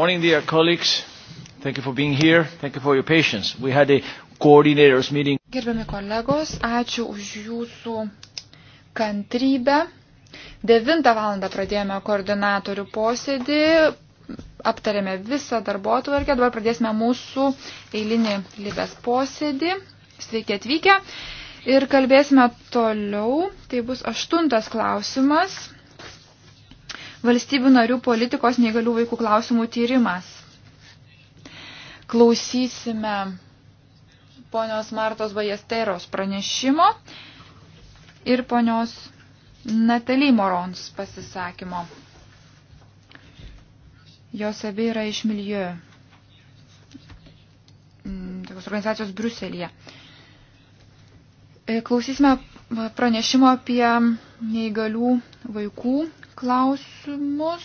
morning, dear colleagues. Thank you for being here. Thank you for your patience. We had a coordinators meeting. Gerbiami kolegos, ačiū už jūsų kantrybę. 9 valandą pradėjome koordinatorių posėdį, aptarėme visą darbo tvarkę, dabar pradėsime mūsų eilinį libės posėdį. Sveiki atvykę. Ir kalbėsime toliau, tai bus aštuntas klausimas valstybių narių politikos neįgalių vaikų klausimų tyrimas. Klausysime ponios Martos Bajesteros pranešimo ir ponios Natalie Morons pasisakymo. Jos abi yra iš milijų mm, tokios organizacijos Bruselėje. E, klausysime pranešimo apie neįgalių vaikų klausimus.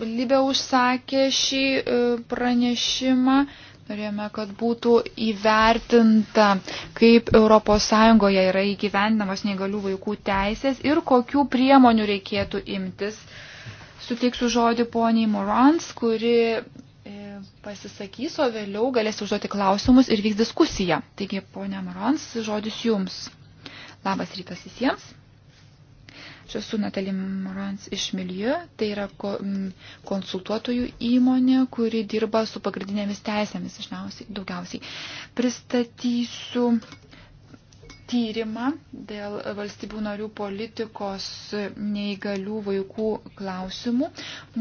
Libė užsakė šį e, pranešimą. Norėjome, kad būtų įvertinta, kaip ES yra įgyvendinamos neįgalių vaikų teisės ir kokių priemonių reikėtų imtis. Suteiksiu žodį poniai Morans, kuri e, pasisakys, o vėliau galės užduoti klausimus ir vyks diskusija. Taigi, ponia Morans, žodis jums. Labas rytas visiems. Čia su Natalie Morans iš Milieu, tai yra konsultuotojų įmonė, kuri dirba su pagrindinėmis teisėmis, išniausiai, daugiausiai. Pristatysiu tyrimą dėl valstybių narių politikos neįgalių vaikų klausimų.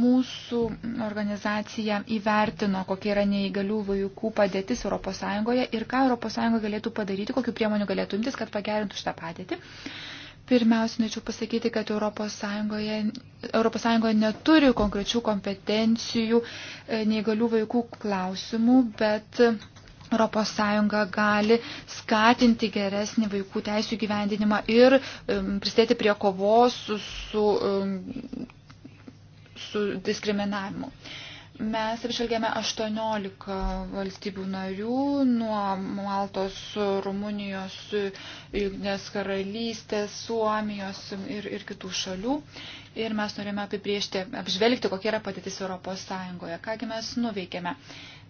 Mūsų organizacija įvertino, kokia yra neįgalių vaikų padėtis ES ir ką ES galėtų padaryti, kokiu priemonių galėtų imtis, kad pagerintų šitą padėtį. Pirmiausia, norėčiau pasakyti, kad ES, ES neturi konkrečių kompetencijų e, neįgalių vaikų klausimų, bet ES gali skatinti geresnį vaikų teisų gyvendinimą ir um, prisidėti prie kovos su, su, um, su diskriminavimu. Uh, Mes apžvelgėme 18 valstybių narių nuo Maltos, Rumunijos, Junktinės karalystės, Suomijos ir, ir kitų šalių ir mes norime apibriežti, apžvelgti, kokia yra patytis Europos Sąjungoje. Kągi mes nuveikėme?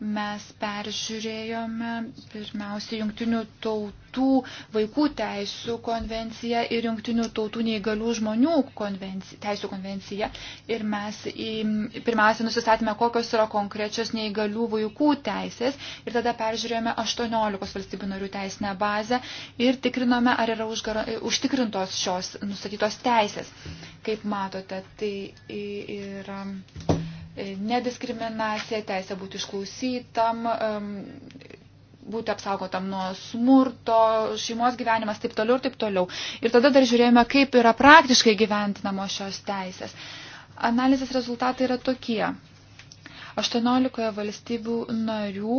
Mes peržiūrėjome pirmiausia jungtinių tautų vaikų teisų konvenciją ir jungtinių tautų neįgalių žmonių konvenci, teisų konvenciją ir mes į, pirmiausia nusistatėme, kokios yra konkrečios neįgalių vaikų teisės ir tada peržiūrėjome 18 valstybių narių teisinę bazę ir tikrinome, ar yra užgara, užtikrintos šios nustatytos teisės. Kaip matome, matote, tai yra e, nediskriminacija, teisė būti išklausytam, būti apsaugotam nuo smurto, šeimos gyvenimas, taip toliau ir taip toliau. Ir tada dar žiūrėjome, kaip yra praktiškai gyventinamos šios teisės. Analizės rezultatai yra tokie. 18 valstybių narių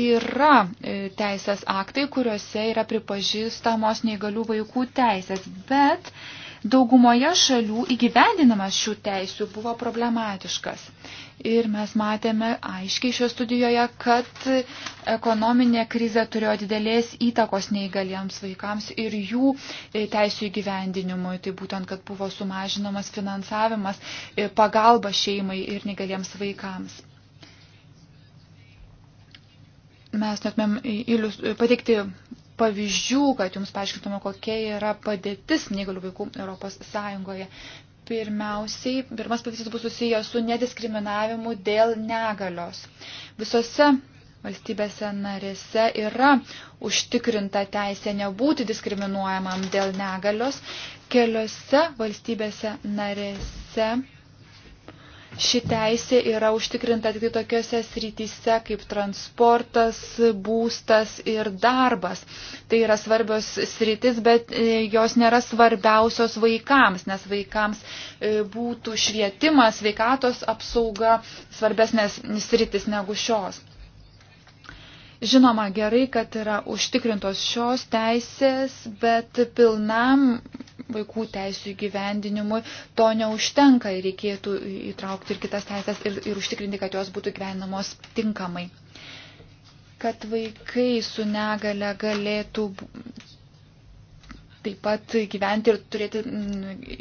yra e, teisės aktai, kuriuose yra pripažįstamos neįgalių vaikų teisės, bet daugumoje šalių įgyvendinamas šių teisių buvo problematiškas. Ir mes matėme aiškiai šioje studijoje, kad ekonominė krize turėjo didelės įtakos neįgaliems vaikams ir jų e, teisų įgyvendinimui. Tai būtent, kad buvo sumažinamas finansavimas, e, pagalba šeimai ir neįgaliems vaikams mes norėtumėm pateikti pavyzdžių, kad jums paaiškintume, kokia yra padėtis negalių vaikų Europos Sąjungoje. Pirmiausiai, pirmas pavyzdys bus susijęs su nediskriminavimu dėl negalios. Visose valstybėse narėse yra užtikrinta teisė nebūti diskriminuojamam dėl negalios. Keliose valstybėse narėse Ši teisė yra užtikrinta tik tai tokiuose srityse kaip transportas, būstas ir darbas. Tai yra svarbios sritis, bet e, jos nėra svarbiausios vaikams, nes vaikams e, būtų švietimas, sveikatos apsauga svarbesnės sritis negu šios. Žinoma, gerai, kad yra užtikrintos šios teisės, bet pilnam vaikų teisų įgyvendinimui to neužtenka ir reikėtų įtraukti ir kitas teisės ir, ir užtikrinti, kad jos būtų gyvenamos tinkamai. Kad vaikai su negale galėtų taip pat gyventi ir turėti,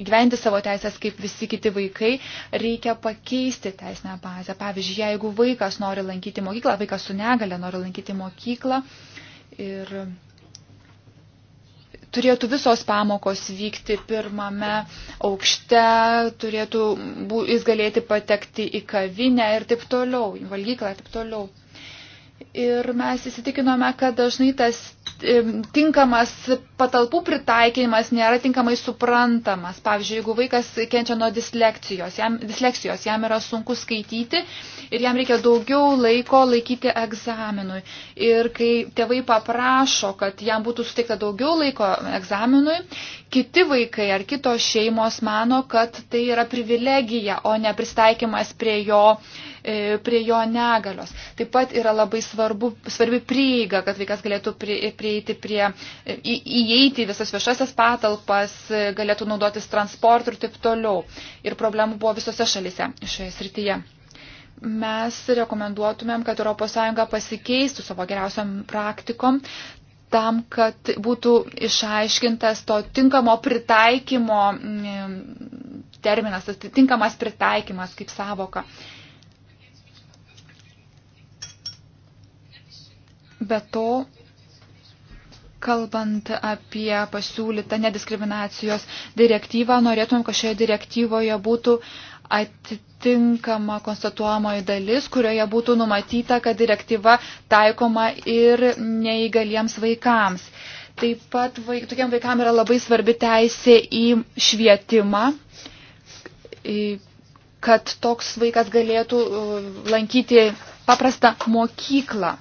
gyventi savo teisės kaip visi kiti vaikai, reikia pakeisti teisinę bazę. Pavyzdžiui, jeigu vaikas nori lankyti mokyklą, vaikas su negale nori lankyti mokyklą ir turėtų visos pamokos vykti pirmame aukšte, turėtų bū, jis galėti patekti į kavinę ir taip toliau, į valgyklą ir taip toliau. Ir mes įsitikinome, kad dažnai tas e, tinkamas patalpų pritaikymas nėra tinkamai suprantamas. Pavyzdžiui, jeigu vaikas kenčia nuo dislekcijos, jam, disleksijos, jam yra sunku skaityti ir jam reikia daugiau laiko laikyti egzaminui. Ir kai tėvai paprašo, kad jam būtų suteikta daugiau laiko egzaminui, kiti vaikai ar kitos šeimos mano, kad tai yra privilegija, o ne pristaikymas prie jo e, prie jo negalios. Taip pat yra labai svarbu, svarbi prieiga, kad vaikas galėtų prieiti prie, e, į, į, įeiti į visas viešasias patalpas, galėtų naudotis transportu ir taip toliau. Ir problemų buvo visose šalise šioje srityje. Mes rekomenduotumėm, kad ES pasikeistų savo geriausiam praktikom tam, kad būtų išaiškintas to tinkamo pritaikymo mm, terminas, tas tinkamas pritaikymas kaip savoka. Be to, Kalbant apie pasiūlytą nediskriminacijos direktyvą, norėtumėm, kad šioje direktyvoje būtų atitinkama konstatuojamoji dalis, kurioje būtų numatyta, kad direktyva taikoma ir neįgaliems vaikams. Taip pat vaik, tokiam vaikam yra labai svarbi teisė į švietimą, kad toks vaikas galėtų uh, lankyti paprastą mokyklą.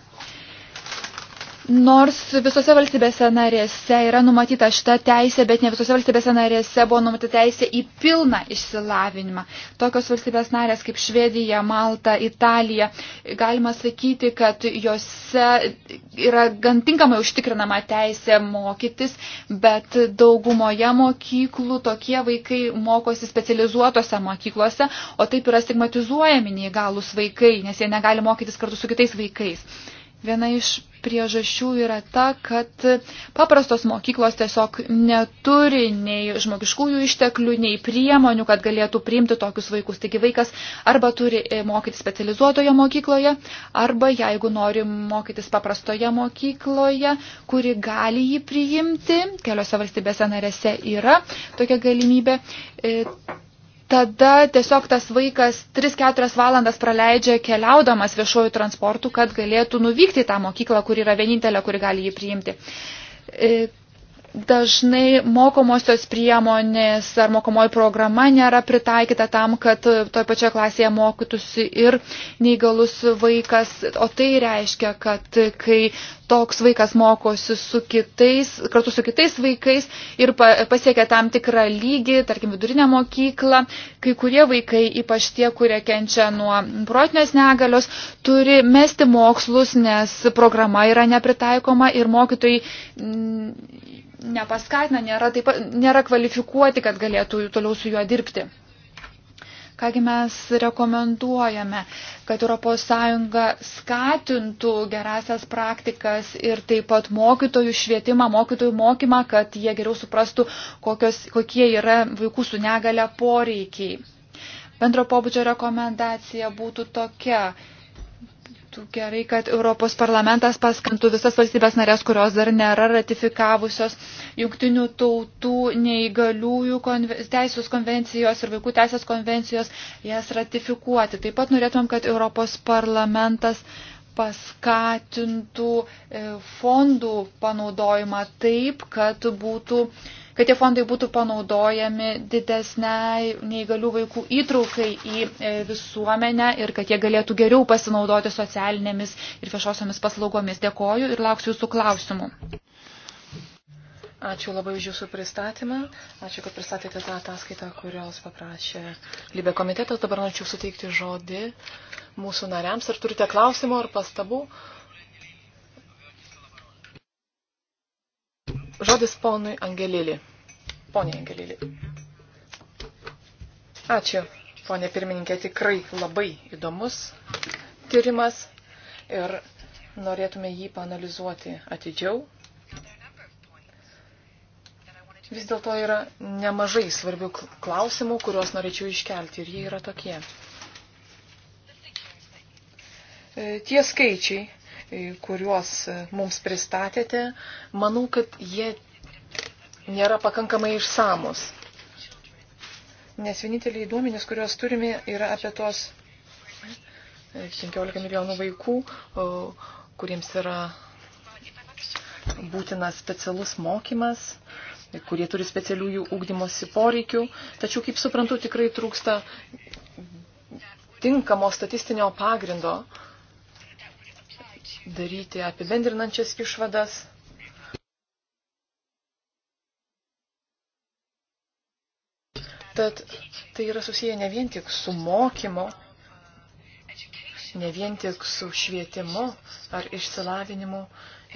Nors visose valstybėse narėse yra numatyta šita teisė, bet ne visose valstybėse narėse buvo numatyta teisė į pilną išsilavinimą. Tokios valstybės narės kaip Švedija, Malta, Italija, galima sakyti, kad jose yra gan tinkamai užtikrinama teisė mokytis, bet daugumoje mokyklų tokie vaikai mokosi specializuotose mokyklose, o taip yra stigmatizuojami neįgalus vaikai, nes jie negali mokytis kartu su kitais vaikais. Viena iš priežasčių yra ta, kad paprastos mokyklos tiesiog neturi nei žmogiškųjų išteklių, nei priemonių, kad galėtų priimti tokius vaikus. Taigi vaikas arba turi e, mokyti specializuotoje mokykloje, arba jeigu nori mokytis paprastoje mokykloje, kuri gali jį priimti, keliose valstybėse narėse yra tokia galimybė. E, tada tiesiog tas vaikas 3-4 valandas praleidžia keliaudamas viešuoju transportu, kad galėtų nuvykti į tą mokyklą, kur yra vienintelė, kuri gali jį priimti. E, dažnai mokomosios priemonės ar mokomoji programa nėra pritaikyta tam, kad toje pačioje klasėje mokytųsi ir neįgalus vaikas. O tai reiškia, kad kai toks vaikas mokosi su kitais, kartu su kitais vaikais ir pasiekia tam tikrą lygį, tarkim vidurinę mokyklą, kai kurie vaikai, ypač tie, kurie kenčia nuo protinės negalios, turi mesti mokslus, nes programa yra nepritaikoma ir mokytojai mm, nepaskatina, nėra, taip, nėra kvalifikuoti, kad galėtų toliau su juo dirbti. Kągi mes rekomenduojame, kad ES skatintų gerasias praktikas ir taip pat mokytojų švietimą, mokytojų mokymą, kad jie geriau suprastų, kokios, kokie yra vaikų su negale poreikiai. Bendro pobūdžio rekomendacija būtų tokia Būtų gerai, kad Europos parlamentas paskantų visas valstybės narės, kurios dar nėra ratifikavusios jungtinių tautų neįgaliųjų konven... teisės konvencijos ir vaikų teisės konvencijos, jas ratifikuoti. Taip pat norėtumėm, kad Europos parlamentas paskatintų e, fondų panaudojimą taip, kad būtų uh, kad tie fondai būtų panaudojami didesniai neįgalių vaikų įtraukai į e, visuomenę ir kad jie galėtų geriau pasinaudoti socialinėmis ir viešosiomis paslaugomis. Dėkoju ir lauksiu jūsų klausimų. Ačiū labai už jūsų pristatymą. Ačiū, kad pristatėte tą ataskaitą, kurios paprašė Libė komitetas. Dabar norėčiau suteikti žodį mūsų nariams. Ar turite klausimų ar pastabų? Žodis ponui Angelili. Pone Angelili. Ačiū, ponė pirmininkė, tikrai labai įdomus tyrimas ir norėtume jį panalizuoti atidžiau. Vis dėlto yra nemažai svarbių klausimų, kuriuos norėčiau iškelti ir jie yra tokie. E, tie skaičiai, kuriuos e, mums pristatėte, manau, kad jie nėra pakankamai išsamus. Nes vieninteliai duomenys, kuriuos turime, yra apie tos 15 e, milijonų vaikų, kuriems yra būtinas specialus mokymas, kurie turi specialiųjų ūkdymosi poreikių. Tačiau, kaip suprantu, tikrai trūksta tinkamo statistinio pagrindo, daryti apibendrinančias išvadas. Tad tai yra susiję ne vien tik su mokymo, ne vien tik su švietimu ar išsilavinimu.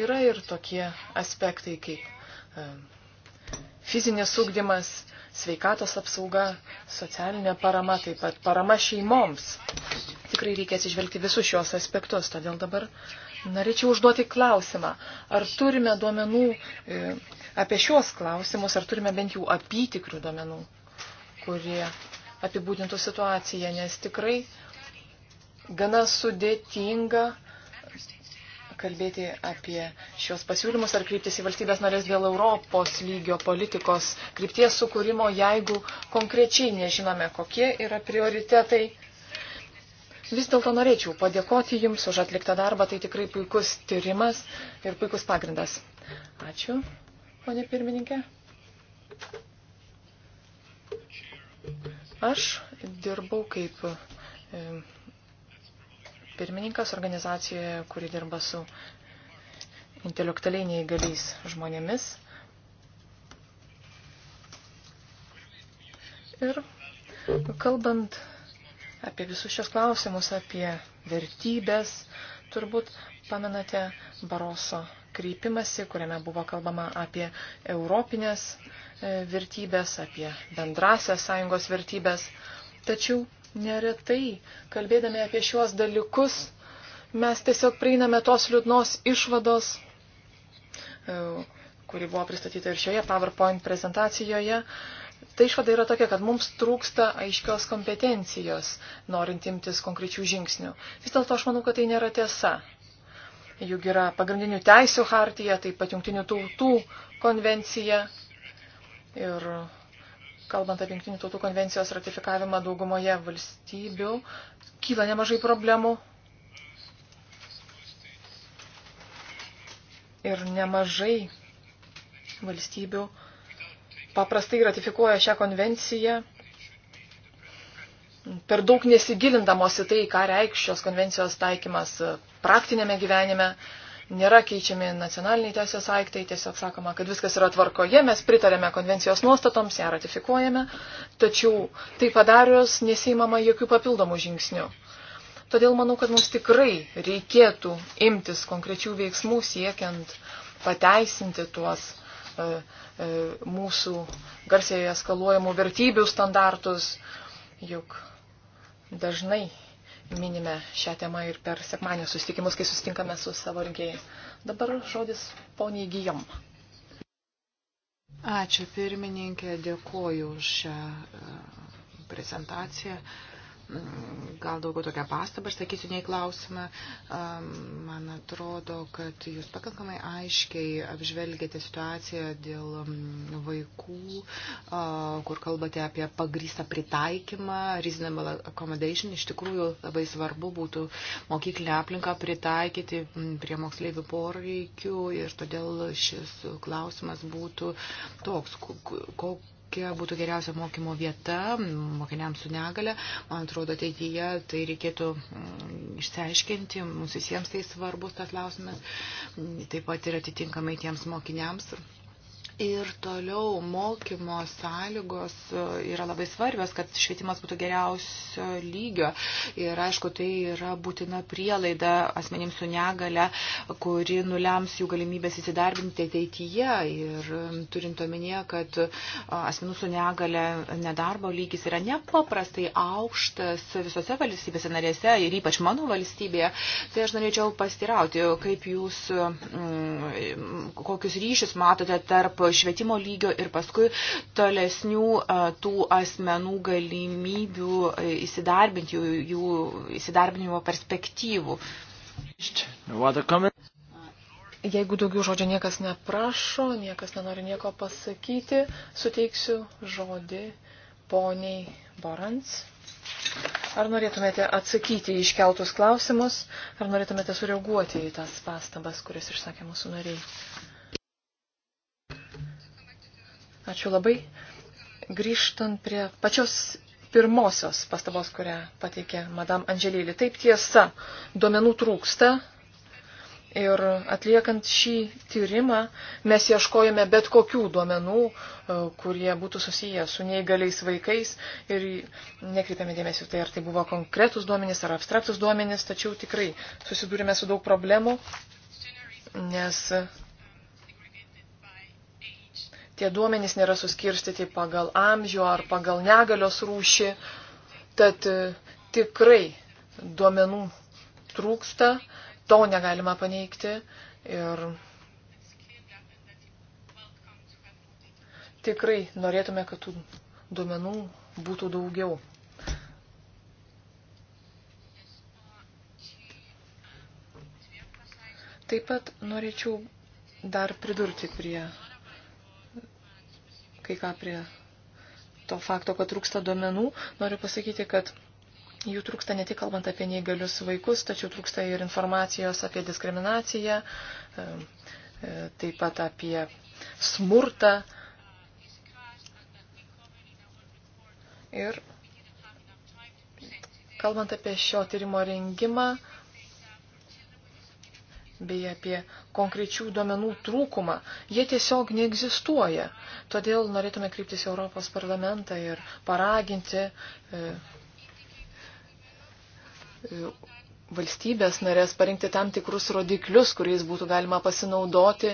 Yra ir tokie aspektai kaip fizinis ūkdymas, sveikatos apsauga, socialinė parama, taip pat parama šeimoms. Tikrai reikės išvelgti visus šios aspektus, todėl dabar norėčiau užduoti klausimą, ar turime duomenų e, apie šios klausimus, ar turime bent jau apytikrių duomenų, kurie apibūdintų situaciją, nes tikrai gana sudėtinga kalbėti apie šios pasiūlymus ar kryptis į valstybės narės dėl Europos lygio politikos krypties sukūrimo, jeigu konkrečiai nežinome, kokie yra prioritetai. Vis dėlto norėčiau padėkoti Jums už atliktą darbą, tai tikrai puikus tyrimas ir puikus pagrindas. Ačiū, ponė pirmininkė. Aš dirbau kaip. E, pirmininkas organizacijoje, kuri dirba su intelektualiai neįgaliais žmonėmis. Ir kalbant apie visus šios klausimus, apie vertybės, turbūt pamenate Baroso kreipimasi, kuriame buvo kalbama apie europinės e, vertybės, apie bendrasias sąjungos vertybės. Tačiau Neretai, kalbėdami apie šiuos dalykus, mes tiesiog prieiname tos liūdnos išvados, e, kuri buvo pristatyta ir šioje PowerPoint prezentacijoje. Tai išvada yra tokia, kad mums trūksta aiškios kompetencijos, norint imtis konkrečių žingsnių. Vis dėlto aš manau, kad tai nėra tiesa. Juk yra pagrindinių teisų hartija, taip pat jungtinių tautų konvencija. Ir kalbant apie Junktinių tautų konvencijos ratifikavimą daugumoje valstybių, kyla nemažai problemų. Ir nemažai valstybių paprastai ratifikuoja šią konvenciją per daug nesigilindamos į tai, ką reikš šios konvencijos taikymas praktinėme gyvenime, nėra keičiami nacionaliniai teisės aktai, tiesiog sakoma, kad viskas yra tvarkoje, mes pritarėme konvencijos nuostatoms, ją ratifikuojame, tačiau tai padarius nesįmama jokių papildomų žingsnių. Todėl manau, kad mums tikrai reikėtų imtis konkrečių veiksmų siekiant pateisinti tuos e, e, mūsų garsiai eskaluojamų vertybių standartus, juk dažnai minime šią temą ir per sekmanio susitikimus, kai susitinkame su savo rinkėjais. Dabar žodis poniai Gijom. Ačiū pirmininkė, dėkuoju už šią e, prezentaciją gal daugiau tokią pastabą, aš sakysiu, nei klausimą. Man atrodo, kad jūs pakankamai aiškiai apžvelgėte situaciją dėl vaikų, kur kalbate apie pagrįstą pritaikymą, reasonable accommodation. Iš tikrųjų labai svarbu būtų mokyklinę aplinką pritaikyti prie moksleivių poreikių ir todėl šis klausimas būtų toks, koks kokia būtų geriausia mokymo vieta mm, mokiniams su negale. Man atrodo, ateityje tai reikėtų mm, išsiaiškinti, mums visiems tai svarbus tas klausimas, mm, taip pat ir atitinkamai tiems mokiniams Ir toliau mokymo sąlygos e, yra labai svarbios, kad švietimas būtų geriausio lygio. Ir aišku, tai yra būtina prielaida asmenims su negale, kuri nulems jų galimybės įsidarbinti ateityje. Ir e, turint omenyje, kad e, asmenų su negale nedarbo lygis yra nepaprastai aukštas visose valstybėse narėse ir ypač mano valstybėje, tai aš norėčiau pastirauti, kaip jūs, m, kokius ryšius matote tarp sąlygo, švietimo lygio ir paskui tolesnių tų asmenų galimybių įsidarbinti, jų, jų įsidarbinimo perspektyvų. Jeigu daugiau žodžio niekas neprašo, niekas nenori nieko pasakyti, suteiksiu žodį poniai Borans. Ar norėtumėte atsakyti į iškeltus klausimus, ar norėtumėte sureaguoti į tas pastabas, kurias išsakė mūsų nariai? Ačiū labai. Grįžtant prie pačios pirmosios pastabos, kurią pateikė Madame Angelėlį. Taip tiesa, duomenų trūksta. Ir atliekant šį tyrimą mes ieškojame bet kokių duomenų, e, kurie būtų susiję su neįgaliais vaikais ir nekreipiame dėmesio tai, ar tai buvo konkretus duomenys ar abstraktus duomenys, tačiau tikrai susidūrėme su daug problemų, nes Tie duomenys nėra suskirstyti pagal amžių ar pagal negalios rūšį. Tad e, tikrai duomenų trūksta, to negalima paneigti. Ir tikrai norėtume, kad tų duomenų būtų daugiau. Taip pat norėčiau dar pridurti prie kai ką prie to fakto, kad trūksta duomenų. Noriu pasakyti, kad jų trūksta ne tik kalbant apie neįgalius vaikus, tačiau trūksta ir informacijos apie diskriminaciją, e, e, taip pat apie smurtą. Ir kalbant apie šio tyrimo rengimą, bei apie konkrečių duomenų trūkumą. Jie tiesiog neegzistuoja. Todėl norėtume kryptis į Europos parlamentą ir paraginti e, e, valstybės narės parinkti tam tikrus rodiklius, kuriais būtų galima pasinaudoti,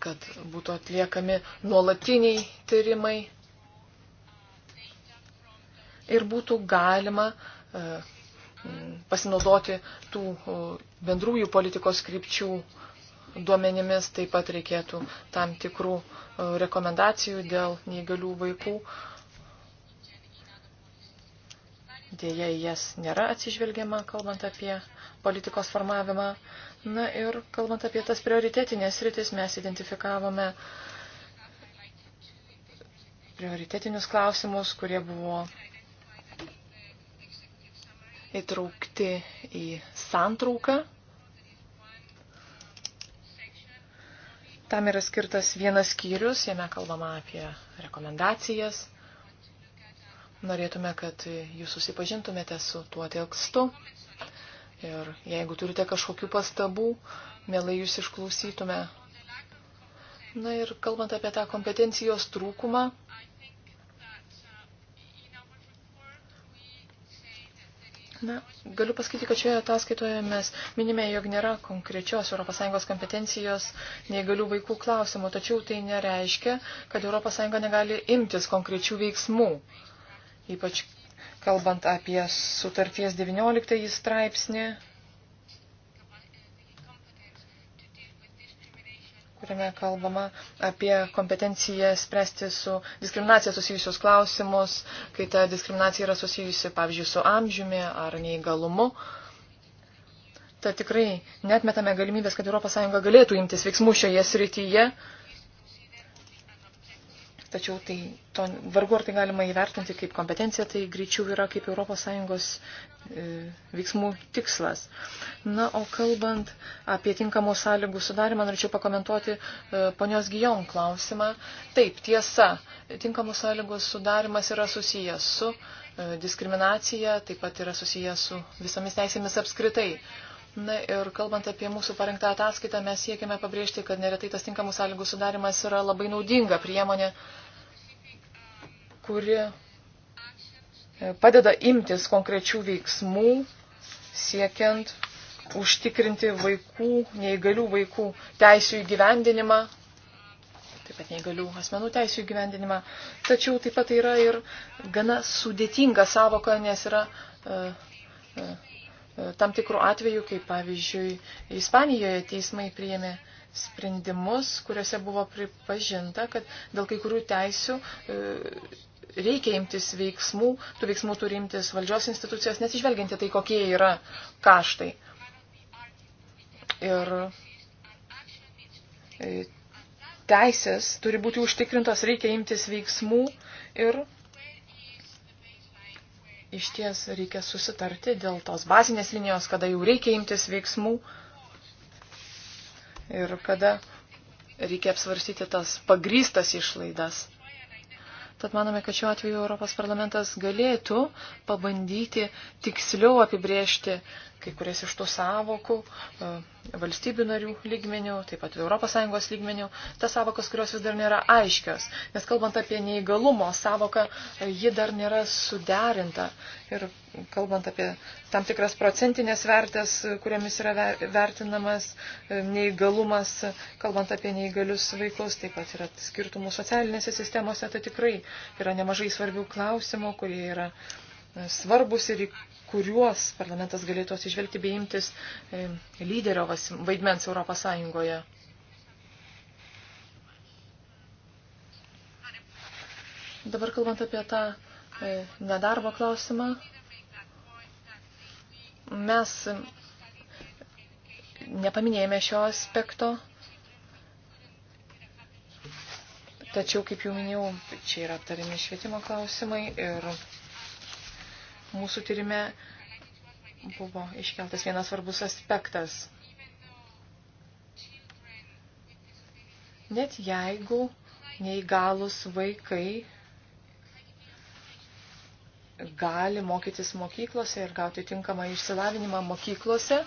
kad būtų atliekami nuolatiniai tyrimai ir būtų galima uh, pasinaudoti tų bendrųjų politikos krypčių duomenimis, taip pat reikėtų tam tikrų rekomendacijų dėl neįgalių vaikų. Dėja, jas nėra atsižvelgiama, kalbant apie politikos formavimą. Na ir kalbant apie tas prioritetinės rytis, mes identifikavome prioritetinius klausimus, kurie buvo įtraukti į santrauką. Tam yra skirtas vienas skyrius, jame kalbama apie rekomendacijas. Norėtume, kad jūs susipažintumėte su tuo tekstu. Ir jeigu turite kažkokių pastabų, mielai jūs išklausytume. Na ir kalbant apie tą kompetencijos trūkumą, Na, galiu pasakyti, kad šioje ataskaitoje mes minime, jog nėra konkrečios ES kompetencijos neįgalių vaikų klausimų, tačiau tai nereiškia, kad ES negali imtis konkrečių veiksmų. Ypač kalbant apie sutarties 19 straipsnį kuriame kalbama apie kompetenciją spręsti su diskriminacija susijusius klausimus, kai ta diskriminacija yra susijusi, pavyzdžiui, su amžiumi ar neįgalumu. Tad tikrai netmetame galimybės, kad ES galėtų imtis veiksmų šioje srityje tačiau tai, to, vargu ar tai galima įvertinti kaip kompetencija, tai greičiau yra kaip ES e, veiksmų tikslas. Na, o kalbant apie tinkamų sąlygų sudarimą, norėčiau pakomentuoti e, ponios Gijom klausimą. Taip, tiesa, tinkamų sąlygų sudarimas yra susijęs su e, diskriminacija, taip pat yra susijęs su visomis teisėmis apskritai. E, Na ir kalbant apie mūsų parengtą ataskaitą, mes siekime pabrėžti, kad neretai tas tinkamų sąlygų sudarimas yra labai naudinga priemonė, kuri e, padeda imtis konkrečių veiksmų siekiant užtikrinti vaikų, neįgalių vaikų teisų įgyvendinimą, taip pat neįgalių asmenų teisų įgyvendinimą. Tačiau taip pat tai yra ir gana sudėtinga savoka, nes yra. Uh, uh, E, tam tikrų atvejų, kaip pavyzdžiui, Ispanijoje teismai priėmė sprendimus, kuriuose buvo pripažinta, kad dėl kai kurių teisių e, reikia imtis veiksmų, tų veiksmų turi imtis valdžios institucijos, nesižvelginti tai, kokie yra kaštai. Ir e, teisės turi būti užtikrintos, reikia imtis veiksmų ir iš ties reikia susitarti dėl tos bazinės linijos, kada jau reikia imtis veiksmų ir kada reikia apsvarstyti tas pagrystas išlaidas. Tad manome, kad šiuo atveju Europos parlamentas galėtų pabandyti tiksliau apibriežti kai kurias iš tų savokų e, valstybių narių lygmenių, taip pat ES lygmenių, tas savokas, kurios vis dar nėra aiškios. Nes kalbant apie neįgalumo savoką, e, ji dar nėra suderinta. Ir kalbant apie tam tikras procentinės vertės, kuriamis yra vertinamas e, neįgalumas, kalbant apie neįgalius vaikus, taip pat yra skirtumų socialinėse sistemose, tai tikrai yra nemažai svarbių klausimų, kurie yra svarbus ir į kuriuos parlamentas galėtų atsižvelgti bei imtis e, lyderio vaidmens Europos Sąjungoje. Dabar kalbant apie tą e, nedarbo klausimą, mes nepaminėjome šio aspekto, tačiau, kaip jau minėjau, čia yra aptarimi švietimo klausimai ir mūsų tyrime buvo iškeltas vienas svarbus aspektas. Net jeigu neįgalus vaikai gali mokytis mokyklose ir gauti tinkamą išsilavinimą mokyklose,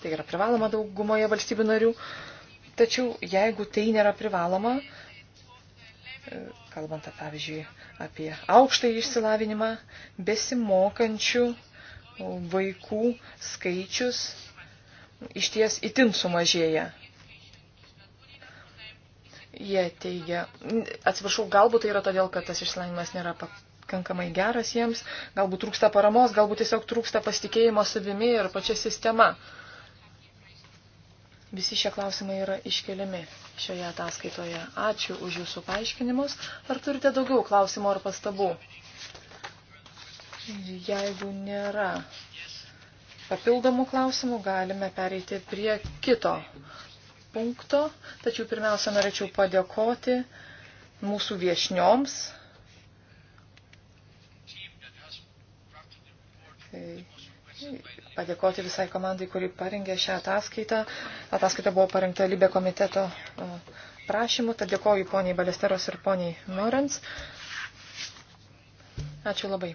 tai yra privaloma daugumoje valstybių narių, tačiau jeigu tai nėra privaloma, kalbant, pavyzdžiui, apie aukštą išsilavinimą, besimokančių vaikų skaičius iš ties itin sumažėja. Jie teigia, atsiprašau, galbūt tai yra todėl, kad tas išsilavinimas nėra pakankamai geras jiems, galbūt trūksta paramos, galbūt tiesiog trūksta pasitikėjimo savimi ir pačia sistema. Uh, Visi šie klausimai yra iškeliami šioje ataskaitoje. Ačiū už Jūsų paaiškinimus. Ar turite daugiau klausimų ar pastabų? Jeigu nėra papildomų klausimų, galime pereiti prie kito punkto. Tačiau pirmiausia, norėčiau padėkoti mūsų viešnioms. Tai padėkoti visai komandai, kuri parengė šią ataskaitą. Ataskaita buvo parengta Libė komiteto e, prašymu, tad dėkoju poniai Balesteros ir poniai Norens. Ačiū labai.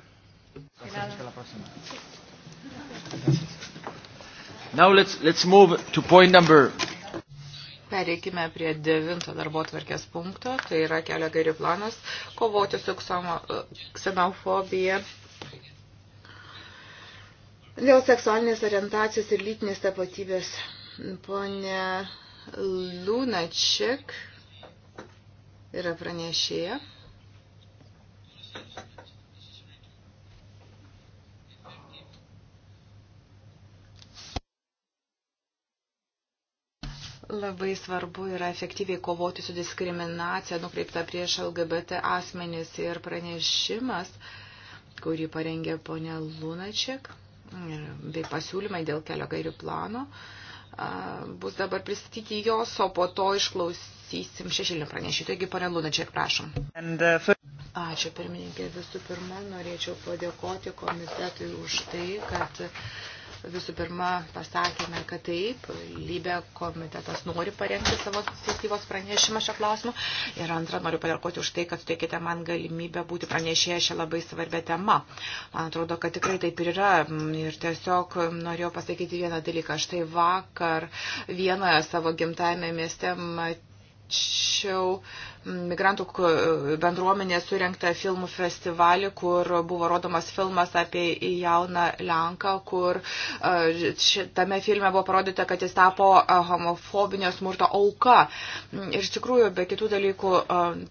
Now let's, let's move to point number Pereikime prie devinto darbo tvarkės punkto, tai yra kelio gairių planas kovoti su e, ksenofobija Dėl seksualinės orientacijos ir lytinės tapatybės. Pone Lunaček yra pranešėja. Labai svarbu yra efektyviai kovoti su diskriminacija nukreipta prieš LGBT asmenis ir pranešimas, kurį parengė ponė Lunaček bei pasiūlymai dėl kelio gairių plano bus dabar pristatyti jos, o po to išklausysim šešėlinį pranešį. Taigi, pane Lunačiak, prašom. Uh, Ačiū, pirmininkė. Visų pirma, norėčiau padėkoti komitetui už tai, kad Visų pirma, pasakėme, kad taip, lybė komitetas nori parengti savo iniciatyvos pranešimą šio klausimu. Ir antra, noriu padėkoti už tai, kad suteikite man galimybę būti pranešėję šią labai svarbę temą. Man atrodo, kad tikrai taip ir yra. Ir tiesiog norėjau pasakyti vieną dalyką. Štai vakar vienoje savo gimtajame mieste matėjau mačiau migrantų bendruomenės surinktą filmų festivalį, kur buvo rodomas filmas apie jauną Lenką, kur tame filme buvo parodyta, kad jis tapo homofobinio smurto auka. Ir iš tikrųjų, be kitų dalykų,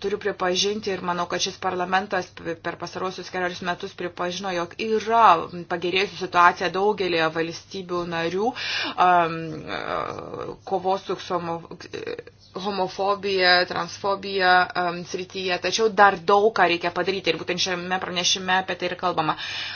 turiu pripažinti ir manau, kad šis parlamentas per pasarosius keliarius metus pripažino, jog yra pagerėjusi situacija daugelėje valstybių narių kovos su homofobija, transfobija um, srityje, tačiau dar daug ką reikia padaryti ir būtent šiame pranešime apie tai ir kalbama.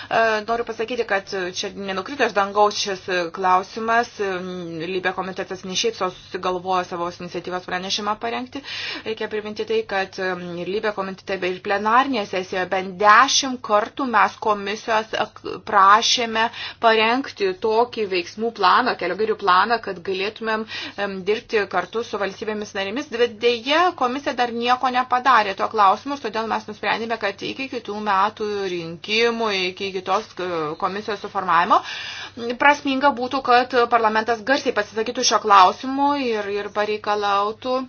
Uh, noriu pasakyti, kad čia nenukrito iš dangaus šis klausimas, um, Lybė komitetas ne šiaip susigalvojo savo iniciatyvos pranešimą parengti. Reikia priminti tai, kad um, ir Lybė komitete, ir plenarnėje sesijoje bent dešimt kartų mes komisijos prašėme parengti tokį veiksmų planą, kelio gairių planą, kad galėtumėm um, dirbti kartu su valstybėmis valstybėmis narimis, bet dėja komisija dar nieko nepadarė tuo klausimu ir todėl mes nusprendėme, kad iki kitų metų rinkimų, iki kitos e, komisijos suformavimo prasminga būtų, kad parlamentas garsiai pasisakytų šio klausimu ir, ir pareikalautų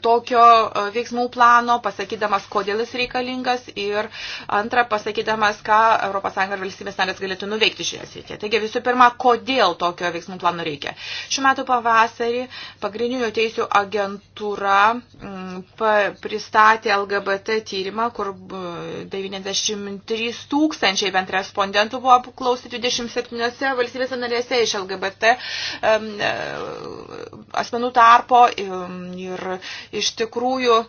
tokio e, veiksmų plano, pasakydamas, kodėl jis reikalingas ir antra, pasakydamas, ką ES ir valstybės narės galėtų nuveikti šioje srityje. Taigi visų pirma, kodėl tokio veiksmų plano reikia. Šiuo metu pavasarį pagrindinių teisių agentūra mm, pristatė LGBT tyrimą, kur 93 e, tūkstančiai bent respondentų buvo apklausyti 27 valstybės narėse iš LGBT e, asmenų tarpo. Ir Ir iš tikrųjų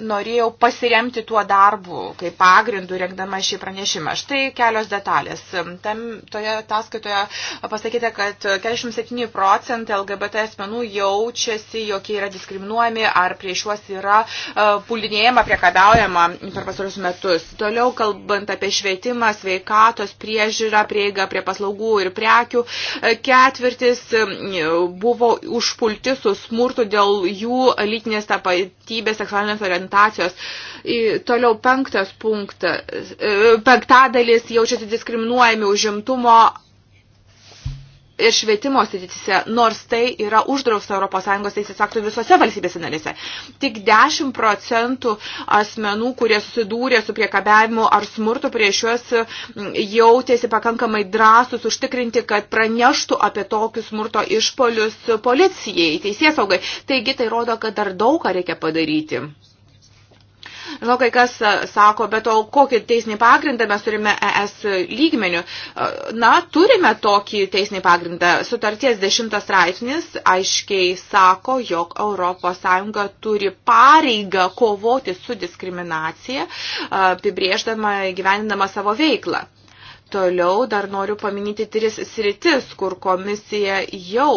norėjau pasiremti tuo darbu, kaip pagrindu rengdama šį pranešimą. Štai kelios detalės. Tam, toje ataskaitoje pasakyta, kad 47 procentai LGBT asmenų jaučiasi, jokie yra diskriminuojami ar prieš juos yra uh, e, pulinėjama, priekabiaujama per pasarus metus. Toliau, kalbant apie švietimą, sveikatos, priežiūrą, prieigą prie paslaugų ir prekių, e, ketvirtis e, buvo užpulti su smurtu dėl jų lytinės tapatybės, seksualinės orientacijos orientacijos. Toliau penktas punktas, e, penktadalis jaučiasi diskriminuojami užimtumo ir švietimo sritise, nors tai yra uždrausta ES teisės aktų visose valstybėse narėse. Tik 10 procentų asmenų, kurie susidūrė su priekabiavimu ar smurtu prieš juos, jautėsi pakankamai drąsus užtikrinti, kad praneštų apie tokius smurto išpolius policijai, teisėsaugai. Taigi tai rodo, kad dar daug ką reikia padaryti. Žinau, kai kas e, sako, bet o kokį teisinį pagrindą mes turime ES lygmenių. E, na, turime tokį teisinį pagrindą. Sutarties dešimtas straipsnis aiškiai sako, jog ES turi pareigą kovoti su diskriminacija, e, apibrėždama, gyvenindama savo veiklą. Toliau dar noriu paminyti tris sritis, kur komisija jau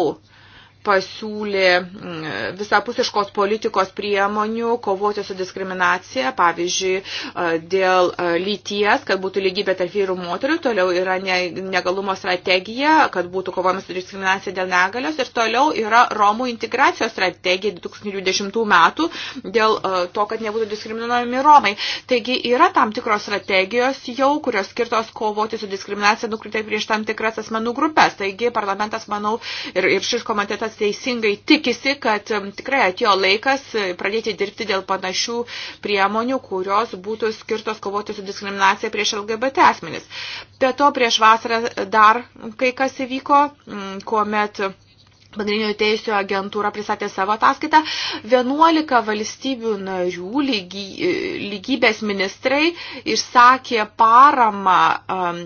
pasiūlė mm, visapusiškos politikos priemonių kovoti su diskriminacija, pavyzdžiui, e, dėl e, lyties, kad būtų lygybė tarp vyrų ir moterių, toliau yra negalumo strategija, kad būtų kovojamas su diskriminacija dėl negalios ir toliau yra Romų integracijos strategija 2020 metų dėl e, to, kad nebūtų diskriminuojami Romai. Taigi yra tam tikros strategijos jau, kurios skirtos kovoti su diskriminacija nukritai prieš tam tikras asmenų grupės. Taigi parlamentas, manau, ir, ir šis komitetas teisingai tikisi, kad tikrai atėjo laikas e, pradėti dirbti dėl panašių priemonių, kurios būtų skirtos kovoti su diskriminacija prieš LGBT asmenis. Be to, prieš vasarą dar kai kas įvyko, kuomet Pagrindinių teisų agentūra pristatė savo ataskaitą. 11 valstybių narių lygy, lygybės ministrai išsakė paramą um,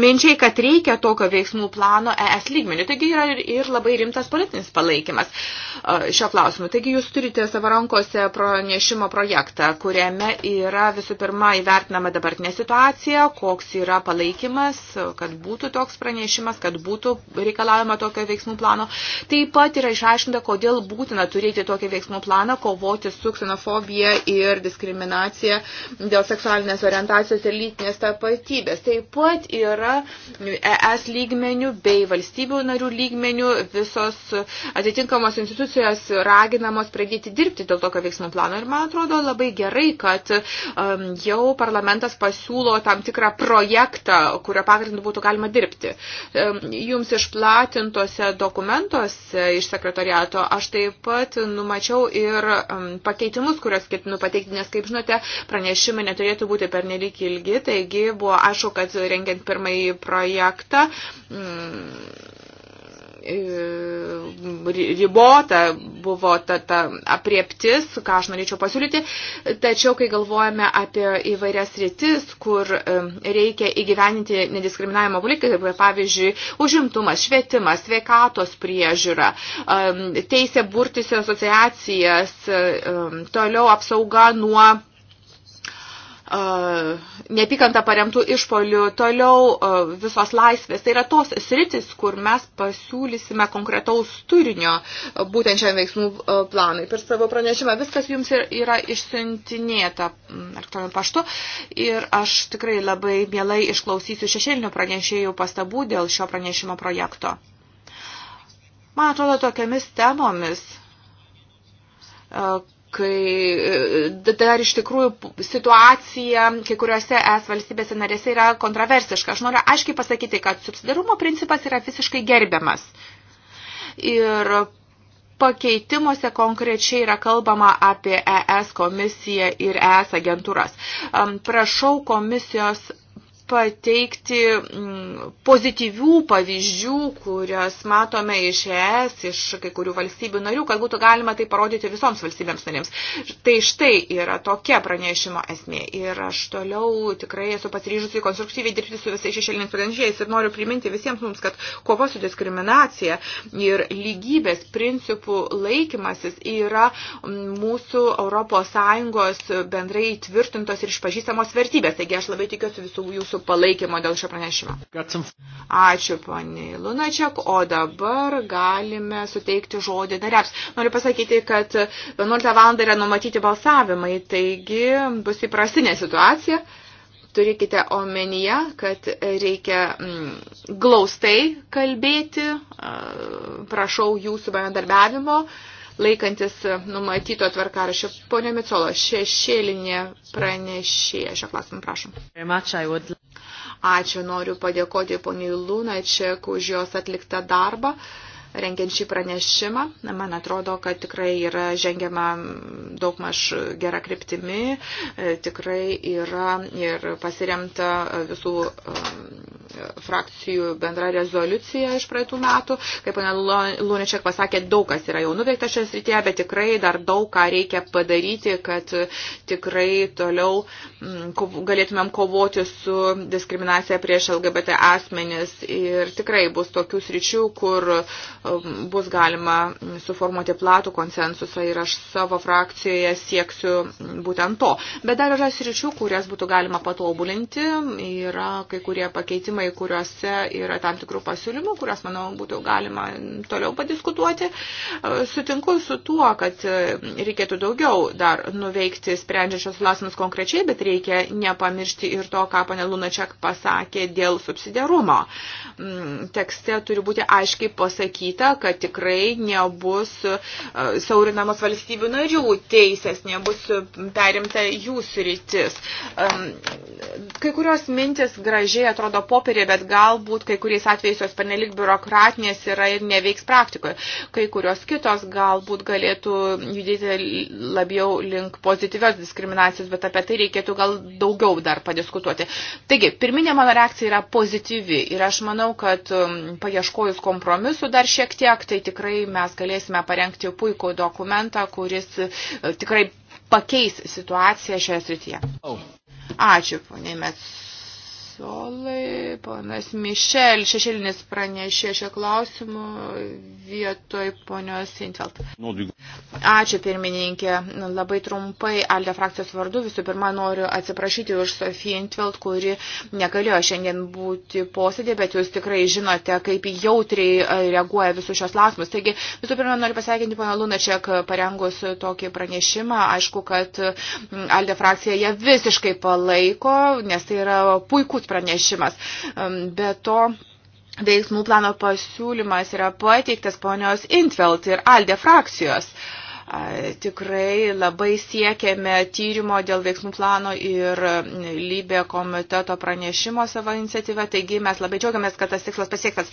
minčiai, kad reikia tokio veiksmų plano ES lygmenių. Taigi yra ir, ir labai rimtas politinis palaikymas uh, šio klausimu. Taigi jūs turite savo rankose pranešimo projektą, kuriame yra visų pirma įvertinama dabartinė situacija, koks yra palaikymas, kad būtų toks pranešimas, kad būtų reikalavimo tokio veiksmų plano plano. Taip pat yra išaiškinta, kodėl būtina turėti tokį veiksmų planą, kovoti su ksenofobija ir diskriminacija dėl seksualinės orientacijos ir lytinės tapatybės. Taip pat yra ES lygmenių bei valstybių narių lygmenių visos atitinkamos institucijos raginamos pradėti dirbti dėl tokio veiksmų plano. Ir man atrodo labai gerai, kad um, jau parlamentas pasiūlo tam tikrą projektą, kurio pagrindu būtų galima dirbti. Um, jums išplatintose dokumentuose dokumentuose iš sekretariato aš taip pat numačiau ir pakeitimus, kuriuos ketinu pateikti, nes, kaip žinote, pranešimai neturėtų būti pernelyg ilgi, taigi buvo aišku, kad rengiant pirmąjį projektą. Mm, E, ribota buvo ta, ta aprieptis, ką aš norėčiau pasiūlyti, tačiau kai galvojame apie įvairias rytis, kur e, reikia įgyveninti nediskriminavimo politiką, kaip pavyzdžiui, užimtumas, švietimas, sveikatos priežiūra, e, teisė burtis į asociacijas, toliau apsauga nuo neapykantą paremtų išpolių, toliau visos laisvės. Tai yra tos sritis, kur mes pasiūlysime konkretaus turinio būtent šiam veiksmų planui. Per savo pranešimą viskas jums yra išsiuntinėta elektroniniu paštu ir aš tikrai labai mielai išklausysiu šešėlinių pranešėjų pastabų dėl šio pranešimo projekto. Man atrodo, tokiamis temomis kai e, dar iš tikrųjų situacija kai kuriuose es valstybėse narėse yra kontroversiška. Aš noriu aiškiai pasakyti, kad subsidarumo principas yra visiškai gerbiamas. Ir pakeitimuose konkrečiai yra kalbama apie ES komisiją ir ES agentūras. Prašau komisijos pateikti mm, pozityvių pavyzdžių, kurias matome iš ES, iš kai kurių valstybių narių, kad būtų galima tai parodyti visoms valstybėms narėms. Tai štai yra tokia pranešimo esmė. Ir aš toliau tikrai esu pasiryžusi konstruktyviai dirbti su visais šešėliniais pranešėjais ir noriu priminti visiems mums, kad kova su diskriminacija ir lygybės principų laikymasis yra mm, mūsų ES bendrai tvirtintos ir išpažįstamos vertybės. Taigi aš labai tikiuosi visų jūsų jūsų palaikymo dėl šio pranešimo. Ačiū, poniai Lunačiak, o dabar galime suteikti žodį nariams. Noriu pasakyti, kad 11 val. yra numatyti balsavimai, taigi bus įprastinė situacija. Turėkite omenyje, kad reikia mm, glaustai kalbėti, prašau jūsų bendarbiavimo laikantis numatyto tvarkaraščio. Pone Micolo, šešėlinė pranešėja šio klausimą, prašom. Ačiū, noriu padėkoti poniai Lunačiak už jos atliktą darbą rengiant šį pranešimą. Man atrodo, kad tikrai yra žengiama daugmaž gera kryptimi, e, tikrai yra ir pasiremta visų e, frakcijų bendra rezoliucija iš praeitų metų. Kaip pana Lūnečiak pasakė, daug kas yra jau nuveikta šios rytėje, bet tikrai dar daug ką reikia padaryti, kad tikrai toliau mm, galėtumėm kovoti su diskriminacija prieš LGBT asmenis. Ir tikrai bus tokių sričių, kur mm, bus galima suformuoti platų konsensusą ir aš savo frakcijoje sieksiu mm, būtent to. Bet dar yra sričių, kurias būtų galima patobulinti. Yra kai kurie pakeitimai klausimai, kuriuose yra tam tikrų pasiūlymų, kuriuos, manau, būtų galima toliau padiskutuoti. E, sutinku su tuo, kad e, reikėtų daugiau dar nuveikti sprendžiančios klausimus konkrečiai, bet reikia nepamiršti ir to, ką pane Lunačiak pasakė dėl subsidiarumo. Mm, tekste turi būti aiškiai pasakyta, kad tikrai nebus e, saurinamos valstybių narių teisės, nebus perimta jūsų rytis. Kai kurios mintis gražiai atrodo popierį kompiuterį, bet galbūt kai kuriais atvejais jos pernelik biurokratinės yra ir neveiks praktikoje. Kai kurios kitos galbūt galėtų judėti labiau link pozityvios diskriminacijos, bet apie tai reikėtų gal daugiau dar padiskutuoti. Taigi, pirminė mano reakcija yra pozityvi ir aš manau, kad um, paieškojus kompromisu dar šiek tiek, tai tikrai mes galėsime parengti puikų dokumentą, kuris uh, tikrai pakeis situaciją šioje srityje. Oh. Ačiū, ponė Mets. Mesolai, ponas Mišel, šešėlinis pranešė šio klausimu vietoj ponios Sintelt. Nu, Ačiū pirmininkė. Labai trumpai Alde frakcijos vardu visų pirma noriu atsiprašyti už Sofiją Intvelt, kuri negalėjo šiandien būti posėdė, bet jūs tikrai žinote, kaip jautriai e, reaguoja visus šios klausimus. Taigi visų pirma noriu pasveikinti poną Lunačiak e, parengus tokį pranešimą. Aišku, kad Alde frakcija ją visiškai palaiko, nes tai yra puikus svarbus pranešimas. Be to, veiksmų plano pasiūlymas yra pateiktas ponios Intvelt ir Alde frakcijos. Uh, Tikrai labai siekėme tyrimo dėl veiksmų plano ir lybė komiteto pranešimo savo iniciatyvą, taigi mes labai džiaugiamės, kad tas tikslas pasiektas.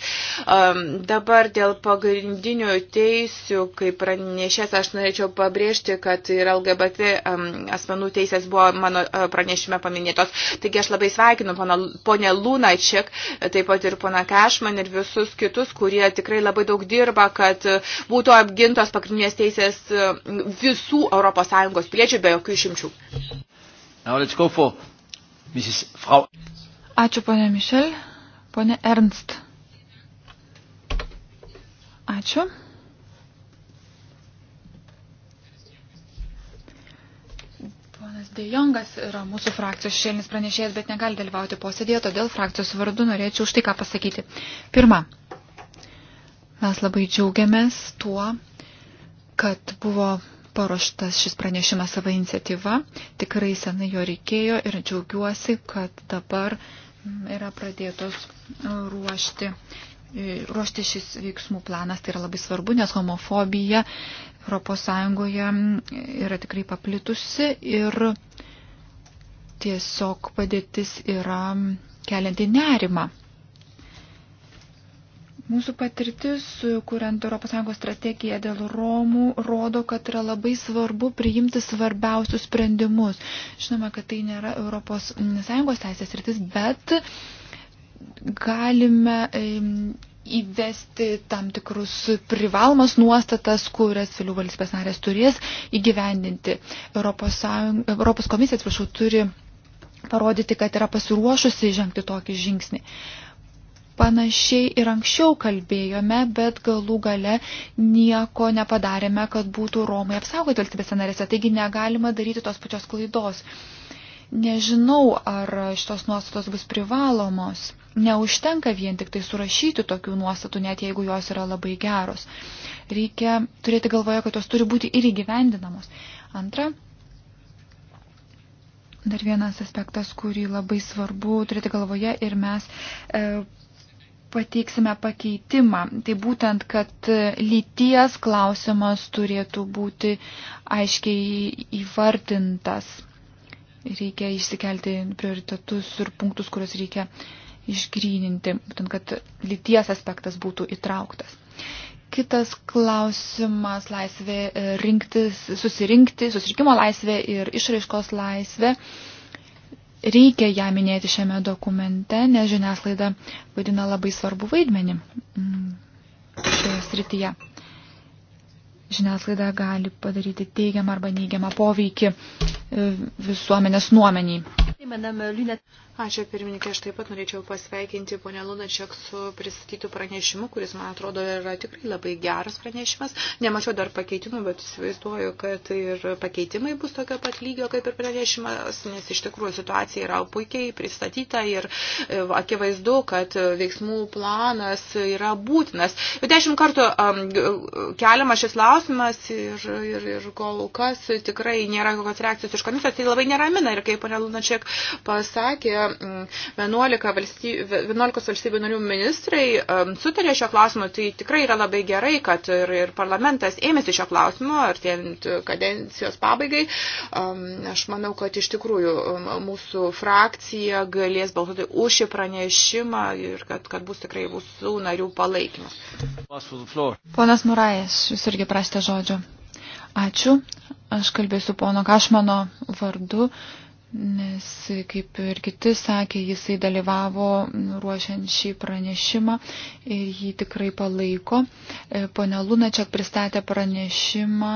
Dabar dėl pagrindinių teisių, kaip pranešės, aš norėčiau pabrėžti, kad ir LGBT asmenų teisės buvo mano pranešime paminėtos. Taigi aš labai sveikinu ponę Lunačiek, taip pat ir poną Kešman ir visus kitus, kurie tikrai labai daug dirba, kad būtų apgintos pagrindinės teisės visų ES piliečių be jokių išimčių. Now let's go for Mrs. Frau. Ačiū, ponė Mišel. Ponė Ernst. Ačiū. Ponas Dejongas yra mūsų frakcijos šėlinis pranešėjas, bet negali dalyvauti posėdėje, todėl frakcijos vardu norėčiau už tai ką pasakyti. Pirma, mes labai džiaugiamės tuo, kad buvo paruoštas šis pranešimas savo iniciatyva. Tikrai senai jo reikėjo ir džiaugiuosi, kad dabar mm, yra pradėtos e, ruošti, e, ruošti šis veiksmų planas. Tai yra labai svarbu, nes homofobija ES mm, yra tikrai paplitusi ir tiesiog padėtis yra mm, kelianti nerimą. Mūsų patirtis, kuriant ES strategiją dėl Romų, rodo, kad yra labai svarbu priimti svarbiausius sprendimus. Žinoma, kad tai nėra ES teisės rytis, bet galime įvesti tam tikrus privalomas nuostatas, kurias vėliau valstybės narės turės įgyvendinti. Europos, Sąjung, Europos komisija, atsiprašau, turi parodyti, kad yra pasiruošusi žengti tokį žingsnį. Uh, Panašiai ir anksčiau kalbėjome, bet galų gale nieko nepadarėme, kad būtų Romai apsaugoti valstybėse narėse, taigi negalima daryti tos pačios klaidos. Nežinau, ar šitos nuostatos bus privalomos. Neužtenka vien tik tai surašyti tokių nuostatų, net jeigu jos yra labai geros. Reikia turėti galvoje, kad jos turi būti ir įgyvendinamos. Antra, dar vienas aspektas, kurį labai svarbu turėti galvoje ir mes e, pateiksime pakeitimą. Tai būtent, kad lyties klausimas turėtų būti aiškiai įvardintas. Reikia išsikelti prioritetus ir punktus, kuriuos reikia išgryninti, būtent, kad lyties aspektas būtų įtrauktas. Kitas klausimas - laisvė rinktis, susirinkti, susirikimo laisvė ir išraiškos laisvė. Uh, reikia ją minėti šiame dokumente, nes žiniaslaida vadina labai svarbu vaidmenį mm, šioje srityje. Žiniaslaida gali padaryti teigiamą arba neigiamą poveikį visuomenės nuomeniai. Ačiū pirmininkė, aš taip pat norėčiau pasveikinti ponę Lunačiak su pristatytų pranešimu, kuris, man atrodo, yra tikrai labai geras pranešimas. Nemačiau dar pakeitimų, bet įsivaizduoju, kad ir pakeitimai bus tokio pat lygio kaip ir pranešimas, nes iš tikrųjų situacija yra puikiai pristatyta ir e, akivaizdu, kad veiksmų planas yra būtinas. Dešimt kartų um, keliamas šis klausimas ir, ir, ir kol kas tikrai nėra kokios reakcijos iš iš komisijos, tai labai neramina. Ir kaip ponia Lunačiek pasakė, 11, valstybių, 11 valstybių narių ministrai mm, sutarė šio klausimo, tai tikrai yra labai gerai, kad ir, ir parlamentas ėmėsi šio klausimo, artėjant kadencijos pabaigai. Mm, aš manau, kad iš tikrųjų mm, mūsų frakcija galės balsuoti už šį pranešimą ir kad, kad bus tikrai visų narių palaikymas. Ponas Murajas, jūs irgi prastė žodžio. Ačiū. Aš kalbėsiu pono Kašmano vardu, nes kaip ir kiti sakė, jisai dalyvavo ruošiant šį pranešimą ir jį tikrai palaiko. E, Pone Lunačiak pristatė pranešimą,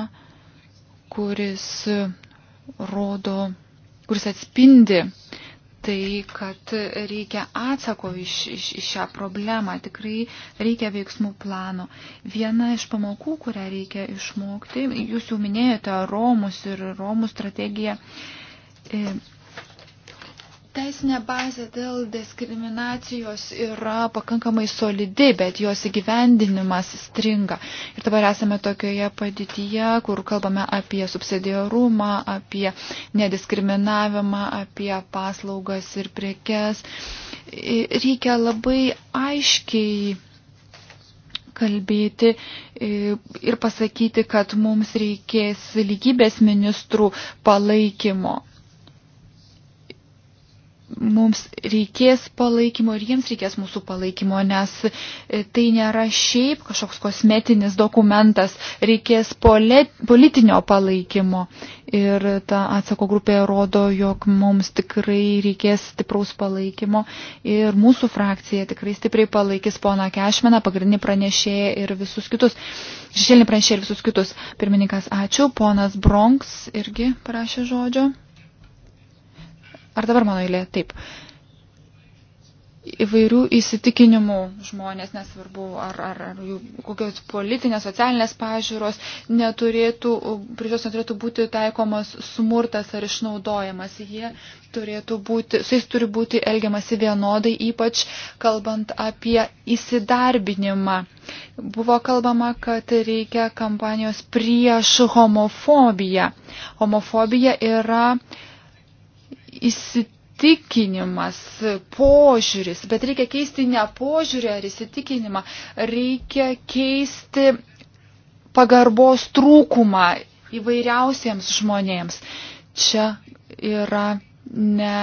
kuris rodo, kuris atspindi tai, kad reikia atsako iš, iš, iš šią problemą, tikrai reikia veiksmų plano. Viena iš pamokų, kurią reikia išmokti, jūs jau minėjote Romus ir Romų strategiją. E, Teisinė bazė dėl diskriminacijos yra pakankamai solidi, bet jos įgyvendinimas stringa. Ir dabar esame tokioje padėtyje, kur kalbame apie subsidiarumą, apie nediskriminavimą, apie paslaugas ir prekes. Reikia labai aiškiai kalbėti ir pasakyti, kad mums reikės lygybės ministrų palaikymo mums reikės palaikymo ir jiems reikės mūsų palaikymo, nes e, tai nėra šiaip kažkoks kosmetinis dokumentas, reikės politinio palaikymo. Ir ta atsako grupė rodo, jog mums tikrai reikės stipraus palaikymo ir mūsų frakcija tikrai stipriai palaikys poną Kešmeną, pagrindinį pranešėją ir visus kitus. Šešėlinį pranešėją ir visus kitus. Pirmininkas, ačiū. Ponas Bronks irgi parašė žodžio. Ar dabar mano eilė? Taip. Įvairių įsitikinimų žmonės, nesvarbu, ar, ar, ar jų kokios politinės, socialinės pažiūros, neturėtų, prie jos neturėtų būti taikomas smurtas ar išnaudojamas. Jie turėtų būti, su jais turi būti elgiamasi vienodai, ypač kalbant apie įsidarbinimą. Buvo kalbama, kad reikia kampanijos prieš homofobiją. Homofobija yra įsitikinimas, požiūris, bet reikia keisti ne požiūrį ar įsitikinimą, reikia keisti pagarbos trūkumą įvairiausiems žmonėms. Čia yra ne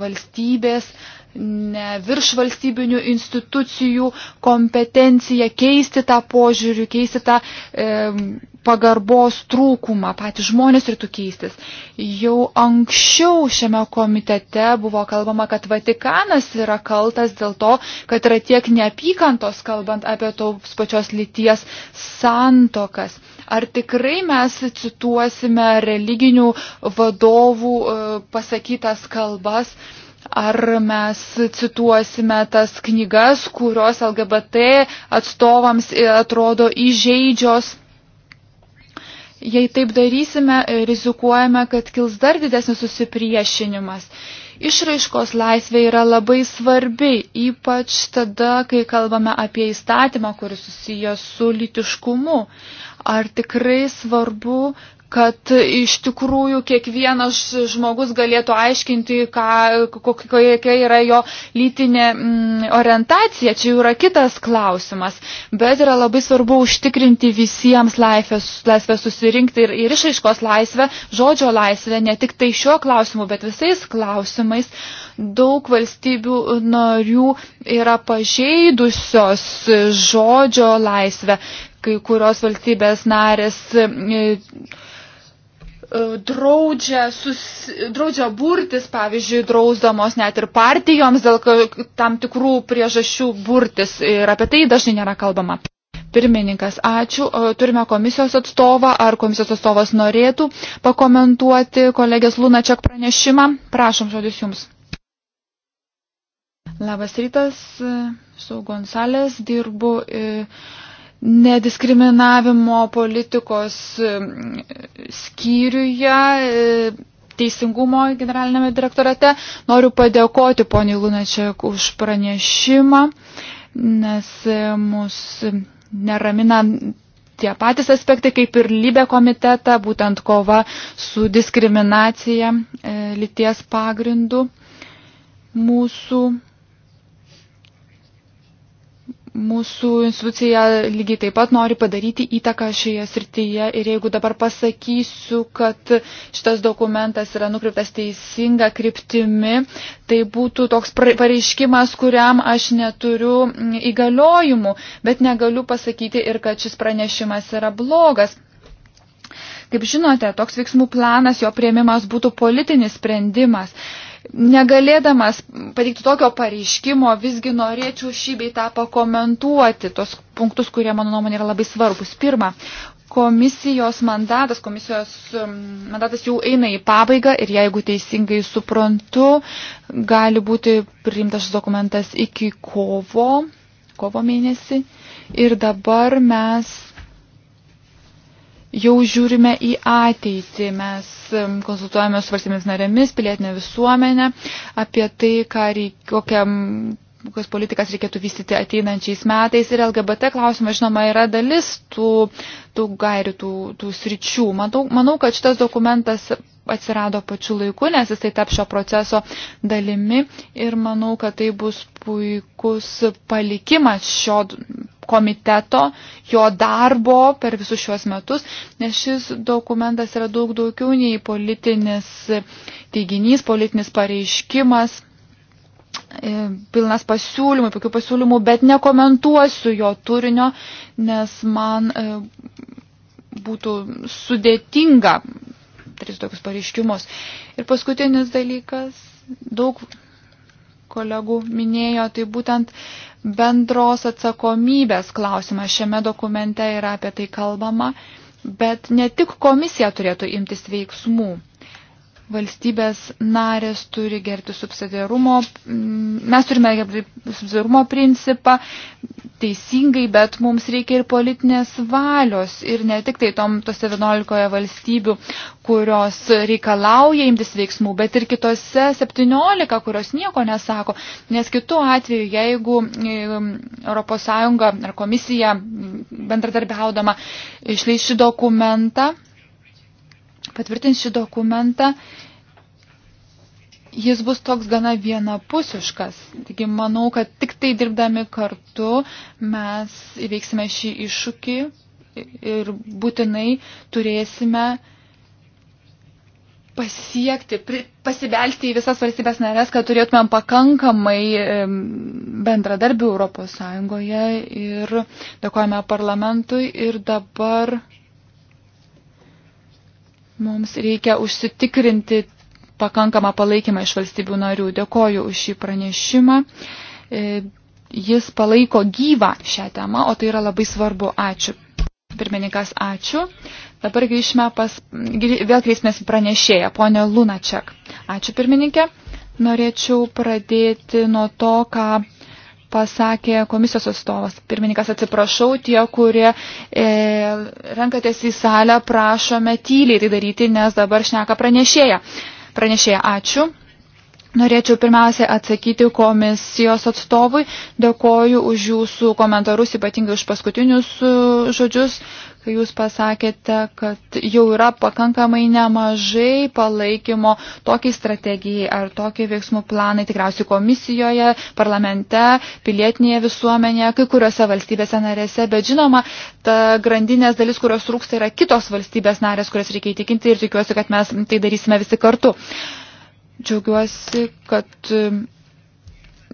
valstybės, ne viršvalstybinių institucijų kompetencija keisti tą požiūrių, keisti tą e, pagarbos trūkumą, patys žmonės turėtų keistis. Jau anksčiau šiame komitete buvo kalbama, kad Vatikanas yra kaltas dėl to, kad yra tiek neapykantos, kalbant apie tos pačios lyties santokas. Ar tikrai mes cituosime religinių vadovų e, pasakytas kalbas? ar mes cituosime tas knygas, kurios LGBT atstovams atrodo įžeidžios. Jei taip darysime, e, rizikuojame, kad kils dar didesnis susipriešinimas. Išraiškos laisvė yra labai svarbi, ypač tada, kai kalbame apie įstatymą, kuris susijęs su litiškumu. Ar tikrai svarbu kad iš tikrųjų kiekvienas žmogus galėtų aiškinti, ką, kokia yra jo lytinė mm, orientacija. Čia jau yra kitas klausimas. Bet yra labai svarbu užtikrinti visiems laisvės, laisvę susirinkti ir, ir išaiškos laisvę, žodžio laisvę, ne tik tai šiuo klausimu, bet visais klausimais. Daug valstybių narių yra pažeidusios žodžio laisvę kai kurios valstybės narės e, E, draudžia, sus, draudžia burtis, pavyzdžiui, drausdamos net ir partijoms dėl tam tikrų priežasčių burtis ir apie tai dažnai nėra kalbama. Pirmininkas, ačiū. E, turime komisijos atstovą. Ar komisijos atstovas norėtų pakomentuoti kolegės Lunačiak pranešimą? Prašom, žodis jums. Labas rytas, e, su Gonsalės dirbu. E, nediskriminavimo politikos mm, skyriuje. E, teisingumo generalinėme direktorate noriu padėkoti poniai Lunačiak už pranešimą, nes e, mus neramina tie patys aspektai kaip ir lybė komiteta, būtent kova su diskriminacija e, lyties pagrindu mūsų mūsų institucija lygiai taip pat nori padaryti įtaką šioje srityje ir jeigu dabar pasakysiu, kad šitas dokumentas yra nukreiptas teisinga kryptimi, tai būtų toks pareiškimas, kuriam aš neturiu mm, įgaliojimų, bet negaliu pasakyti ir kad šis pranešimas yra blogas. Kaip žinote, toks veiksmų planas, jo prieimimas būtų politinis sprendimas. Negalėdamas pateikti tokio pareiškimo, visgi norėčiau šį bei tą pakomentuoti, tos punktus, kurie mano nuomonė yra labai svarbus. Pirma, komisijos mandatas, komisijos um, mandatas jau eina į pabaigą ir jeigu teisingai suprantu, gali būti priimtas šis dokumentas iki kovo, kovo mėnesį. Ir dabar mes jau žiūrime į ateitį. Mes konsultuojame su valstybėmis narėmis, pilietinė visuomenė apie tai, ką reik, kokiam kokias politikas reikėtų vystyti ateinančiais metais. Ir LGBT klausimas, žinoma, yra dalis tų, tų gairių, tų, tų sričių. Manau, manau, kad šitas dokumentas atsirado pačiu laiku, nes jisai tap šio proceso dalimi ir manau, kad tai bus puikus palikimas šio komiteto, jo darbo per visus šiuos metus, nes šis dokumentas yra daug daugiau nei politinis teiginys, politinis pareiškimas, e, pilnas pasiūlymų, tokių pasiūlymų, bet nekomentuosiu jo turinio, nes man e, būtų sudėtinga tris tokius pareiškimus. Ir paskutinis dalykas, daug kolegų minėjo, tai būtent bendros atsakomybės klausimas. Šiame dokumente yra apie tai kalbama, bet ne tik komisija turėtų imtis veiksmų valstybės narės turi gerti subsidiarumo, mm, mes turime gerti subsidiarumo principą teisingai, bet mums reikia ir politinės valios ir ne tik tai tom tose 11 valstybių, kurios reikalauja imtis veiksmų, bet ir kitose 17, kurios nieko nesako, nes kitu atveju, jeigu mm, ES ar komisija mm, bendradarbiaudama išleis šį dokumentą, patvirtins šį dokumentą, jis bus toks gana vienapusiškas. Taigi manau, kad tik tai dirbdami kartu mes įveiksime šį iššūkį ir būtinai turėsime pasiekti, pasibelti į visas valstybės narės, kad turėtumėm pakankamai bendradarbių Europos Sąjungoje ir dėkojame parlamentui ir dabar Mums reikia užsitikrinti pakankamą palaikymą iš valstybių narių. Dėkoju už šį pranešimą. E, jis palaiko gyvą šią temą, o tai yra labai svarbu. Ačiū. Pirmininkas, ačiū. Dabar grįžime pas, vėl kreipsimės į pranešėją, ponę Lunačiak. Ačiū pirmininkė. Norėčiau pradėti nuo to, ką pasakė komisijos atstovas. Pirmininkas, atsiprašau, tie, kurie e, renkatės į salę, prašome tyliai tai daryti, nes dabar šneka pranešėja. Pranešėja, ačiū. Norėčiau pirmiausia atsakyti komisijos atstovui. Dėkoju už jūsų komentarus, ypatingai už paskutinius e, žodžius kai jūs pasakėte, kad jau yra pakankamai nemažai palaikymo tokiai strategijai ar tokiai veiksmų planai, tikriausiai komisijoje, parlamente, pilietinėje visuomenėje, kai kuriuose valstybėse narėse, bet žinoma, ta grandinės dalis, kurios rūksta, yra kitos valstybės narės, kurias reikia įtikinti ir tikiuosi, kad mes tai darysime visi kartu. Džiaugiuosi, kad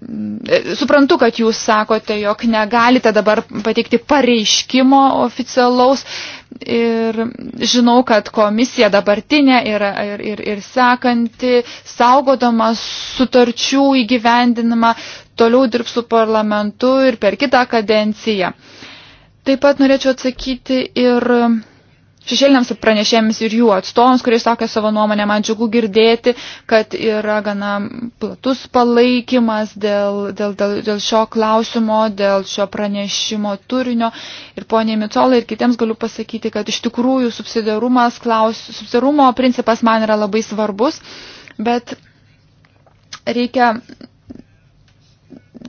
Mm, suprantu, kad jūs sakote, jog negalite dabar pateikti pareiškimo oficialaus ir žinau, kad komisija dabartinė ir, ir, ir, ir sekanti, saugodama sutarčių įgyvendinimą, toliau dirbs su parlamentu ir per kitą kadenciją. Taip pat norėčiau atsakyti ir šešėliniams pranešėjams ir jų atstovams, kurie sakė savo nuomonę, man džiugu girdėti, kad yra gana platus palaikymas dėl, dėl, dėl, dėl šio klausimo, dėl šio pranešimo turinio. Ir poniai Micolai ir kitiems galiu pasakyti, kad iš tikrųjų subsidiarumas, klaus, subsidiarumo principas man yra labai svarbus, bet reikia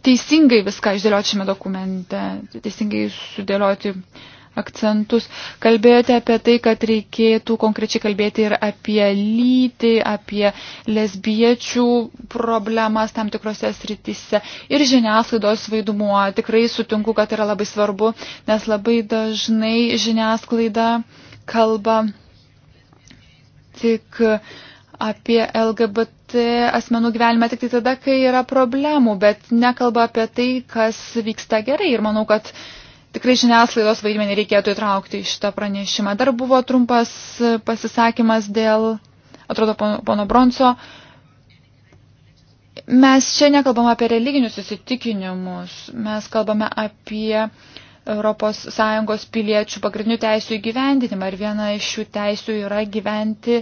teisingai viską išdėlioti šiame dokumente, teisingai sudėlioti uh, akcentus. Kalbėjote apie tai, kad reikėtų konkrečiai kalbėti ir apie lytį, apie lesbiečių problemas tam tikrose sritise ir žiniasklaidos vaidumuo. Tikrai sutinku, kad yra labai svarbu, nes labai dažnai žiniasklaida kalba tik apie LGBT asmenų gyvenimą tik tai tada, kai yra problemų, bet nekalba apie tai, kas vyksta gerai. Ir manau, kad uh, tikrai žiniasklaidos vaidmenį reikėtų įtraukti į šitą pranešimą. Dar buvo trumpas pasisakymas dėl, atrodo, pono Bronso. Mes čia nekalbame apie religinius įsitikinimus, mes kalbame apie ES piliečių pagrindinių teisų įgyvendinimą ir viena iš šių teisų yra gyventi,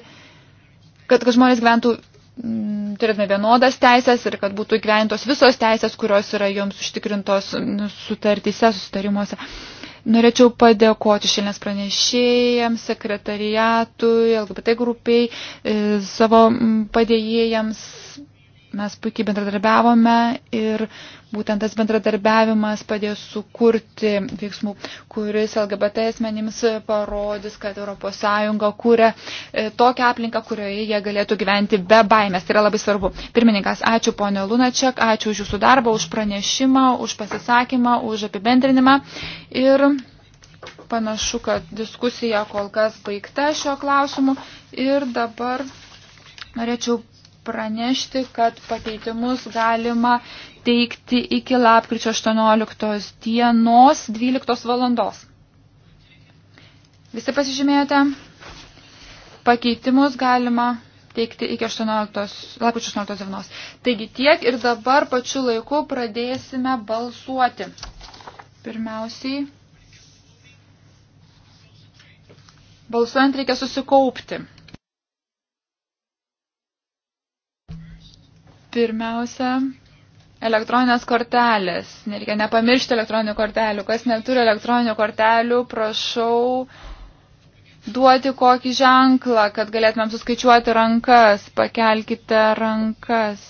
kad, kad žmonės gyventų Mm, turėtume vienodas teisės ir kad būtų įgyventos visos teisės, kurios yra joms užtikrintos mm, sutartyse, susitarimuose. Norėčiau padėkoti šiandien pranešėjams, sekretariatui, LGBT grupiai, e, savo mm, padėjėjams, mes puikiai bendradarbiavome ir būtent tas bendradarbiavimas padėjo sukurti veiksmų, kuris LGBT asmenims parodys, kad ES kūrė e, tokią aplinką, kurioje jie galėtų gyventi be baimės. Tai yra labai svarbu. Pirmininkas, ačiū ponė Lunačiak, ačiū už jūsų darbą, už pranešimą, už pasisakymą, už apibendrinimą. Ir panašu, kad diskusija kol kas baigta šio klausimu. Ir dabar norėčiau pranešti, kad pakeitimus galima teikti iki lapkričio 18 dienos 12 valandos. Visi pasižymėjote? Pakeitimus galima teikti iki 18, lapkričio 18 dienos. Taigi tiek ir dabar pačiu laiku pradėsime balsuoti. Pirmiausiai, balsuojant reikia susikaupti. Pirmiausia, elektroninės kortelės. Nereikia nepamiršti elektroninių kortelių. Kas neturi elektroninių kortelių, prašau duoti kokį ženklą, kad galėtumėm suskaičiuoti rankas. Pakelkite rankas.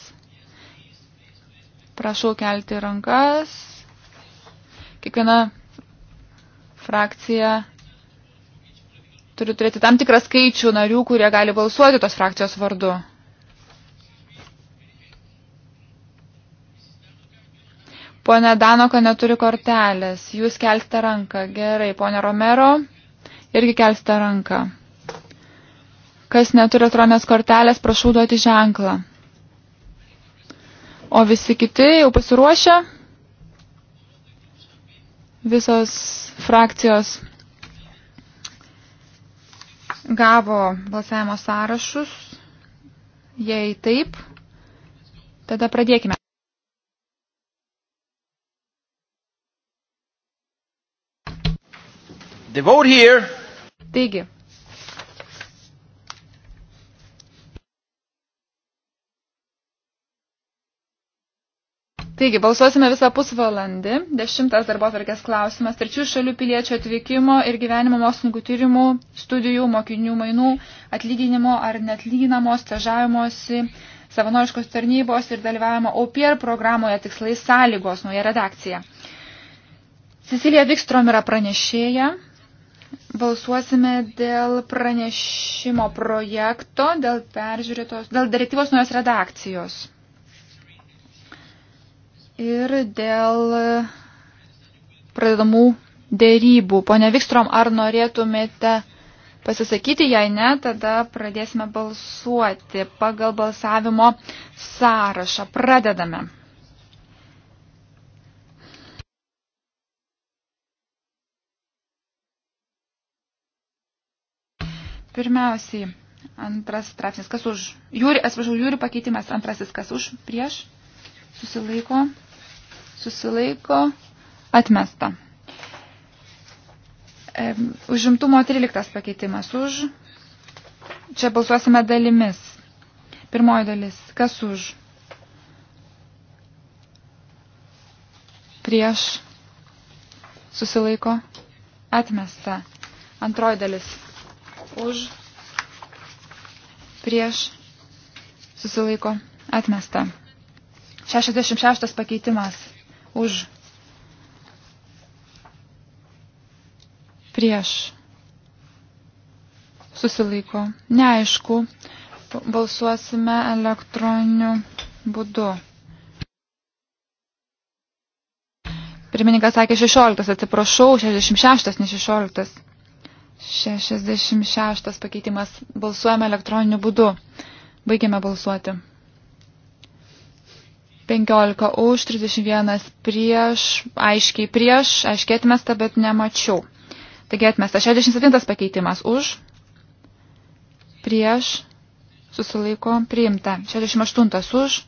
Prašau kelti rankas. Kiekviena frakcija turi turėti tam tikrą skaičių narių, kurie gali balsuoti tos frakcijos vardu. Pone Danoka neturi kortelės. Jūs kelsite ranką. Gerai, pone Romero, irgi kelsite ranką. Kas neturi elektroninės kortelės, prašau duoti ženklą. O visi kiti jau pasiruošę? Visos frakcijos gavo balsavimo sąrašus. Jei taip, tada pradėkime. The vote here. Taigi. Taigi, balsuosime visą pusvalandį. Dešimtas darbo atvarkės klausimas. Trečių šalių piliečių atvykimo ir gyvenimo mokslininkų tyrimų, studijų, mokinių mainų, atlyginimo ar netlyginamo, stažavimosi, savanoriškos tarnybos ir dalyvavimo OPR programoje tikslai sąlygos nauja redakcija. Cecilija Vikstrom yra pranešėja. Balsuosime dėl pranešimo projekto, dėl peržiūrėtos, dėl direktyvos naujos redakcijos. Ir dėl pradedamų dėrybų. Pone Vikstrom, ar norėtumėte pasisakyti, jei ne, tada pradėsime balsuoti pagal balsavimo sąrašą. Pradedame. Pirmiausiai, antras straipsnis, kas už. Jūri, atsiprašau, jūri pakeitimas, antrasis, kas už, prieš, susilaiko, susilaiko, atmesta. Užimtumo 13 pakeitimas už. Čia balsuosime dalimis. Pirmoji dalis. Kas už? Prieš. Susilaiko. Atmesta. Antroji dalis už, prieš, susilaiko, atmesta. 66 pakeitimas už, prieš, susilaiko, neaišku, balsuosime elektroniniu būdu. Pirmininkas sakė 16, atsiprašau, 66, ne 16. 66 pakeitimas. Balsuojame elektroniniu būdu. Baigiame balsuoti. 15 už, 31 prieš, aiškiai prieš, aiškiai atmesta, bet nemačiau. Taigi atmesta 67 pakeitimas už, prieš, susilaiko, priimta. 68 už,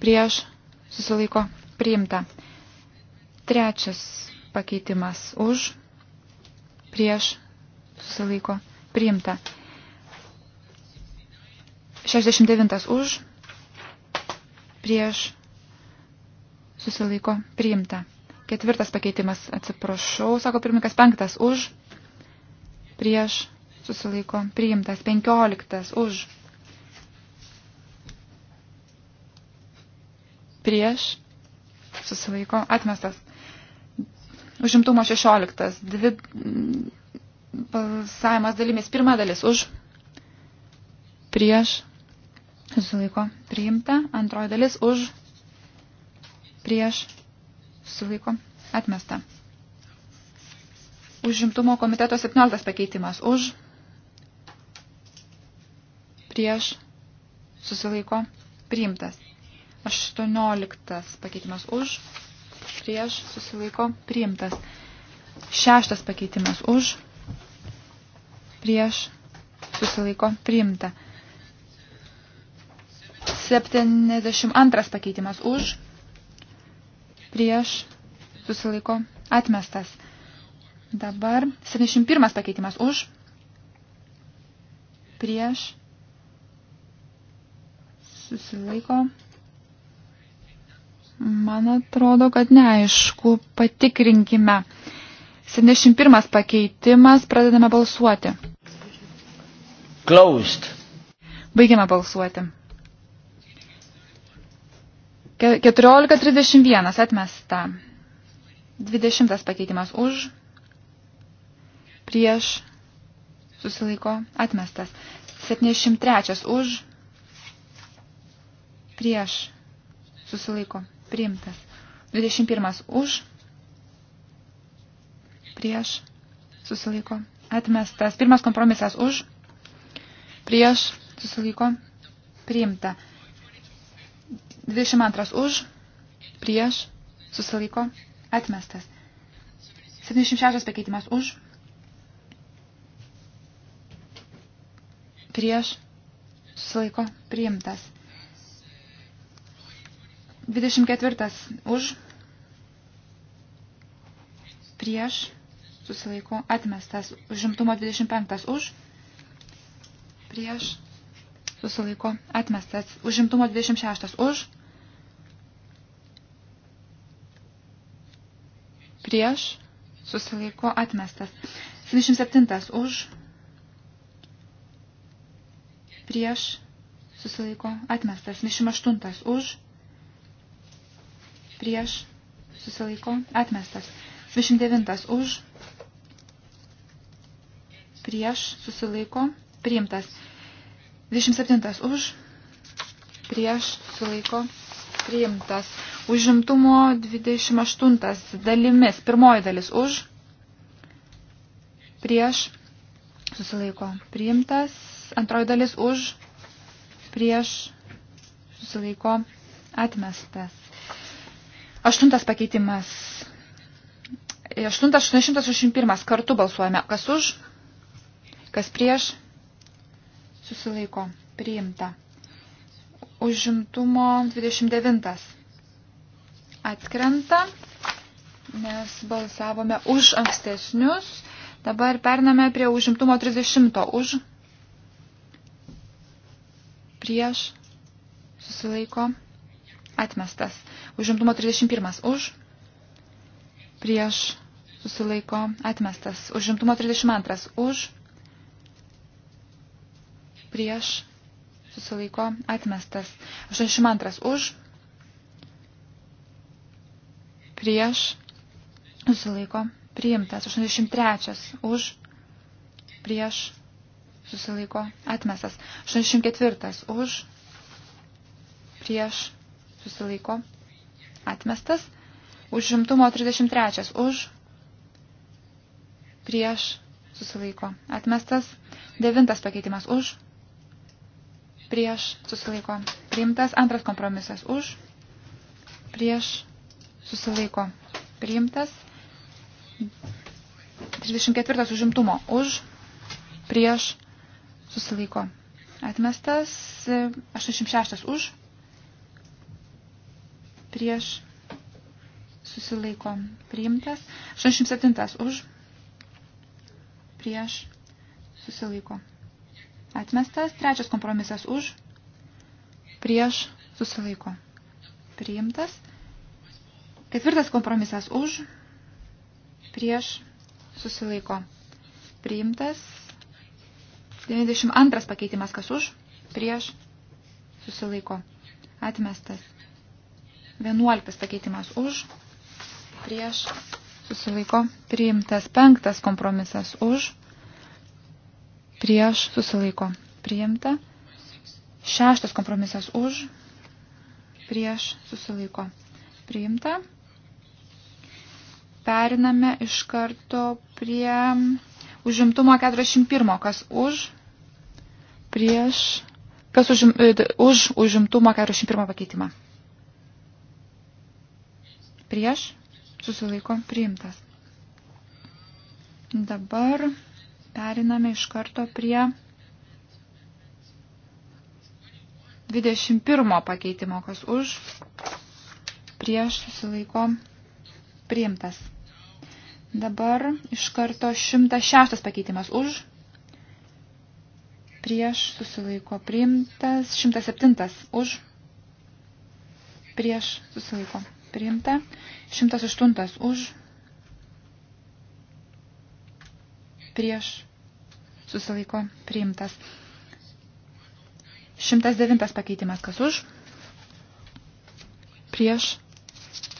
prieš, susilaiko, priimta. Trečias pakeitimas už, prieš susilaiko priimta. 69 už prieš susilaiko priimta. Ketvirtas pakeitimas, atsiprašau, sako pirmininkas, penktas už prieš susilaiko priimtas, penkioliktas už prieš susilaiko atmestas. Užimtumo 16. Dvi balsavimas dalimis. Pirma dalis už, prieš, susilaiko priimta. Antroji dalis už, prieš, susilaiko atmesta. Užimtumo komiteto 17 pakeitimas už, prieš, susilaiko priimtas. 18 pakeitimas už, prieš prieš susilaiko priimtas. Šeštas pakeitimas už, prieš susilaiko priimta. 72 pakeitimas už, prieš susilaiko atmestas. Dabar 71 pakeitimas už, prieš susilaiko atmestas Man atrodo, kad neaišku. Patikrinkime. 71 pakeitimas, pradedame balsuoti. Closed. Baigiame balsuoti. 14.31 atmesta. 20 pakeitimas už, prieš, susilaiko, atmestas. 73 už, prieš, susilaiko, priimtas. 21 už, prieš, susilaiko, atmestas. Pirmas kompromisas už, prieš, susilaiko, priimta. 22 už, prieš, susilaiko, atmestas. 76 pakeitimas už, prieš, susilaiko, priimtas. 24 už, prieš, susilaiko, atmestas. Užimtumo 25 už, prieš, susilaiko, atmestas. Užimtumo 26 už, prieš, susilaiko, atmestas. 77 už, prieš, susilaiko, atmestas. 28 už, prieš, prieš, susilaiko, atmestas. 29 už, prieš, susilaiko, priimtas. 27 už, prieš, susilaiko, priimtas. Užimtumo 28 dalimis. Pirmoji dalis už, prieš, susilaiko, priimtas. Antroji dalis už, prieš, susilaiko, atmestas. Aštuntas pakeitimas. 881 kartu balsuojame. Kas už, kas prieš, susilaiko, priimta. Užimtumo 29. Atkrenta, nes balsavome už ankstesnius. Dabar pername prie užimtumo 30. Už, prieš, susilaiko, atmestas. Užimtumo 31 už, prieš susilaiko atmestas. Užimtumo 32 už, prieš susilaiko atmestas. 82 už, prieš susilaiko priimtas. 83 už, prieš susilaiko atmestas. 84 už, prieš susilaiko atmestas. Užimtumo 33 už, prieš, susilaiko, atmestas. Devintas pakeitimas už, prieš, susilaiko, priimtas. Antras kompromisas už, prieš, susilaiko, priimtas. 34 užimtumo už, prieš, susilaiko, atmestas. 86 už, prieš susilaiko priimtas. 67 už prieš susilaiko atmestas. Trečias kompromisas už prieš susilaiko priimtas. Ketvirtas kompromisas už prieš susilaiko priimtas. 92 pakeitimas kas už prieš susilaiko atmestas. 11 pakeitimas už, prieš, susilaiko, priimtas. 5 kompromisas už, prieš, susilaiko, priimta. 6 kompromisas už, prieš, susilaiko, priimta. Periname iš karto prie užimtumo 41, kas už, prieš, kas užim, e, už užimtumo 41 pakeitimą prieš susilaiko priimtas. Dabar periname iš karto prie 21 pakeitimo, kas už prieš susilaiko priimtas. Dabar iš karto 106 pakeitimas už prieš susilaiko priimtas, 107 už prieš susilaiko priimtas priimta. 108 už, prieš, susilaiko, priimtas. 109 pakeitimas, kas už, prieš,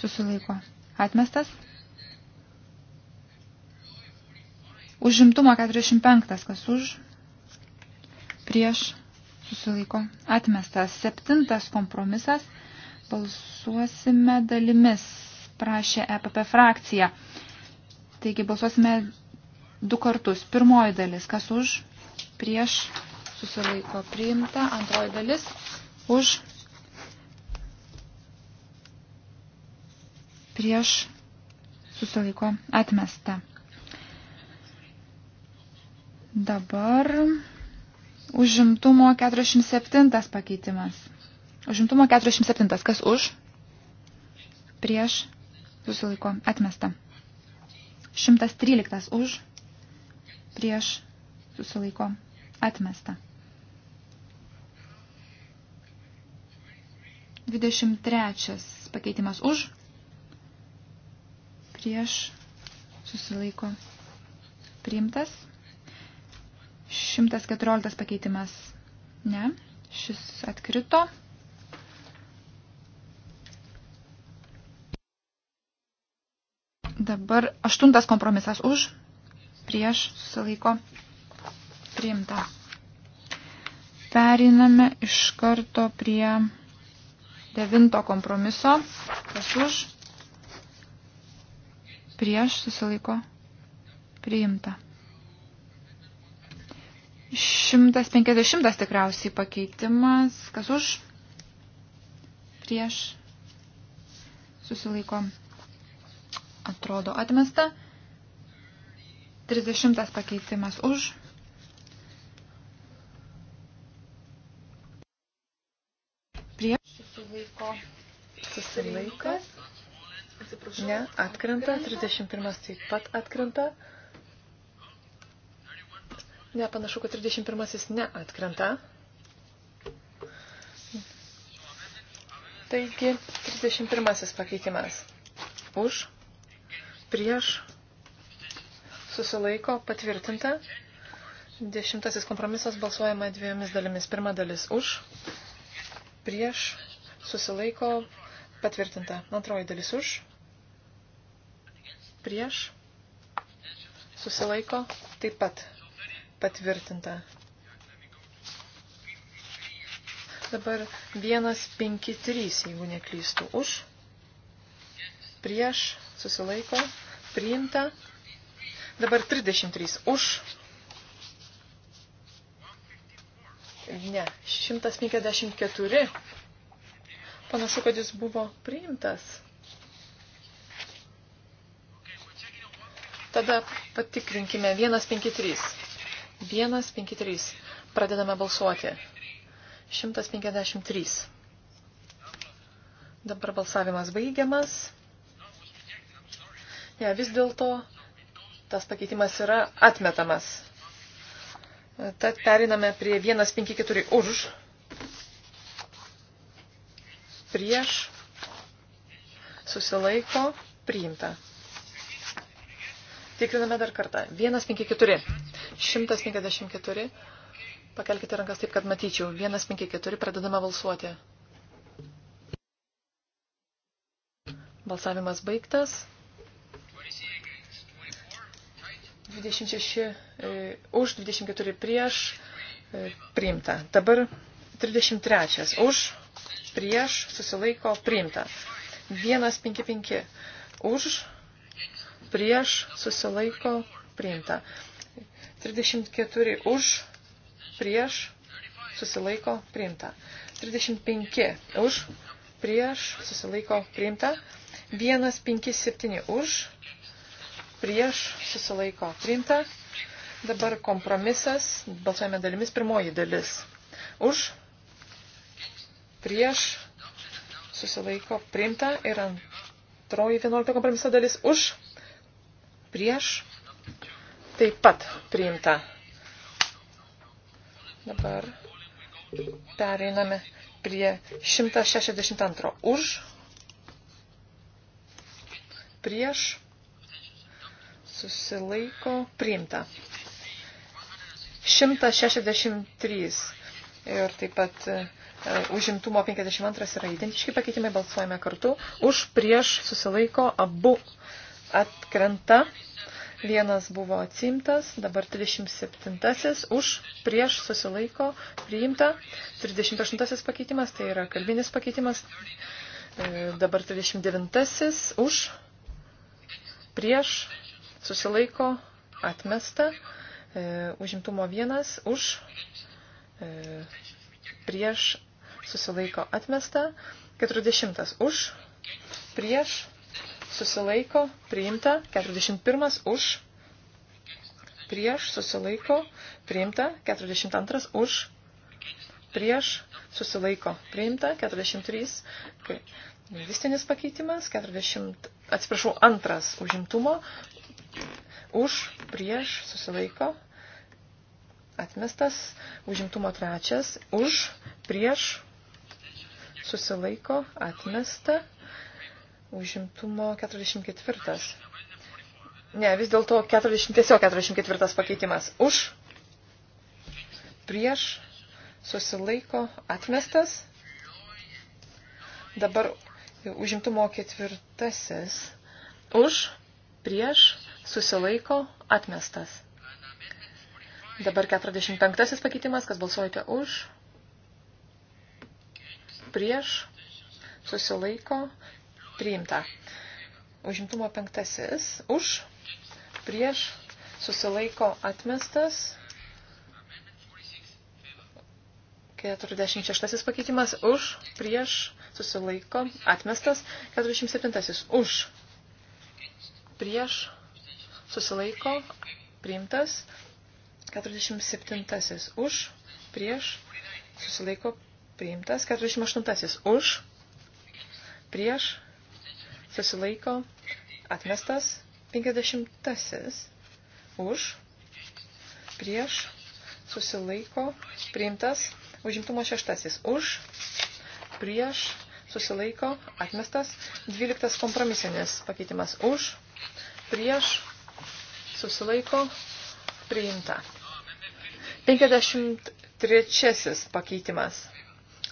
susilaiko, atmestas. Užimtumo 45, kas už, prieš, susilaiko, atmestas. Septintas kompromisas – Balsuosime dalimis, prašė EPP frakcija. Taigi balsuosime du kartus. Pirmoji dalis, kas už, prieš, susilaiko priimta. Antroji dalis, už, prieš, susilaiko atmesta. Dabar užimtumo 47 pakeitimas. Užimtumo 47. Kas už? Prieš susilaiko atmesta. 113 už prieš susilaiko atmesta. 23 pakeitimas už prieš susilaiko priimtas. 114 pakeitimas ne, šis atkrito. Dabar aštuntas kompromisas už, prieš, susilaiko, priimta. Periname iš karto prie devinto kompromiso. Kas už, prieš, susilaiko, priimta. 150 tikriausiai pakeitimas. Kas už? Prieš. Susilaiko atrodo atmesta. 30 pakeitimas už. Prieš susilaiko. Susilaikas. Ne, atkrenta. 31 taip pat atkrenta. Ne, panašu, kad 31 neatkrenta. Taigi, 31 pakeitimas. Už prieš susilaiko patvirtinta. Dešimtasis kompromisas balsuojama dviejomis dalimis. Pirma dalis už, prieš susilaiko patvirtinta. Antroji dalis už, prieš susilaiko taip pat patvirtinta. Dabar 1, 5, 3, jeigu neklystų, už, prieš, susilaiko, priimta. Dabar 33 už. Ne, 154. Panašu, kad jis buvo priimtas. Tada patikrinkime 153. 153. Pradedame balsuoti. 153. Dabar balsavimas baigiamas. Ne, vis dėlto tas pakeitimas yra atmetamas. Tad periname prie 154 už, prieš, susilaiko, priimta. Tikriname dar kartą. 154. 154. Pakelkite rankas taip, kad matyčiau. 154. Pradedame balsuoti. Balsavimas baigtas. 26 e, už, 24 prieš e, priimta. Dabar 33 už, prieš susilaiko priimta. 155 už, prieš susilaiko priimta. 34 už, prieš susilaiko priimta. 35 už, prieš susilaiko priimta. 157 už, prieš, susilaiko priimta. Dabar kompromisas, balsuojame dalimis, pirmoji dalis. Už, prieš, susilaiko priimta ir antroji 11 kompromiso dalis už, prieš, taip pat priimta. Dabar pereiname prie 162 už, prieš, susilaiko priimta. 163 ir taip pat e, užimtumo 52 yra identiški pakeitimai, balsuojame kartu. Už prieš susilaiko abu atkrenta. Vienas buvo atsimtas, dabar 37-asis už prieš susilaiko priimta. 38-asis pakeitimas, tai yra kalbinis pakeitimas. E, dabar 39-asis už prieš susilaiko, atmesta, e, užimtumo vienas, už, e, prieš, susilaiko, atmesta, keturdešimtas, už, prieš, susilaiko, priimta, keturdešim pirmas, už, prieš, susilaiko, priimta, keturdešim antras, už, prieš, susilaiko, priimta, keturdešim trys, Lingvistinis pakeitimas, 40, atsiprašau, antras užimtumo, Už, prieš, susilaiko, atmestas. Užimtumo trečias. Už, prieš, susilaiko, atmesta. Užimtumo 44. Ne, vis dėlto 40, tiesiog 44 pakeitimas. Už, prieš, susilaiko, atmestas. Dabar užimtumo ketvirtasis. Už, prieš, susilaiko, atmestas. Dabar 45 pakeitimas, kas balsuojate už, prieš, susilaiko, priimta. Užimtumo penktasis, už, prieš, susilaiko, atmestas. 46 pakeitimas, už, prieš, susilaiko, atmestas. 47 už, prieš, susilaiko, priimtas. 47 už, prieš, susilaiko, priimtas. 48 už, prieš, susilaiko, atmestas. 50 už, prieš, susilaiko, priimtas. Užimtumo šeštasis už, prieš, susilaiko, atmestas. 12 kompromisinis pakeitimas už, prieš, susilaiko, priimta. 53 pakeitimas.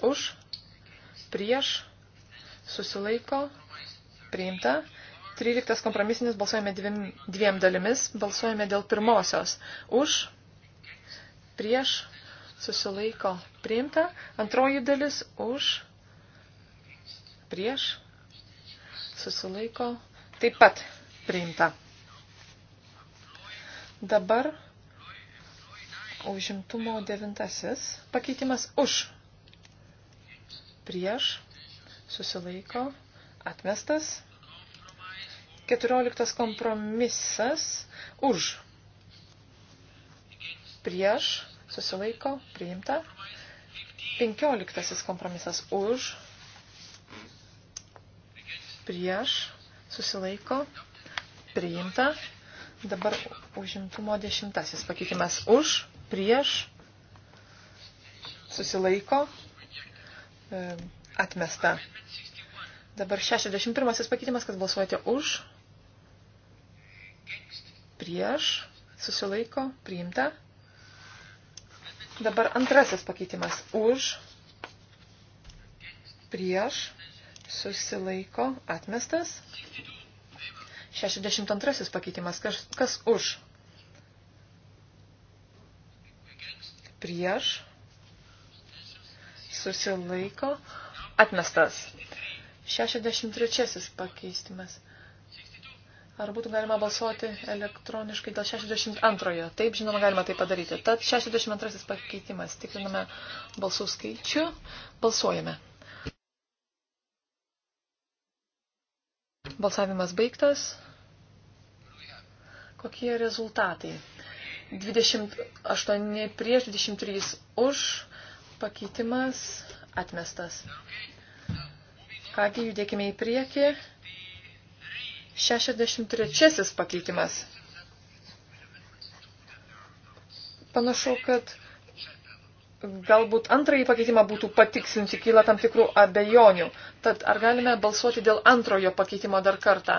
Už, prieš, susilaiko, priimta. 13 kompromisinis balsuojame dviem, dviem dalimis, balsuojame dėl pirmosios. Už, prieš, susilaiko, priimta. Antroji dalis už, prieš, susilaiko, taip pat priimta. Dabar užimtumo devintasis pakeitimas už. Prieš susilaiko atmestas. Keturioliktas kompromisas už. Prieš susilaiko priimta. Penkioliktasis kompromisas už. Prieš susilaiko priimta. Dabar užimtumo dešimtasis pakeitimas už, prieš, susilaiko, e, atmesta. Dabar 61 pakeitimas, kad balsuojate už, prieš, susilaiko, priimta. Dabar antrasis pakeitimas už, prieš, susilaiko, atmestas. 62 pakeitimas. Kas, kas už? Prieš. Susilaiko. Atmestas. 63 pakeistimas. Ar būtų galima balsuoti elektroniškai dėl 62-ojo? Taip, žinoma, galima tai padaryti. Tad 62-asis pakeitimas. Tikriname balsų skaičių. Balsuojame. Balsavimas baigtas. Kokie rezultatai? 28 prieš 23 už pakeitimas atmestas. Kągi judėkime į priekį. 63 pakeitimas. Panašu, kad galbūt antrąjį pakeitimą būtų patikslinti, kyla tam tikrų abejonių. Tad ar galime balsuoti dėl antrojo pakeitimo dar kartą?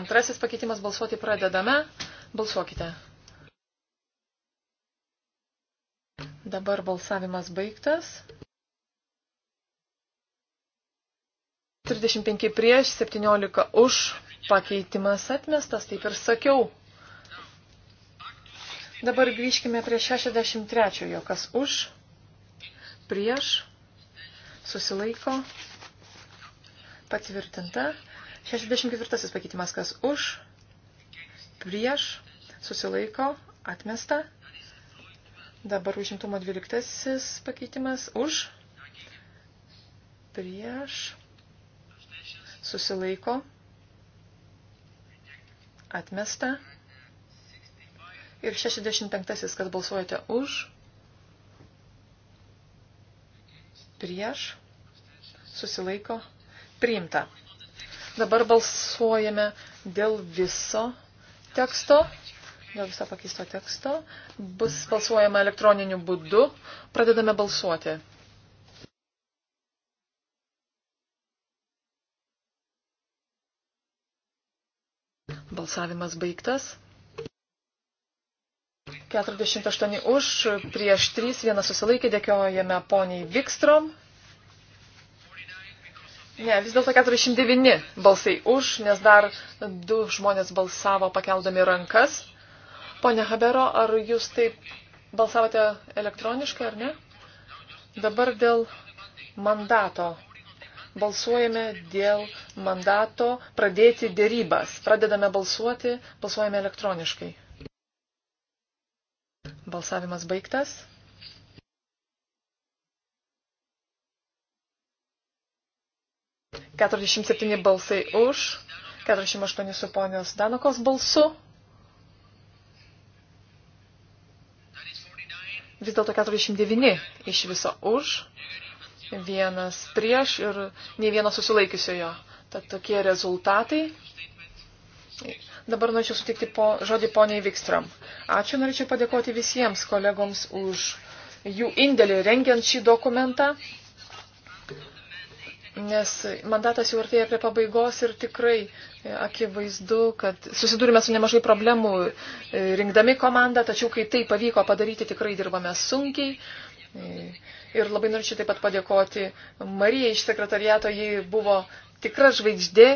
Antrasis pakeitimas balsuoti pradedame. Balsuokite. Dabar balsavimas baigtas. 35 prieš, 17 už, pakeitimas atmestas, taip ir sakiau. Dabar grįžkime prie 63-ojo, kas už, prieš, susilaiko, patvirtinta. 64-asis pakeitimas, kas už, prieš, susilaiko, atmesta. Dabar užimtumo dvyliktasis pakeitimas už, prieš, susilaiko, atmesta. Ir 65-asis, kad balsuojate už, prieš, susilaiko, priimta. Dabar balsuojame dėl viso teksto, dėl viso pakeisto teksto, bus balsuojama elektroniniu būdu. Pradedame balsuoti. Balsavimas baigtas. 48 už, prieš 3, vienas susilaikė, dėkiojame poniai Vikstrom. Ne, vis dėlto 49 balsai už, nes dar du žmonės balsavo pakeldami rankas. Pone Habero, ar jūs taip balsavote elektroniškai ar ne? Dabar dėl mandato. Balsuojame dėl mandato pradėti dėrybas. Pradedame balsuoti, balsuojame elektroniškai. Balsavimas baigtas. 47 balsai už, 48 su ponios Danokos balsu. Vis dėlto 49 iš viso už, vienas prieš ir nei vienas susilaikiusiojo. Tad tokie rezultatai. Dabar norėčiau sutikti po, žodį poniai Vikstram. Ačiū, norėčiau padėkoti visiems kolegoms už jų indėlį rengiant šį dokumentą nes mandatas jau artėja prie pabaigos ir tikrai e, akivaizdu, kad susidūrime su nemažai problemų e, rinkdami komandą, tačiau kai tai pavyko padaryti, tikrai dirbame sunkiai. E, ir labai norėčiau taip pat padėkoti Marijai iš sekretariato, ji buvo tikra žvaigždė,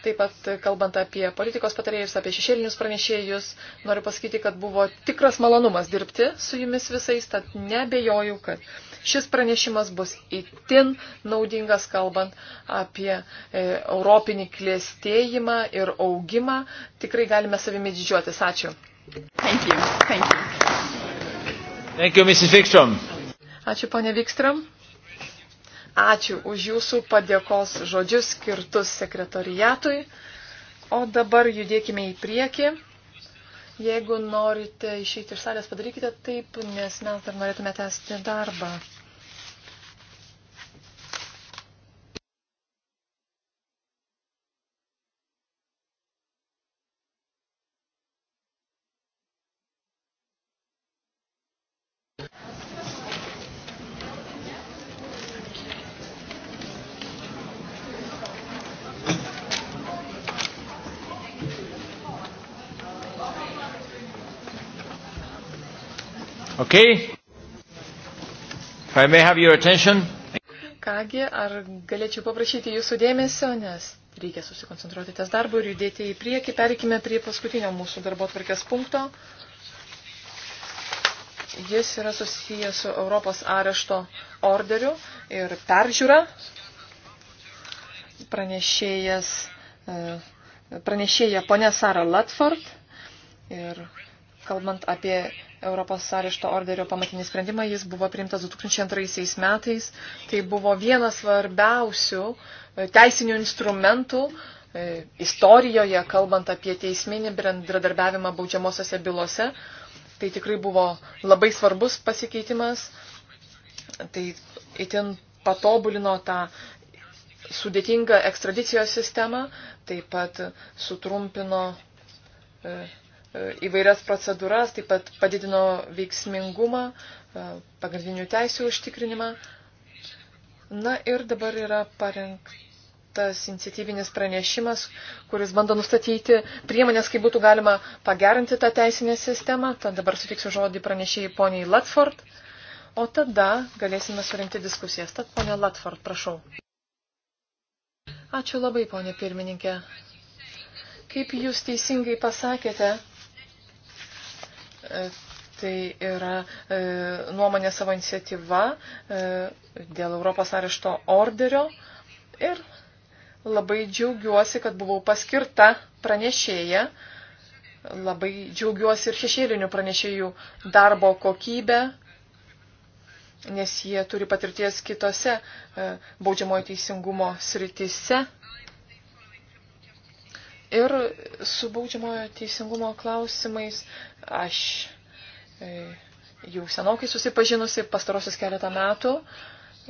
Taip pat, e, kalbant apie politikos patarėjus, apie šešėlinius pranešėjus, noriu pasakyti, kad buvo tikras malonumas dirbti su jumis visais, tad nebejoju, kad šis pranešimas bus itin naudingas, kalbant apie e, europinį klėstėjimą ir augimą. Tikrai galime savimi didžiuotis. Ačiū. Thank you. Thank you. Thank you, Mrs. Vikstrom. Ačiū, ponė Vikstrom. Ačiū už jūsų padėkos žodžius skirtus sekretoriatui. O dabar judėkime į priekį. Jeigu norite išeiti iš salės, padarykite taip, nes mes dar norėtume tęsti darbą. Okay. If I may have your attention. Kągi, ar galėčiau paprašyti jūsų dėmesio, nes reikia susikoncentruoti ties darbu ir judėti į priekį. Perikime prie paskutinio mūsų darbo tvarkės punkto. Jis yra susijęs su Europos arešto orderiu ir peržiūra. Pranešėjas, e, pranešėja ponė Sara Latford ir kalbant apie Europos arešto orderio pamatinį sprendimą. Jis buvo priimtas 2002 metais. Tai buvo vienas svarbiausių e, teisinių instrumentų e, istorijoje, kalbant apie teisminį bendradarbiavimą baudžiamosiose bylose. Tai tikrai buvo labai svarbus pasikeitimas. Tai itin patobulino tą sudėtingą ekstradicijos sistemą, taip pat sutrumpino e, E, įvairias procedūras, taip pat padidino veiksmingumą, e, pagrindinių teisų užtikrinimą. Na ir dabar yra parengtas iniciatyvinis pranešimas, kuris bando nustatyti priemonės, kaip būtų galima pagerinti tą teisinę sistemą. Tad dabar sutiksiu žodį pranešėjai poniai Latford, o tada galėsime surinkti diskusijas. Tad ponia Latford, prašau. Ačiū labai, ponė pirmininkė. Kaip jūs teisingai pasakėte, E, tai yra e, nuomonė savo iniciatyva e, dėl Europos arešto orderio. Ir labai džiaugiuosi, kad buvau paskirta pranešėja. Labai džiaugiuosi ir šešėlinių pranešėjų darbo kokybę, nes jie turi patirties kitose e, baudžiamojo teisingumo sritise. Ir su baudžiamojo teisingumo klausimais aš e, jau senokai susipažinusi pastarosius keletą metų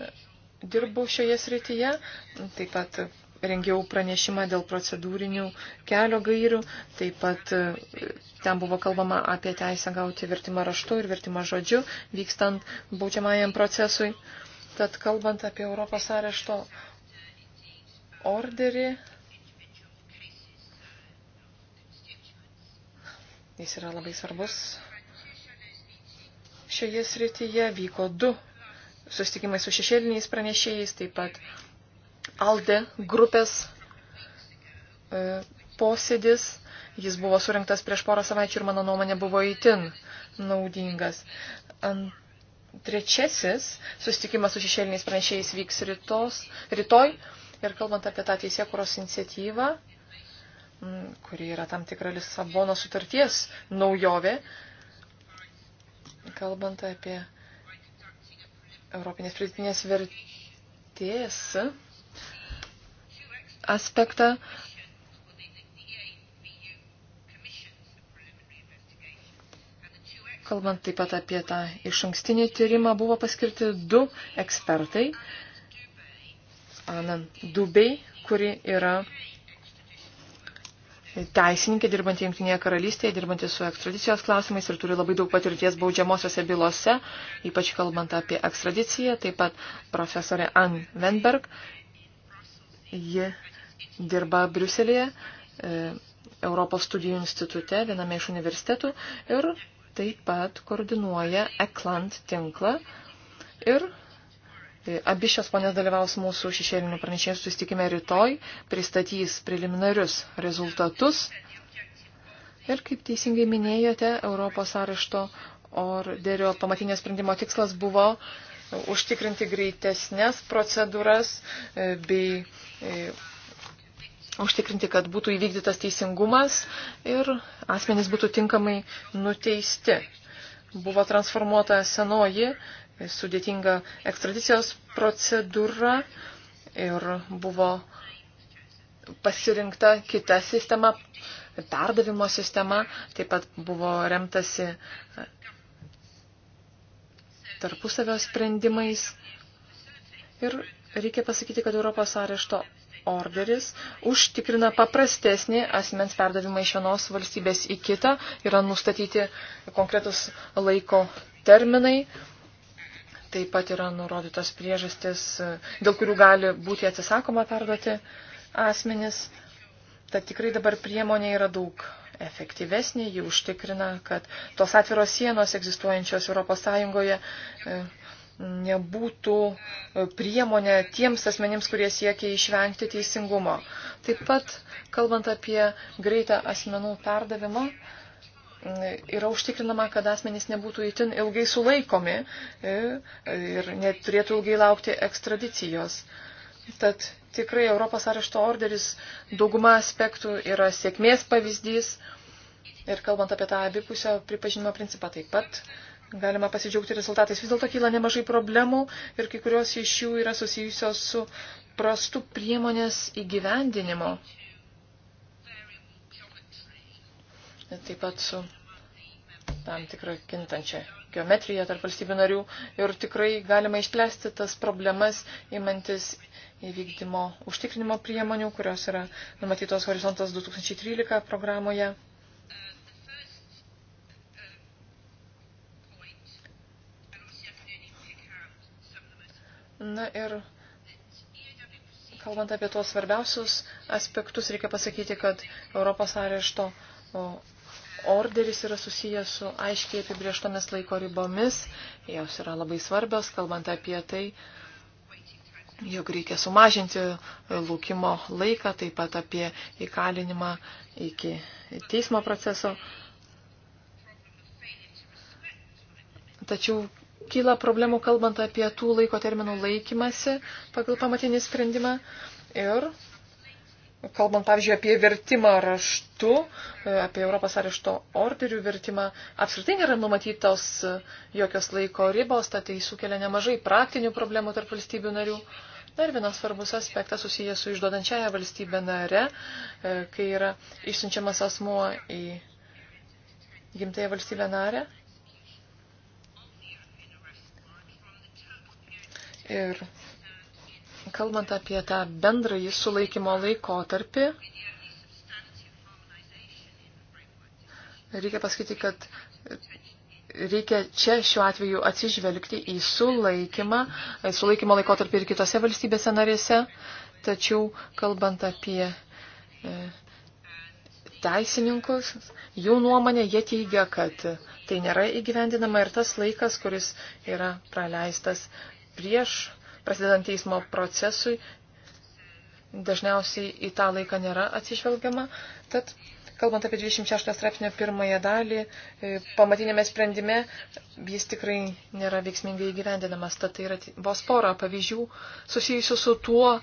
e, dirbu šioje srityje. Taip pat rengiau pranešimą dėl procedūrinių kelio gairių, taip pat e, ten buvo kalbama apie teisę gauti vertimą raštu ir vertimą žodžiu, vykstant baudžiamajam procesui. Tad kalbant apie Europos arešto orderį, Jis yra labai svarbus. Šioje srityje vyko du susitikimai su šešėliniais pranešėjais, taip pat ALDE grupės e, posėdis. Jis buvo surinktas prieš porą savaičių ir mano nuomonė buvo įtin naudingas. Ant trečiasis susitikimas su šešėliniais pranešėjais vyks rytos, rytoj. Ir kalbant apie tą teisėkuros iniciatyvą, kuri yra tam tikra Lisabono sutarties naujovė, kalbant apie Europinės pridėtinės vertės aspektą. Kalbant taip pat apie tą iš ankstinį tyrimą, buvo paskirti du ekspertai. Anan Dubei, kuri yra teisininkė dirbantį Junktinėje karalystėje, dirbantį su ekstradicijos klausimais ir turi labai daug patirties baudžiamosiose bylose, ypač kalbant apie ekstradiciją, taip pat profesorė Ann Wenberg. Ji dirba Briuselėje, e, Europos studijų institute, viename iš universitetų ir taip pat koordinuoja ECLANT tinklą ir E, abi šios ponės dalyvaus mūsų šešėlinių pranešėjų susitikime rytoj, pristatys preliminarius rezultatus. Ir kaip teisingai minėjote, Europos arešto orderio pamatinio sprendimo tikslas buvo užtikrinti greitesnės procedūras e, bei e, užtikrinti, kad būtų įvykdytas teisingumas ir asmenys būtų tinkamai nuteisti. Buvo transformuota senoji sudėtinga ekstradicijos procedūra ir buvo pasirinkta kita sistema, perdavimo sistema, taip pat buvo remtasi tarpusavio sprendimais. Ir reikia pasakyti, kad Europos arešto orderis užtikrina paprastesnį asmens perdavimą iš vienos valstybės į kitą, yra nustatyti konkretus laiko terminai Taip pat yra nurodytos priežastis, dėl kurių gali būti atsisakoma perduoti asmenis. Tad tikrai dabar priemonė yra daug efektyvesnė, ji užtikrina, kad tos atviros sienos egzistuojančios ES e, nebūtų e, priemonė tiems asmenims, kurie siekia išvengti teisingumo. Taip pat, kalbant apie greitą asmenų perdavimą, yra užtikrinama, kad asmenys nebūtų įtin ilgai sulaikomi e, ir neturėtų ilgai laukti ekstradicijos. Tad tikrai Europos arešto orderis dauguma aspektų yra sėkmės pavyzdys. Ir kalbant apie tą abipusio pripažinimo principą taip pat galima pasidžiaugti rezultatais. Vis dėlto kyla nemažai problemų ir kai kurios iš jų yra susijusios su prastu priemonės įgyvendinimo. taip pat su tam tikrą kintančią geometriją tarp valstybių narių ir tikrai galima išplėsti tas problemas įmantis įvykdymo užtikrinimo priemonių, kurios yra numatytos Horizontas 2013 programoje. Na ir kalbant apie tuos svarbiausius aspektus, reikia pasakyti, kad Europos arešto orderis yra susijęs su aiškiai apibrieštomis laiko ribomis, jos yra labai svarbios, kalbant apie tai, jog reikia sumažinti laukimo laiką, taip pat apie įkalinimą iki teismo proceso. Tačiau kyla problemų kalbant apie tų laiko terminų laikymasi pagal pamatinį sprendimą ir kalbant, pavyzdžiui, apie vertimą raštu, apie Europos arešto orderių vertimą, apskritai nėra numatytos jokios laiko ribos, tad tai sukelia nemažai praktinių problemų tarp valstybių narių. Dar vienas svarbus aspektas susijęs su išduodančiaja valstybė nare, e, kai yra išsiunčiamas asmuo į gimtąją valstybę narę. Ir kalbant apie tą bendrąjį sulaikymo laikotarpį, reikia pasakyti, kad reikia čia šiuo atveju atsižvelgti į sulaikymą, sulaikymo laikotarpį ir kitose valstybėse narėse, tačiau kalbant apie e, teisininkus, jų nuomonė, jie teigia, kad tai nėra įgyvendinama ir tas laikas, kuris yra praleistas prieš prasidedant teismo procesui, dažniausiai į tą laiką nėra atsižvelgiama. Tad, kalbant apie 26 straipsnio pirmąją dalį, e, pamatinėme sprendime jis tikrai nėra veiksmingai įgyvendinamas. Tad tai yra vos pora pavyzdžių susijusių su tuo,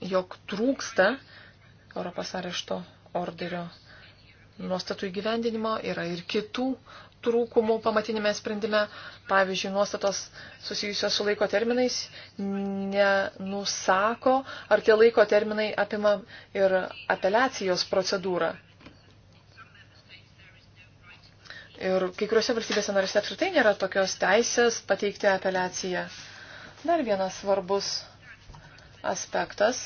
jog trūksta Europos arešto orderio nuostatų įgyvendinimo, yra ir kitų trūkumų pamatinėme sprendime, pavyzdžiui, nuostatos susijusios su laiko terminais nenusako, ar tie laiko terminai apima ir apeliacijos procedūrą. Ir kai kuriuose valstybėse narėse apskritai nėra tokios teisės pateikti apeliaciją. Dar vienas svarbus aspektas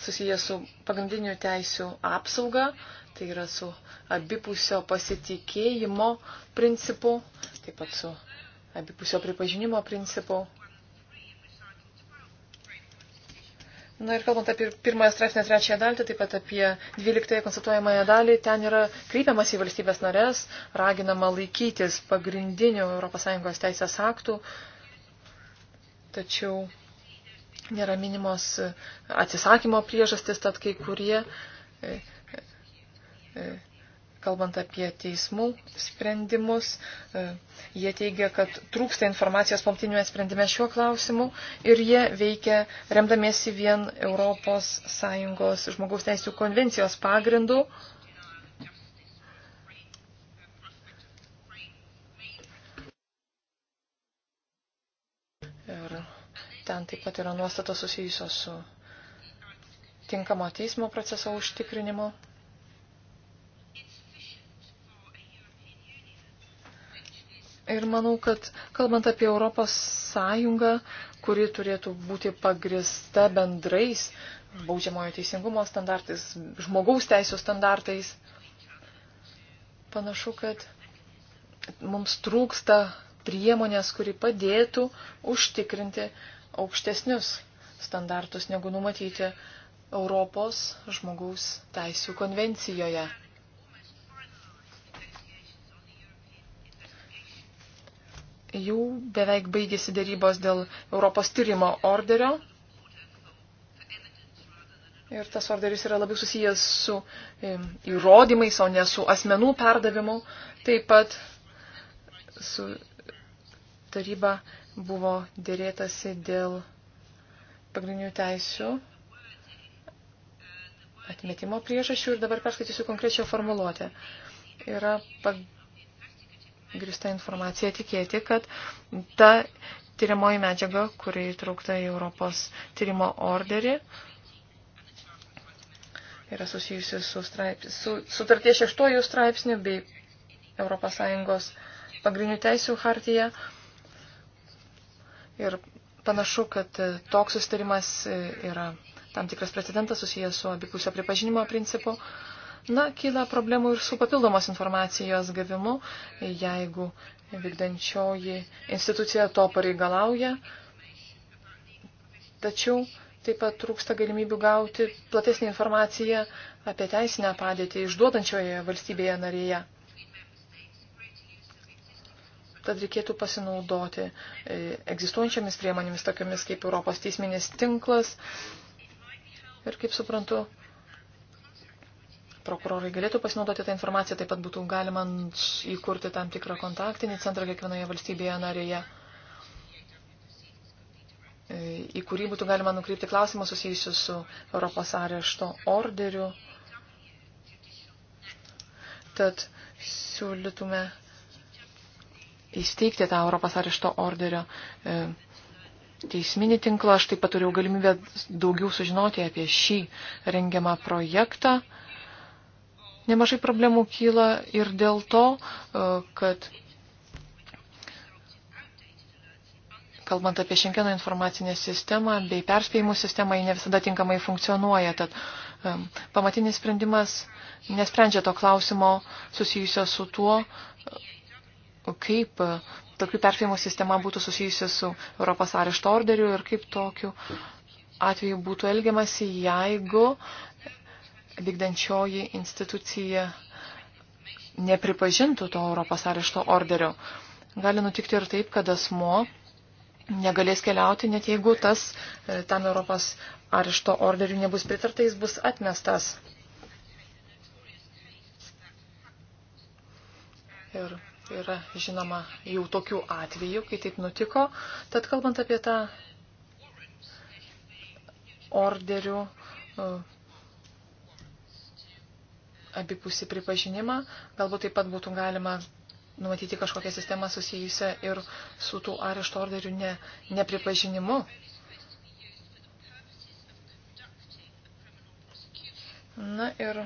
susijęs su pagrindinių teisių apsauga tai yra su abipusio pasitikėjimo principu, taip pat su abipusio pripažinimo principu. Na ir kalbant apie pirmąją straipsnę trečiąją dalį, tai taip pat apie dvyliktąją konstatuojamąją dalį, ten yra kreipiamas į valstybės narės, raginama laikytis pagrindinių ES teisės aktų, tačiau nėra minimos atsisakymo priežastis, tad kai kurie e, E, kalbant apie teismų sprendimus, e, jie teigia, kad trūksta informacijos pomtinėme sprendime šiuo klausimu ir jie veikia remdamiesi vien ES žmogaus teisų konvencijos pagrindu. Ir ten taip pat yra nuostatos susijusios su tinkamo teismo proceso užtikrinimu. Ir manau, kad kalbant apie Europos Sąjungą, kuri turėtų būti pagrista bendrais baudžiamojo teisingumo standartais, žmogaus teisų standartais, panašu, kad mums trūksta priemonės, kuri padėtų užtikrinti aukštesnius standartus, negu numatyti Europos žmogaus teisų konvencijoje. jau beveik baigėsi dėrybos dėl Europos tyrimo orderio. Ir tas orderis yra labai susijęs su įrodymais, o ne su asmenų perdavimu. Taip pat su taryba buvo dėrėtasi dėl pagrindinių teisių atmetimo priežasčių ir dabar perskaitysiu konkrečią formuluotę. Yra pag grįsta informacija tikėti, kad ta tyriamoji medžiaga, kuri įtraukta į Europos tyrimo orderį, yra susijusi su, straip, su sutartie šeštuoju straipsniu bei ES pagrindinių teisių hartyje. Ir panašu, kad toks sustarimas yra tam tikras precedentas susijęs su abipusio pripažinimo principu. Uh, Na, kyla problemų ir su papildomos informacijos gavimu, jeigu vykdančioji institucija to pareigalauja. Tačiau taip pat trūksta galimybių gauti platesnį informaciją apie teisinę padėtį išduodančioje valstybėje narėje. Tad reikėtų pasinaudoti e, egzistuojančiamis priemonėmis, tokiamis kaip Europos teisminės tinklas. Ir kaip suprantu, prokurorai galėtų pasinaudoti tą informaciją, taip pat būtų galima įkurti tam tikrą kontaktinį centrą kiekvienoje valstybėje narėje, e, į kurį būtų galima nukreipti klausimus susijusius su Europos arešto orderiu. Tad siūlytume įsteigti tą Europos arešto orderio e, teisminį tinklą. Aš taip pat turėjau galimybę daugiau sužinoti apie šį rengiamą projektą. Nemažai problemų kyla ir dėl to, e, kad kalbant apie šiandieną informacinę sistemą bei perspėjimų sistemą, ji ne visada tinkamai funkcionuoja. Tad e, pamatinis sprendimas nesprendžia to klausimo susijusio su tuo, e, kaip tokių perspėjimų sistema būtų susijusi su Europos arešto orderiu ir kaip tokiu atveju būtų elgiamasi, jeigu vykdančioji institucija nepripažintų to Europos arešto orderio. Gali nutikti ir taip, kad asmo negalės keliauti, net jeigu tas e, tam Europos arešto orderiu nebus pritarta, jis bus atmestas. Ir yra žinoma jau tokių atvejų, kai taip nutiko. Tad kalbant apie tą orderių e, abipusį pripažinimą. Galbūt taip pat būtų galima numatyti kažkokią sistemą susijusią ir su tų arešto orderių ne, nepripažinimu. Na ir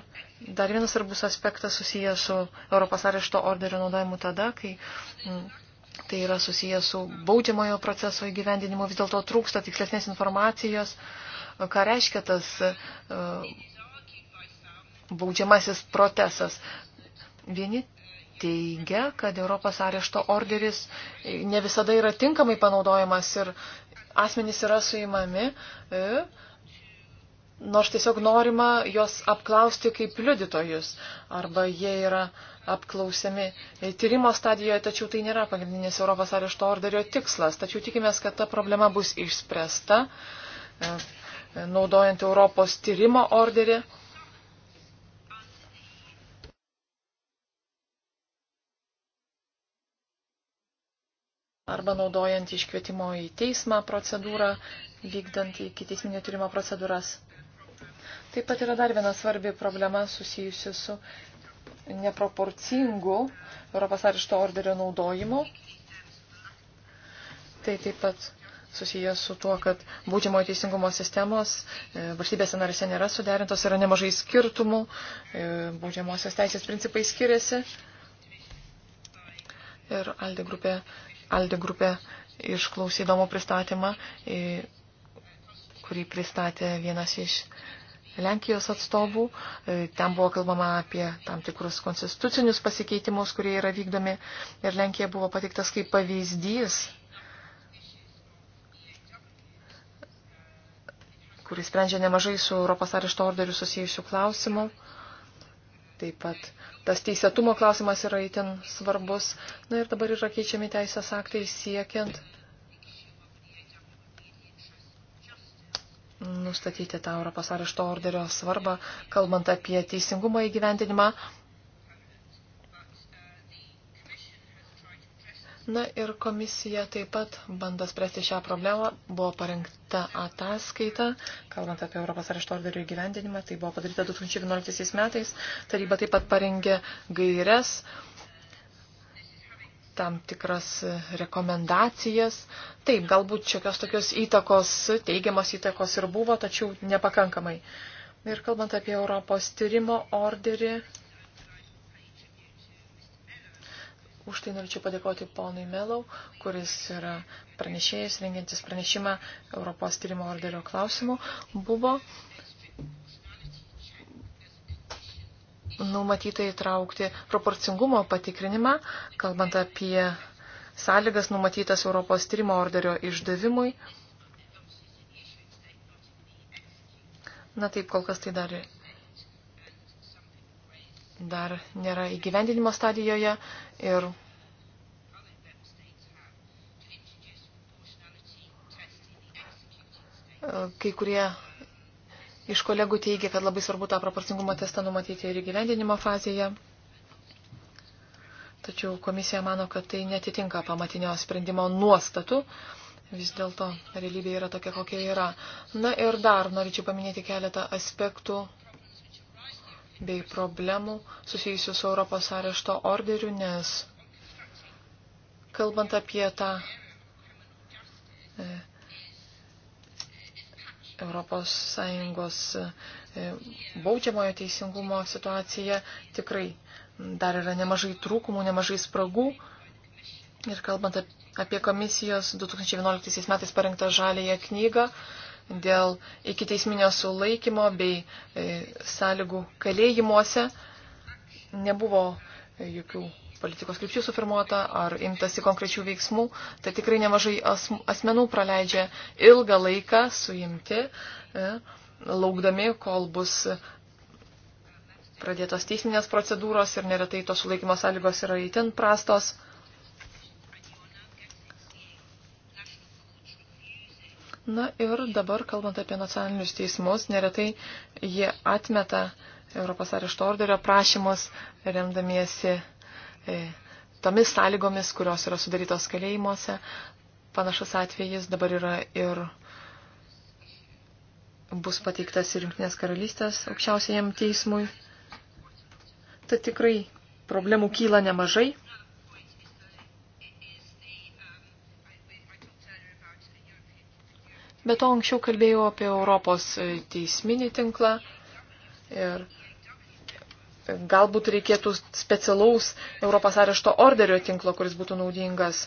dar vienas svarbus aspektas susijęs su Europos arešto orderio naudojimu tada, kai mm, tai yra susijęs su baudžiamojo proceso įgyvendinimu, vis dėlto trūksta tikslesnės informacijos, ką reiškia tas e, baudžiamasis procesas. Vieni teigia, kad Europos arešto orderis ne visada yra tinkamai panaudojamas ir asmenys yra suimami, e, nors tiesiog norima juos apklausti kaip liudytojus, arba jie yra apklausiami tyrimo stadijoje, tačiau tai nėra pagrindinis Europos arešto orderio tikslas. Tačiau tikimės, kad ta problema bus išspręsta, e, naudojant Europos tyrimo orderį. arba naudojant iškvietimo į teismą procedūrą, vykdant iki teisminio tyrimo procedūras. Taip pat yra dar viena svarbi problema susijusi su neproporcingu Europos arešto orderio naudojimu. Tai taip pat susijęs su tuo, kad būdžiamojo teisingumo sistemos e, valstybėse narise nėra suderintos, yra nemažai skirtumų, e, būdžiamosios teisės principai skiriasi. Ir Aldi grupė Aldi grupė išklausė įdomų pristatymą, kurį pristatė vienas iš Lenkijos atstovų. E, ten buvo kalbama apie tam tikrus konstitucinius pasikeitimus, kurie yra vykdomi. Ir Lenkija buvo patiktas kaip pavyzdys, kuris sprendžia nemažai su Europos arešto orderiu susijusių klausimų. Taip pat tas teisėtumo klausimas yra itin svarbus. Na ir dabar yra keičiami teisės aktai siekiant nustatyti tą Europos arešto orderio svarbą, kalbant apie teisingumo įgyvendinimą. Na ir komisija taip pat bando spręsti šią problemą. Buvo parengta ataskaita, kalbant apie Europos arešto orderio įgyvendinimą, tai buvo padaryta 2011 metais. Taryba taip pat parengė gairias, tam tikras rekomendacijas. Taip, galbūt šiokios tokios įtakos, teigiamos įtakos ir buvo, tačiau nepakankamai. Ir kalbant apie Europos tyrimo orderį, Už tai norėčiau padėkoti ponui Melau, kuris yra pranešėjas, rengiantis pranešimą Europos tyrimo orderio klausimų. Buvo numatyta įtraukti proporcingumo patikrinimą, kalbant apie sąlygas numatytas Europos tyrimo orderio išdavimui. Na taip, kol kas tai dar dar nėra įgyvendinimo stadijoje ir kai kurie iš kolegų teigia, kad labai svarbu tą proporcingumo testą numatyti ir įgyvendinimo fazėje. Tačiau komisija mano, kad tai netitinka pamatinio sprendimo nuostatų. Vis dėlto realybė yra tokia, kokia yra. Na ir dar norėčiau paminėti keletą aspektų, bei problemų susijusių su Europos arešto orderiu, nes kalbant apie tą e, Europos Sąjungos e, baudžiamojo teisingumo situaciją, tikrai dar yra nemažai trūkumų, nemažai spragų. Ir kalbant apie komisijos 2011 metais parengtą žalėje knygą, e, dėl ikiteisminio sulaikymo bei e, sąlygų kalėjimuose nebuvo e, jokių politikos krypčių suformuota ar imtasi konkrečių veiksmų, tai tikrai nemažai asmenų praleidžia ilgą laiką suimti, e, laukdami, kol bus pradėtos teisminės procedūros ir neretai tos sulaikymo sąlygos yra įtin prastos. Na ir dabar, kalbant apie nacionalinius teismus, neretai jie atmeta Europos arešto orderio prašymus, remdamiesi e, tomis sąlygomis, kurios yra sudarytos kalėjimuose. Panašas atvejis dabar yra ir bus pateiktas ir Junktinės karalystės aukščiausiajam teismui. Tai tikrai problemų kyla nemažai. Be to anksčiau kalbėjau apie Europos e, teisminį tinklą ir galbūt reikėtų specialaus Europos arešto orderio tinklo, kuris būtų naudingas.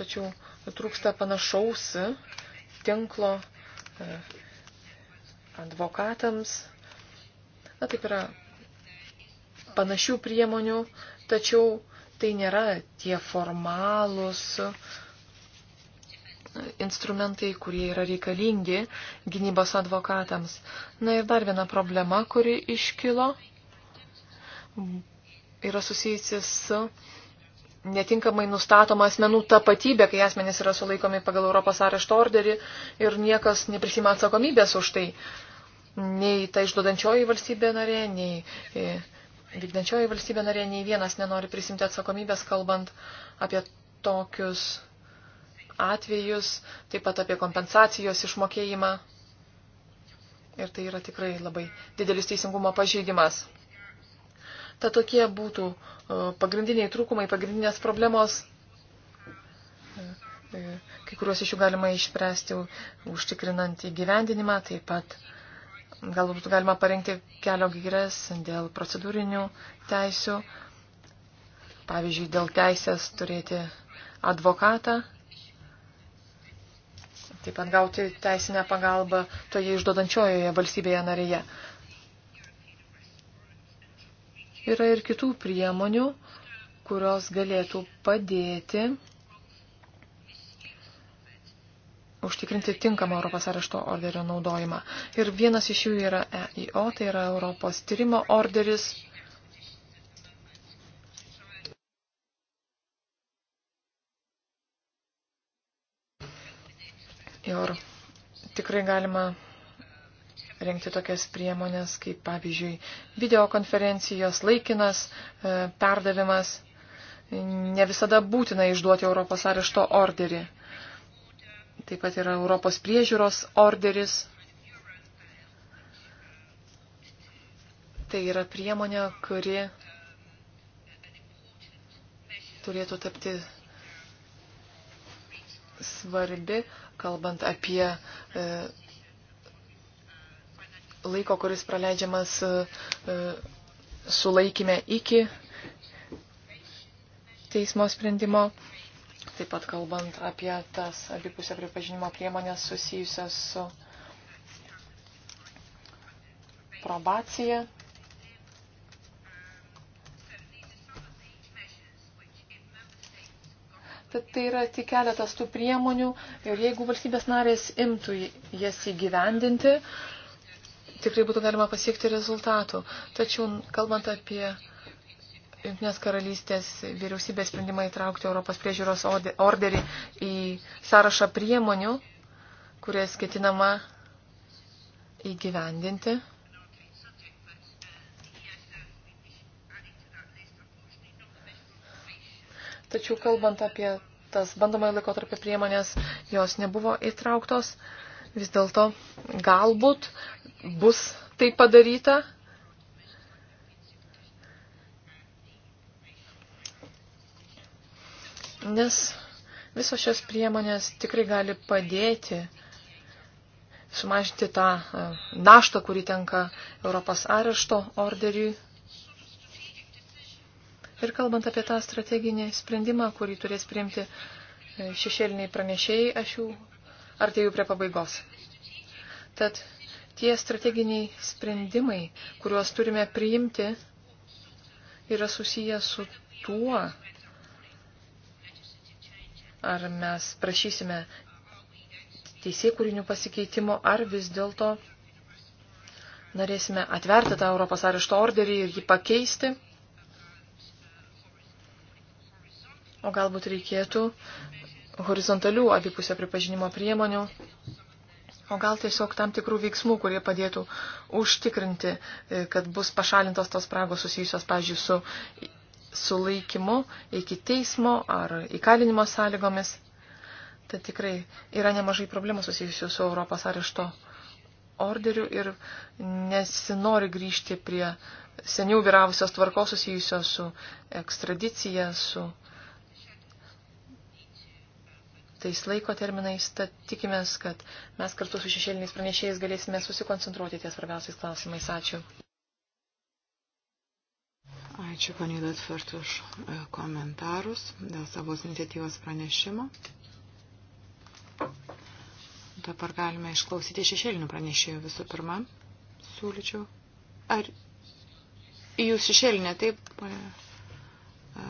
Tačiau trūksta panašaus e, tinklo e, advokatams. Na taip yra panašių priemonių, tačiau tai nėra tie formalūs uh, instrumentai, kurie yra reikalingi gynybos advokatams. Na ir dar viena problema, kuri iškilo, yra susijusi su netinkamai nustatoma asmenų tapatybė, kai asmenys yra sulaikomi pagal Europos arešto orderį ir niekas neprisima atsakomybės už tai. Nei ta išduodančioji valstybė narė, nei e, vykdančioji valstybė narė, nei vienas nenori prisimti atsakomybės, kalbant apie tokius atvejus, taip pat apie kompensacijos išmokėjimą. Ir tai yra tikrai labai didelis teisingumo pažeidimas. Ta tokie būtų e, pagrindiniai trūkumai, pagrindinės problemos. E, e, kai kuriuos iš jų galima išspręsti užtikrinant įgyvendinimą, taip pat galbūt galima parengti kelio gyres dėl procedūrinių teisių, pavyzdžiui, dėl teisės turėti advokatą taip pat gauti teisinę pagalbą toje išduodančiojoje valstybėje narėje. Yra ir kitų priemonių, kurios galėtų padėti užtikrinti tinkamą Europos arešto orderio naudojimą. Ir vienas iš jų yra EIO, tai yra Europos tyrimo orderis Ir tikrai galima rengti tokias priemonės, kaip pavyzdžiui videokonferencijos laikinas e, perdavimas. Ne visada būtina išduoti Europos arešto orderį. Taip pat yra Europos priežiūros orderis. Tai yra priemonė, kuri turėtų tapti svarbi kalbant apie e, laiko, kuris praleidžiamas e, e, sulaikime iki teismo sprendimo, taip pat kalbant apie tas abipusio pripažinimo priemonės susijusias su probacija. Tad tai yra tik keletas tų priemonių ir jeigu valstybės narės imtų jas įgyvendinti, tikrai būtų galima pasiekti rezultatų. Tačiau kalbant apie Junktinės karalystės vyriausybės sprendimą įtraukti Europos priežiūros orderį į sąrašą priemonių, kurias ketinama įgyvendinti. tačiau kalbant apie tas bandomąjį laikotarpį priemonės, jos nebuvo įtrauktos. Vis dėlto galbūt bus tai padaryta. Nes visos šios priemonės tikrai gali padėti sumažinti tą e, naštą, kurį tenka Europos arešto orderiui. Ir kalbant apie tą strateginį sprendimą, kurį turės priimti e, šešėliniai pranešėjai, aš jau artėjau prie pabaigos. Tad tie strateginiai sprendimai, kuriuos turime priimti, yra susiję su tuo, ar mes prašysime teisėkūrinių pasikeitimo, ar vis dėlto norėsime atverti tą Europos arešto orderį ir jį pakeisti. o galbūt reikėtų horizontalių abipusio pripažinimo priemonių, o gal tiesiog tam tikrų veiksmų, kurie padėtų užtikrinti, e, kad bus pašalintos tos spragos susijusios, pavyzdžiui, su sulaikimu iki teismo ar įkalinimo sąlygomis. Tai tikrai yra nemažai problemų susijusių su Europos arešto orderiu ir nesinori grįžti prie seniau vyravusios tvarkos susijusios su ekstradicija, su uh, tais laiko terminais, tad tikimės, kad mes kartu su šešėliniais pranešėjais galėsime susikoncentruoti ties svarbiausiais klausimais. Ačiū. Ačiū, paniai Latvart, už e, komentarus dėl savos iniciatyvos pranešimo. Dabar galime išklausyti šešėlinių pranešėjų visų pirma. Siūlyčiau. Ar jūs šešėlinė, taip, ponė? E,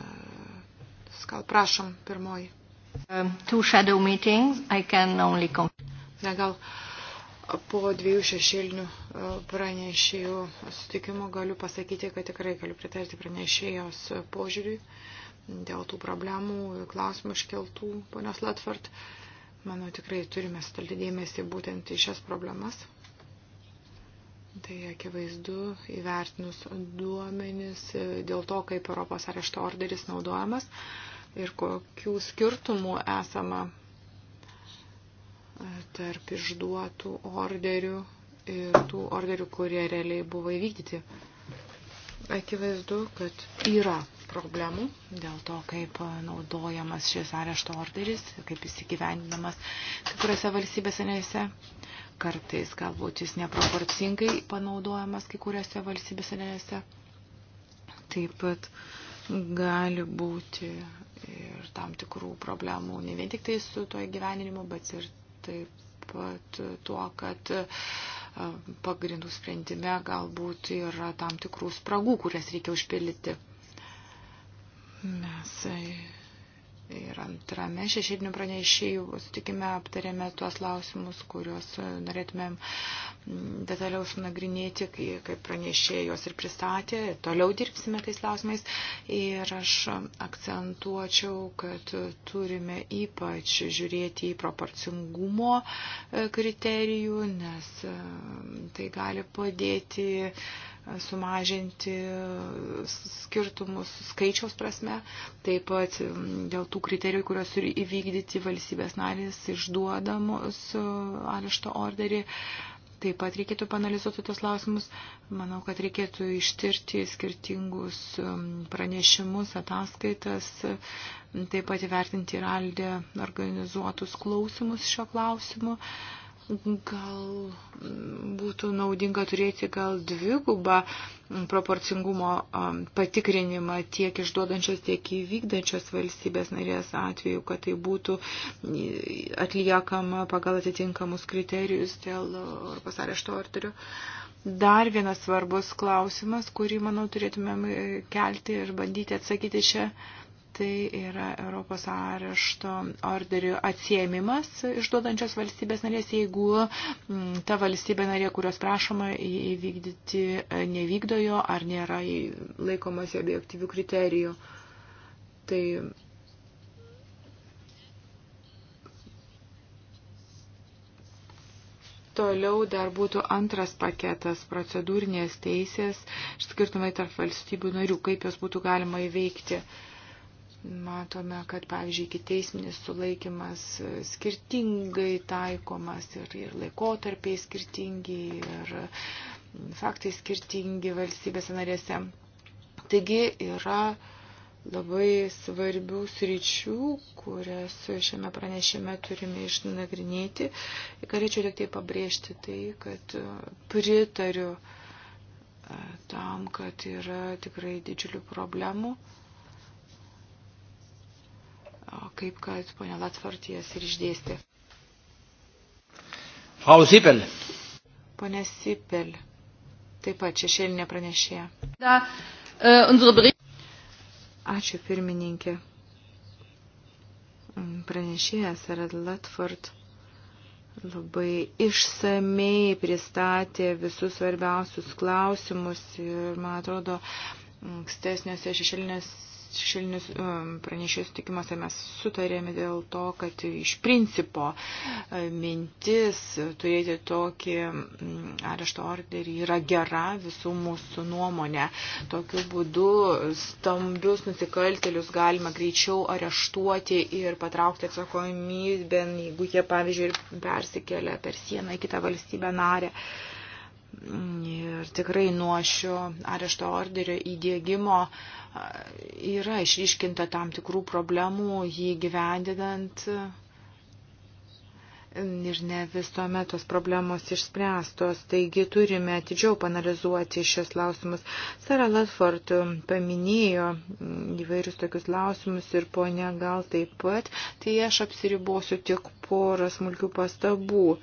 Skal, prašom, pirmoji. Um, meetings, only... Na gal po dviejų šešėlinių uh, pranešėjų sutikimų galiu pasakyti, kad tikrai galiu pritarti pranešėjos požiūriui dėl tų problemų, klausimų iškeltų ponios Latvart. Manau, tikrai turime stalti dėmesį būtent į šias problemas. Tai akivaizdu įvertinus duomenis dėl to, kaip Europos arešto orderis naudojamas. Uh, ir kokių skirtumų esama e, tarp išduotų orderių ir tų orderių, kurie realiai buvo įvykdyti. Akivaizdu, kad yra problemų dėl to, kaip e, naudojamas šis arešto orderis, kaip jis įgyvendinamas kai kuriuose valstybėse nese. Kartais galbūt jis neproporcingai panaudojamas kai kuriuose valstybėse nese. Taip pat uh, gali būti ir tam tikrų problemų, ne vien tik tai su tuo gyvenimu, bet ir taip pat tuo, kad e, pagrindų sprendime galbūt yra tam tikrų spragų, kurias reikia užpildyti. Mes ir antrame šešėdinių pranešėjų sutikime aptarėme tuos lausimus, kuriuos norėtumėm mm, detaliau sunagrinėti, kaip pranešėjos ir pristatė. Toliau dirbsime tais klausimais ir aš akcentuočiau, kad turime ypač žiūrėti į proporcingumo e, kriterijų, nes e, tai gali padėti sumažinti skirtumus skaičiaus prasme, taip pat dėl tų kriterijų, kurios turi įvykdyti valstybės narės išduodamos e, arešto orderį. Taip pat reikėtų panalizuoti tos klausimus. Manau, kad reikėtų ištirti skirtingus pranešimus, ataskaitas, taip pat įvertinti ir aldė organizuotus klausimus šio klausimu. Uh, Gal mm, būtų naudinga turėti gal dvigubą mm, proporcingumo patikrinimą tiek išduodančios, tiek įvykdančios valstybės narės atveju, kad tai būtų mm, atliekama pagal atitinkamus kriterijus dėl uh, Europos arešto orderio. Dar vienas svarbus klausimas, kurį, manau, turėtumėm e, kelti ir bandyti atsakyti čia. Šią tai yra Europos arešto orderių atsiemimas išduodančios valstybės narės, jeigu mm, ta valstybė narė, kurios prašoma įvykdyti, e, nevykdojo ar nėra laikomasi objektyvių kriterijų. Tai Toliau dar būtų antras paketas procedūrinės teisės, skirtumai tarp valstybių narių, kaip jos būtų galima įveikti. Uh, Matome, kad, pavyzdžiui, kiteisminis sulaikimas e, skirtingai taikomas ir, ir laikotarpiai skirtingi, ir faktai skirtingi valstybėse narėse. Taigi yra labai svarbių sričių, kurias šiame pranešime turime išnagrinėti. Galėčiau tik tai pabrėžti tai, kad e, pritariu e, tam, kad yra tikrai didžiulių problemų kaip kad ponia Latvart jas ir išdėstė. Frau Sipel. Pone Sipel, taip pat šešėlinė pranešėja. Da, uh, Ačiū pirmininkė. Mm, pranešėjas Arad Latford labai išsamei pristatė visus svarbiausius klausimus ir, man atrodo, ankstesniuose šešėlinės šešėlinius um, pranešėjus tikimuose mes sutarėme dėl to, kad iš principo e, mintis turėti tokį mm, arešto orderį yra gera visų mūsų nuomonė. Tokiu būdu stambius nusikaltelius galima greičiau areštuoti ir patraukti atsakomybę, jeigu jie, pavyzdžiui, persikelia per sieną į kitą valstybę narę. Uh, Ir tikrai nuo šio arešto orderio įdėgymo yra išryškinta tam tikrų problemų jį gyvendinant ir ne visuomet tos problemos išspręstos, taigi turime atidžiau panalizuoti šios klausimus. Sara Latford paminėjo įvairius tokius klausimus ir ponia gal taip pat, tai aš apsiribosiu tik porą smulkių pastabų. Uh,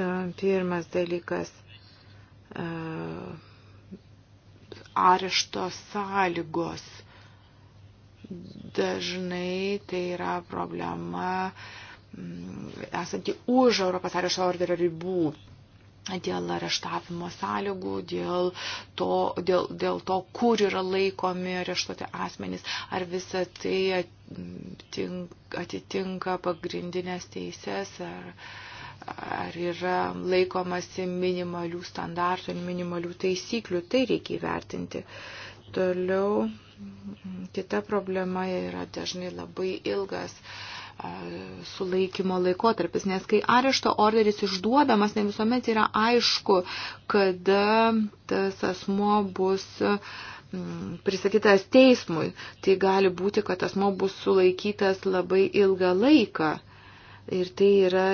E, pirmas dalykas e, arešto sąlygos. Dažnai tai yra problema mm, esanti už Europos arešto orderio ribų dėl areštavimo sąlygų, dėl to, dėl, dėl to kur yra laikomi areštuoti asmenys, ar visa tai atitink, atitinka pagrindinės teises, ar, ar yra laikomasi minimalių standartų ir minimalių taisyklių, tai reikia įvertinti. Toliau kita problema yra dažnai labai ilgas sulaikymo laikotarpis, nes kai arešto orderis išduodamas, ne visuomet yra aišku, kada tas asmo bus mm, pristatytas teismui. Tai gali būti, kad asmo bus sulaikytas labai ilgą laiką. Ir tai yra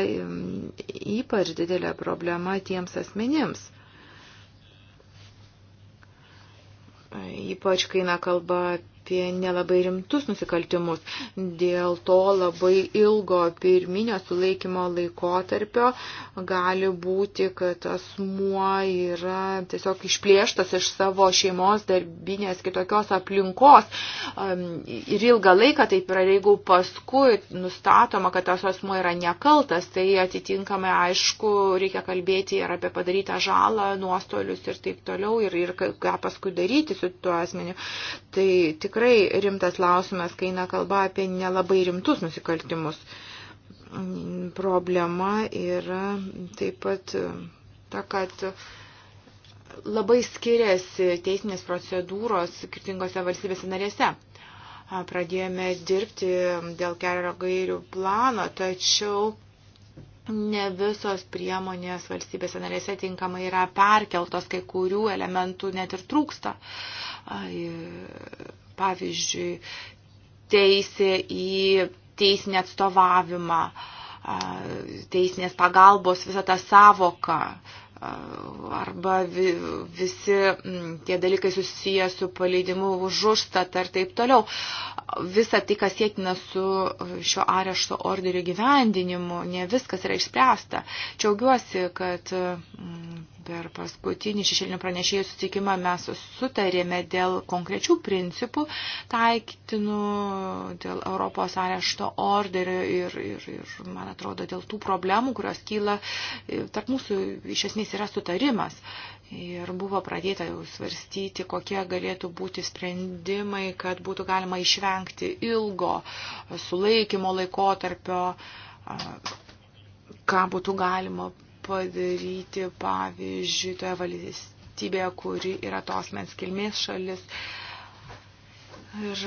ypač didelė problema tiems asmenims. Ypač, kai na kalba apie nelabai rimtus nusikaltimus. Dėl to labai ilgo pirminio sulaikymo laikotarpio gali būti, kad asmuo yra tiesiog išplėštas iš savo šeimos darbinės kitokios aplinkos. Ir ilgą laiką taip yra, jeigu paskui nustatoma, kad tas asmuo yra nekaltas, tai atitinkamai aišku reikia kalbėti ir apie padarytą žalą, nuostolius ir taip toliau, ir, ir ką paskui daryti su tuo asmeniu. Tai tik tikrai rimtas klausimas, kai eina kalba apie nelabai rimtus nusikaltimus. Problema yra taip pat e, ta, kad labai skiriasi teisinės procedūros skirtingose valstybėse narėse pradėjome dirbti dėl kelio gairių plano, tačiau ne visos priemonės valstybėse narėse tinkamai yra perkeltos, kai kurių elementų net ir trūksta. Ai, Pavyzdžiui, teisė į teisinį atstovavimą, teisinės pagalbos visą tą savoką arba visi tie dalykai susiję su paleidimu už užstatą ir taip toliau. Visa tai, kas sėtina su šio arešto orderio gyvendinimu, ne viskas yra išspręsta. Čiaugiuosi, kad Per paskutinį šešėlinio pranešėjų susitikimą mes sutarėme dėl konkrečių principų taiktinų dėl Europos arešto orderio ir, ir, ir, man atrodo, dėl tų problemų, kurios kyla, e, tarp mūsų iš esmės yra sutarimas. Ir buvo pradėta jau svarstyti, kokie galėtų būti sprendimai, kad būtų galima išvengti ilgo sulaikymo laikotarpio, ką būtų galima padaryti, pavyzdžiui, toje valstybėje, kuri yra tos mens kilmės šalis. Ir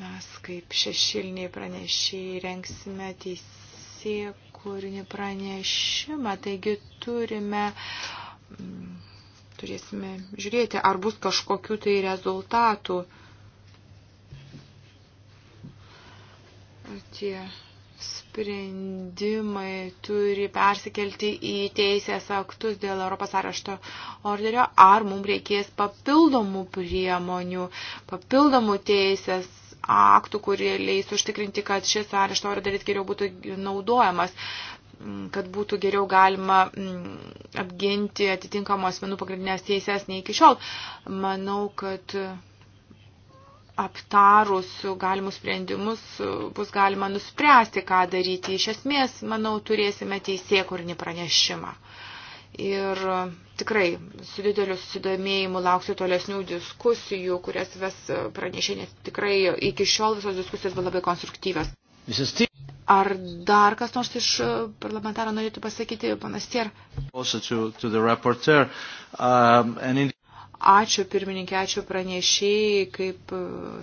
mes kaip šešilniai pranešiai renksime teisė kūrinį pranešimą, taigi turime, turėsime žiūrėti, ar bus kažkokių tai rezultatų. Tie sprendimai turi persikelti į teisės aktus dėl Europos arešto orderio, ar mums reikės papildomų priemonių, papildomų teisės aktų, kurie leis užtikrinti, kad šis arešto orderis geriau būtų naudojamas kad būtų geriau galima apginti atitinkamos asmenų pagrindinės teisės nei iki šiol. Manau, kad aptarus galimus sprendimus bus galima nuspręsti, ką daryti. Iš esmės, manau, turėsime teisėkurinį pranešimą. Ir tikrai su dideliu susidomėjimu lauksiu tolesnių diskusijų, kurias ves pranešė, nes tikrai iki šiol visos diskusijos buvo labai konstruktyvios. Ar dar kas nors iš parlamentaro norėtų pasakyti, panas Tier? Um, in... Ačiū pirmininkė, ačiū pranešėjai, kaip e,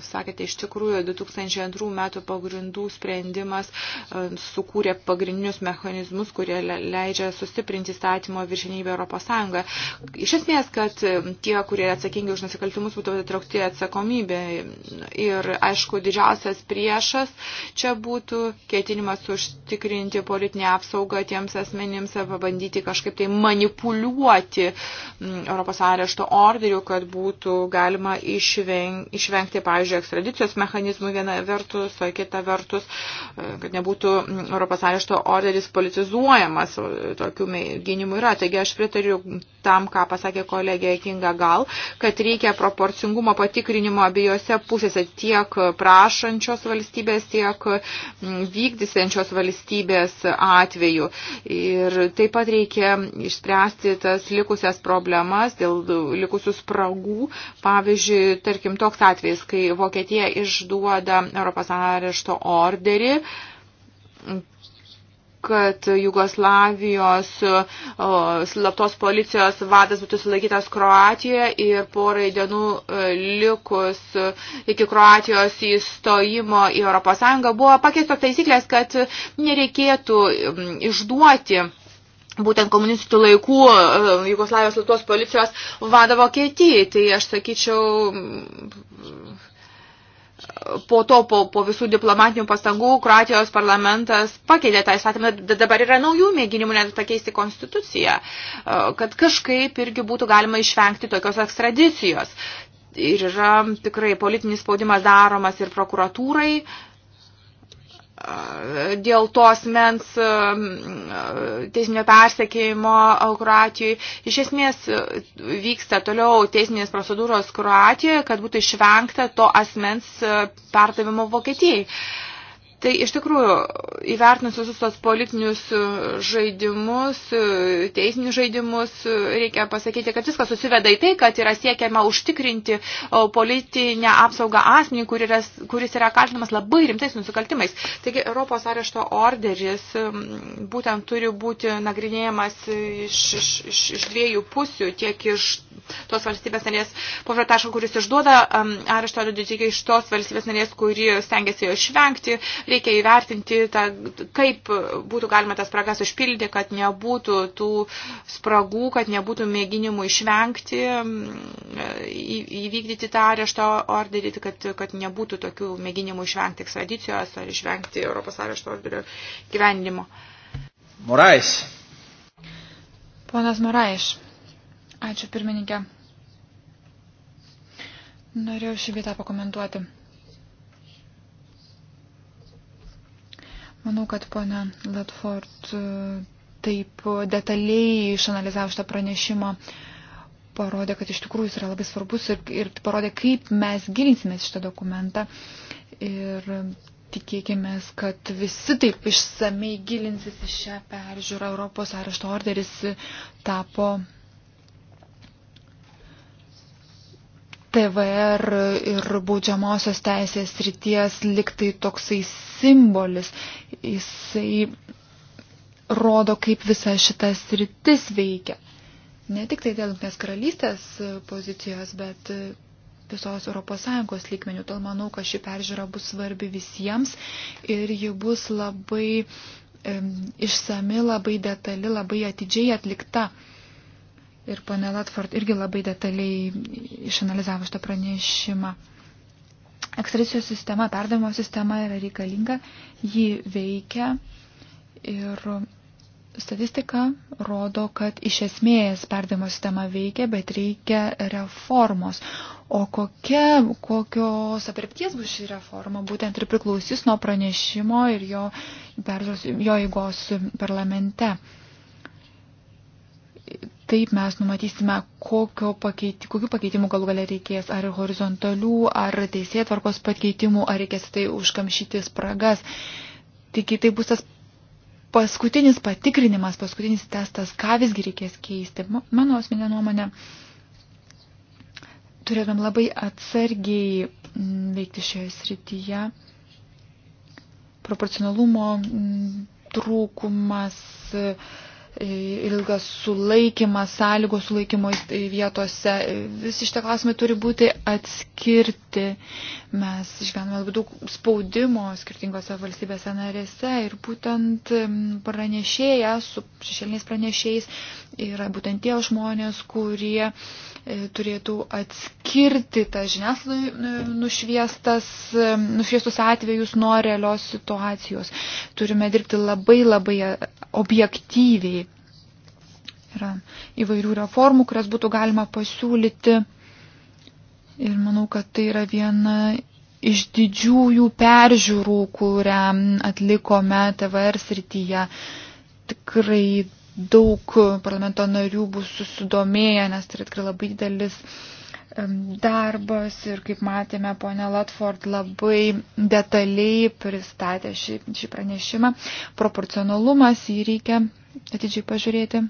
sakėte, iš tikrųjų 2002 metų pagrindų sprendimas e, sukūrė pagrindinius mechanizmus, kurie leidžia sustiprinti statymo viršinybę Europos Sąjungą. Iš esmės, kad e, tie, kurie atsakingi už nusikaltimus, būtų atraukti atsakomybę. Ir, aišku, didžiausias priešas čia būtų ketinimas užtikrinti politinę apsaugą tiems asmenims arba bandyti kažkaip tai manipuliuoti Europos arešto orderį požiūrių, kad būtų galima išveng, išvengti, pavyzdžiui, ekstradicijos mechanizmų viena vertus, o kita vertus, e, kad nebūtų Europos arešto orderis politizuojamas, e, tokių mėginimų yra. Taigi aš pritariu tam, ką pasakė kolegė Kinga Gal, kad reikia proporcingumo patikrinimo abiejose pusėse tiek prašančios valstybės, tiek vykdysenčios valstybės atveju. Ir taip pat reikia išspręsti tas likusias problemas dėl likusių spragų. Pavyzdžiui, tarkim, toks atvejis, kai Vokietija išduoda Europos arešto orderį kad Jugoslavijos slaptos policijos vadas būtų sulaikytas Kroatijoje ir porai dienų likus iki Kroatijos įstojimo į ES buvo pakeistos taisyklės, kad nereikėtų išduoti būtent komunistų laikų e, Jugoslavijos Lietuvos policijos vadą Vokietijai. Tai aš sakyčiau, po to, po, po visų diplomatinių pastangų, Kroatijos parlamentas pakeitė tą įstatymą, dabar yra naujų mėginimų net pakeisti konstituciją, e, kad kažkaip irgi būtų galima išvengti tokios ekstradicijos. Ir yra tikrai politinis spaudimas daromas ir prokuratūrai, dėl tos mens e, e, teisinio persekėjimo Kroatijoje. Iš esmės e, vyksta toliau teisinės procedūros Kroatijoje, kad būtų išvengta to asmens perdavimo Vokietijai. Tai iš tikrųjų, įvertinus visus tos politinius e, žaidimus, e, teisinius žaidimus, e, reikia pasakyti, kad viskas susiveda į tai, kad yra siekiama užtikrinti politinę apsaugą asmenį, kuris, kuris yra kaltinamas labai rimtais nusikaltimais. Taigi Europos arešto orderis būtent turi būti nagrinėjamas iš, iš, iš, iš dviejų pusių, tiek iš tos valstybės narės pavratašo, kuris išduoda arešto orderį, tiek iš tos valstybės narės, kuri stengiasi jo išvengti reikia įvertinti, tą, kaip būtų galima tas spragas užpildyti, kad nebūtų tų spragų, kad nebūtų mėginimų išvengti, įvykdyti tą arešto orderį, tai kad, kad nebūtų tokių mėginimų išvengti ekstradicijos ar išvengti Europos arešto orderio gyvenimo. Morais. Ponas Morais. Ačiū pirmininkė. Norėjau šį vietą pakomentuoti. Manau, kad ponia Ledford e, taip detaliai išanalizavo šitą pranešimą, parodė, kad iš tikrųjų jis yra labai svarbus ir, ir parodė, kaip mes gilinsime šitą dokumentą. Ir tikėkime, kad visi taip išsamei gilinsis į šią peržiūrą. Europos arešto orderis tapo TVR ir baudžiamosios teisės ryties liktai toksai simbolis. Jisai rodo, kaip visa šitas rytis veikia. Ne tik tai dėl mes karalystės pozicijos, bet visos ES lygmenių. Tol manau, kad ši peržiūra bus svarbi visiems ir ji bus labai e, išsami, labai detali, labai atidžiai atlikta. E, ir ponė Latford irgi labai detaliai išanalizavo šitą pranešimą. Ekstradicijos sistema, perdavimo sistema yra reikalinga, ji veikia ir statistika rodo, kad iš esmės perdavimo sistema veikia, bet reikia reformos. O kokia, kokios apripties bus ši reforma, būtent ir priklausys nuo pranešimo ir jo, peržiūros, jo įgos parlamente. Taip mes numatysime, pakeit, kokiu pakeitimu galų galia reikės, ar horizontalių, ar teisėtvarkos pakeitimų, ar reikės tai užkamšyti spragas. Tik tai bus tas paskutinis patikrinimas, paskutinis testas, ką visgi reikės keisti. Mano asmenė nuomonė, turėtum labai atsargiai mm, veikti šioje srityje. Proporcionalumo mm, trūkumas. E, E, ilgas sulaikimas, sąlygos sulaikymo e, vietose. E, visi šitie klausimai turi būti atskirti. Mes išgyvename labai daug spaudimo skirtingose valstybėse narėse ir būtent pranešėja su šešėliniais pranešėjais yra būtent tie žmonės, kurie turėtų atskirti tą žiniaslaidų nušviestus atvejus nuo realios situacijos. Turime dirbti labai labai objektyviai Yra įvairių reformų, kurias būtų galima pasiūlyti. Ir manau, kad tai yra viena iš didžiųjų peržiūrų, kurią atlikome TVR srityje. Tikrai daug parlamento narių bus susidomėję, nes tai yra tikrai labai didelis darbas ir, kaip matėme, ponė Latford labai detaliai pristatė šį, šį pranešimą. Proporcionalumas jį reikia atidžiai pažiūrėti.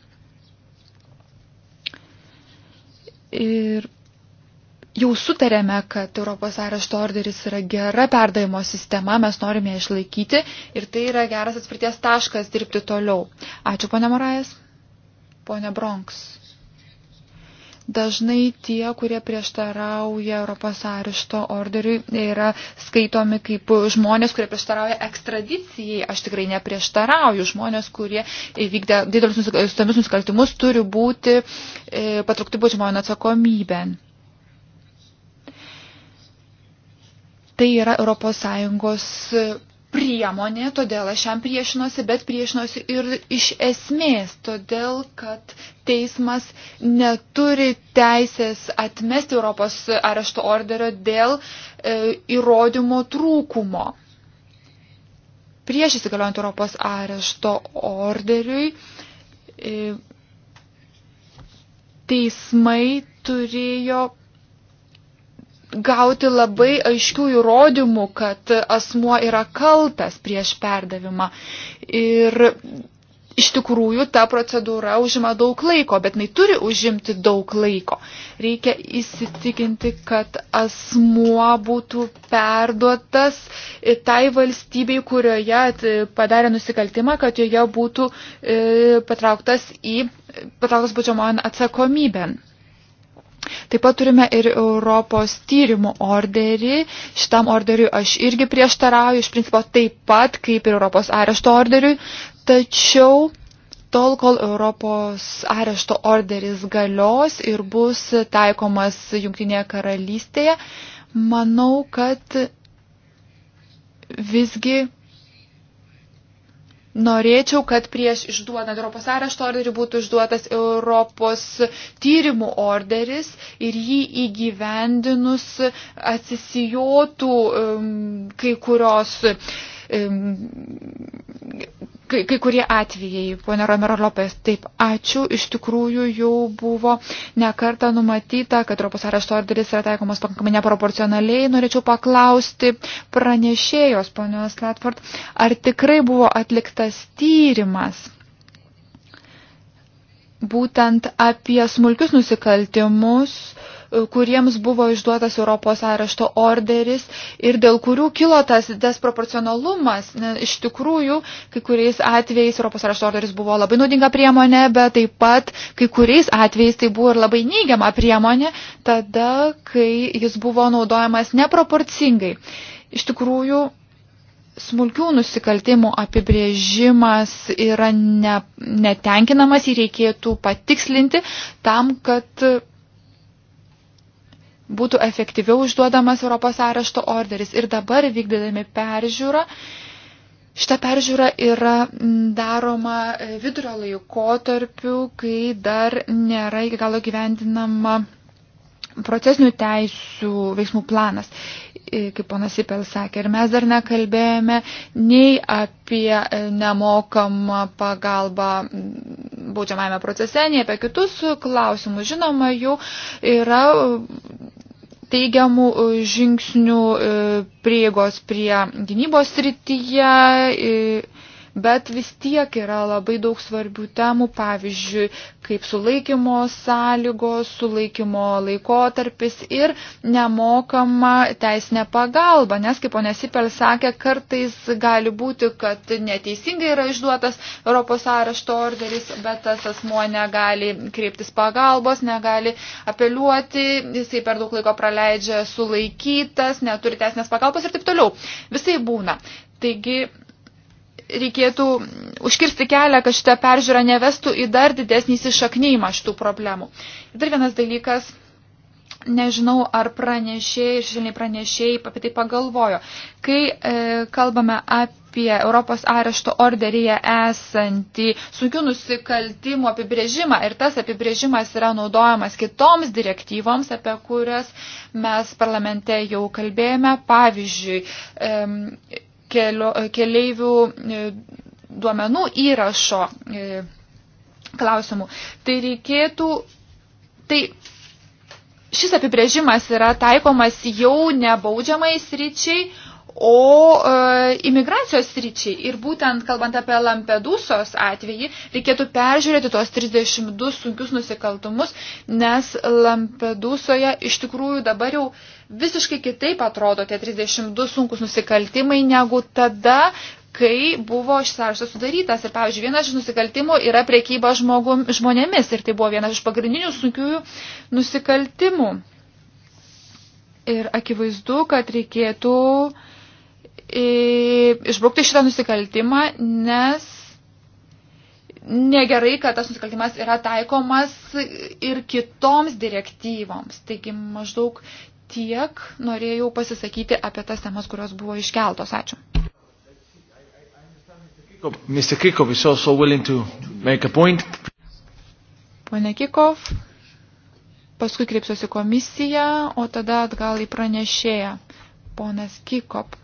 Ir jau sutarėme, kad Europos arešto orderis yra gera perdavimo sistema, mes norime ją išlaikyti ir tai yra geras atspirties taškas dirbti toliau. Ačiū, ponė Morajas. Pone Bronks dažnai tie, kurie prieštarauja Europos arešto orderiui, yra skaitomi kaip žmonės, kurie prieštarauja ekstradicijai. Aš tikrai neprieštarauju. Žmonės, kurie vykdė didelius nusikaltimus, nusikaltimus turi būti e, patraukti baudžiamojo atsakomybę. Tai yra Europos Sąjungos priemonė, todėl aš jam priešinosi, bet priešinosi ir iš esmės, todėl kad teismas neturi teisės atmesti Europos arešto orderio dėl e, įrodymo trūkumo. Prieš įsigaliojant Europos arešto orderiui, e, teismai turėjo gauti labai aiškių įrodymų, kad asmuo yra kaltas prieš perdavimą. Ir iš tikrųjų ta procedūra užima daug laiko, bet jinai turi užimti daug laiko. Reikia įsitikinti, kad asmuo būtų perduotas tai valstybei, kurioje padarė nusikaltimą, kad joje būtų e, patrauktas į patrauktas būdžiamojan atsakomybėn. Taip pat turime ir Europos tyrimų orderį. Šitam orderiui aš irgi prieštarauju, iš principo taip pat kaip ir Europos arešto orderiui. Tačiau tol, kol Europos arešto orderis galios ir bus taikomas Junktinėje karalystėje, manau, kad visgi Norėčiau, kad prieš išduodant Europos arešto orderį būtų išduotas Europos tyrimų orderis ir jį įgyvendinus atsisijotų um, kai kurios uh, kai, kai kurie atvejai, ponė Romero Lopes, taip, ačiū, iš tikrųjų jau buvo nekarta numatyta, kad Europos arešto orderis yra taikomas pakankamai neproporcionaliai. Norėčiau paklausti pranešėjos, ponios Latford, ar tikrai buvo atliktas tyrimas būtent apie smulkius nusikaltimus, E, kuriems buvo išduotas Europos arešto orderis ir dėl kurių kilo tas desproporcionalumas. Ne, iš tikrųjų, kai kuriais atvejais Europos arešto orderis buvo labai naudinga priemonė, bet taip pat kai kuriais atvejais tai buvo ir labai neigiama priemonė, tada, kai jis buvo naudojamas neproporcingai. Iš tikrųjų, smulkių nusikaltimų apibrėžimas yra ne, netenkinamas, jį reikėtų patikslinti tam, kad būtų efektyviau išduodamas Europos arešto orderis. Ir dabar vykdydami peržiūrą, šita peržiūra yra daroma e, vidurio laikotarpiu, kai dar nėra iki galo gyvendinama procesinių teisų veiksmų planas, kaip ponas Ipel sakė. Ir mes dar nekalbėjome nei apie e, nemokamą pagalbą baudžiamajame procese, nei apie kitus klausimus. Žinoma, jų yra teigiamų e, žingsnių e, prieigos prie gynybos srityje e, bet vis tiek yra labai daug svarbių temų, pavyzdžiui, kaip sulaikymo sąlygos, sulaikymo laikotarpis ir nemokama teisinė pagalba, nes, kaip ponė Sipel sakė, kartais gali būti, kad neteisingai yra išduotas Europos arešto orderis, bet tas asmuo negali kreiptis pagalbos, negali apeliuoti, jisai per daug laiko praleidžia sulaikytas, neturi teisinės pagalbos ir taip toliau. Visai būna. Taigi reikėtų užkirsti kelią, kad šitą peržiūrą nevestų į dar didesnį įsišaknyjimą šitų problemų. Ir dar vienas dalykas, nežinau, ar pranešėjai, žiniai pranešėjai apie tai pagalvojo. Kai e, kalbame apie Europos arešto orderyje esantį sunkių nusikaltimų apibrėžimą ir tas apibrėžimas yra naudojamas kitoms direktyvoms, apie kurias mes parlamente jau kalbėjome, pavyzdžiui, e, kelio, keleivių e, duomenų įrašo e, klausimų. Tai reikėtų, tai šis apibrėžimas yra taikomas jau nebaudžiamai sričiai, o e, imigracijos sričiai. Ir būtent kalbant apie Lampedusos atvejį, reikėtų peržiūrėti tos 32 sunkius nusikaltumus, nes Lampedusoje iš tikrųjų dabar jau visiškai kitaip atrodo tie 32 sunkus nusikaltimai negu tada, kai buvo šis sąrašas sudarytas. Ir, pavyzdžiui, vienas iš nusikaltimų yra priekyba žmogum, žmonėmis ir tai buvo vienas iš pagrindinių sunkiųjų nusikaltimų. Ir akivaizdu, kad reikėtų e, išbraukti šitą nusikaltimą, nes negerai, kad tas nusikaltimas yra taikomas ir kitoms direktyvoms. Taigi maždaug tiek norėjau pasisakyti apie tas temas, kurios buvo iškeltos. Ačiū. Mr. Kikov is also willing to make a point. Pone Kikov, paskui kreipsiuosi komisiją, o tada atgal į pranešėją. Ponas Kikop.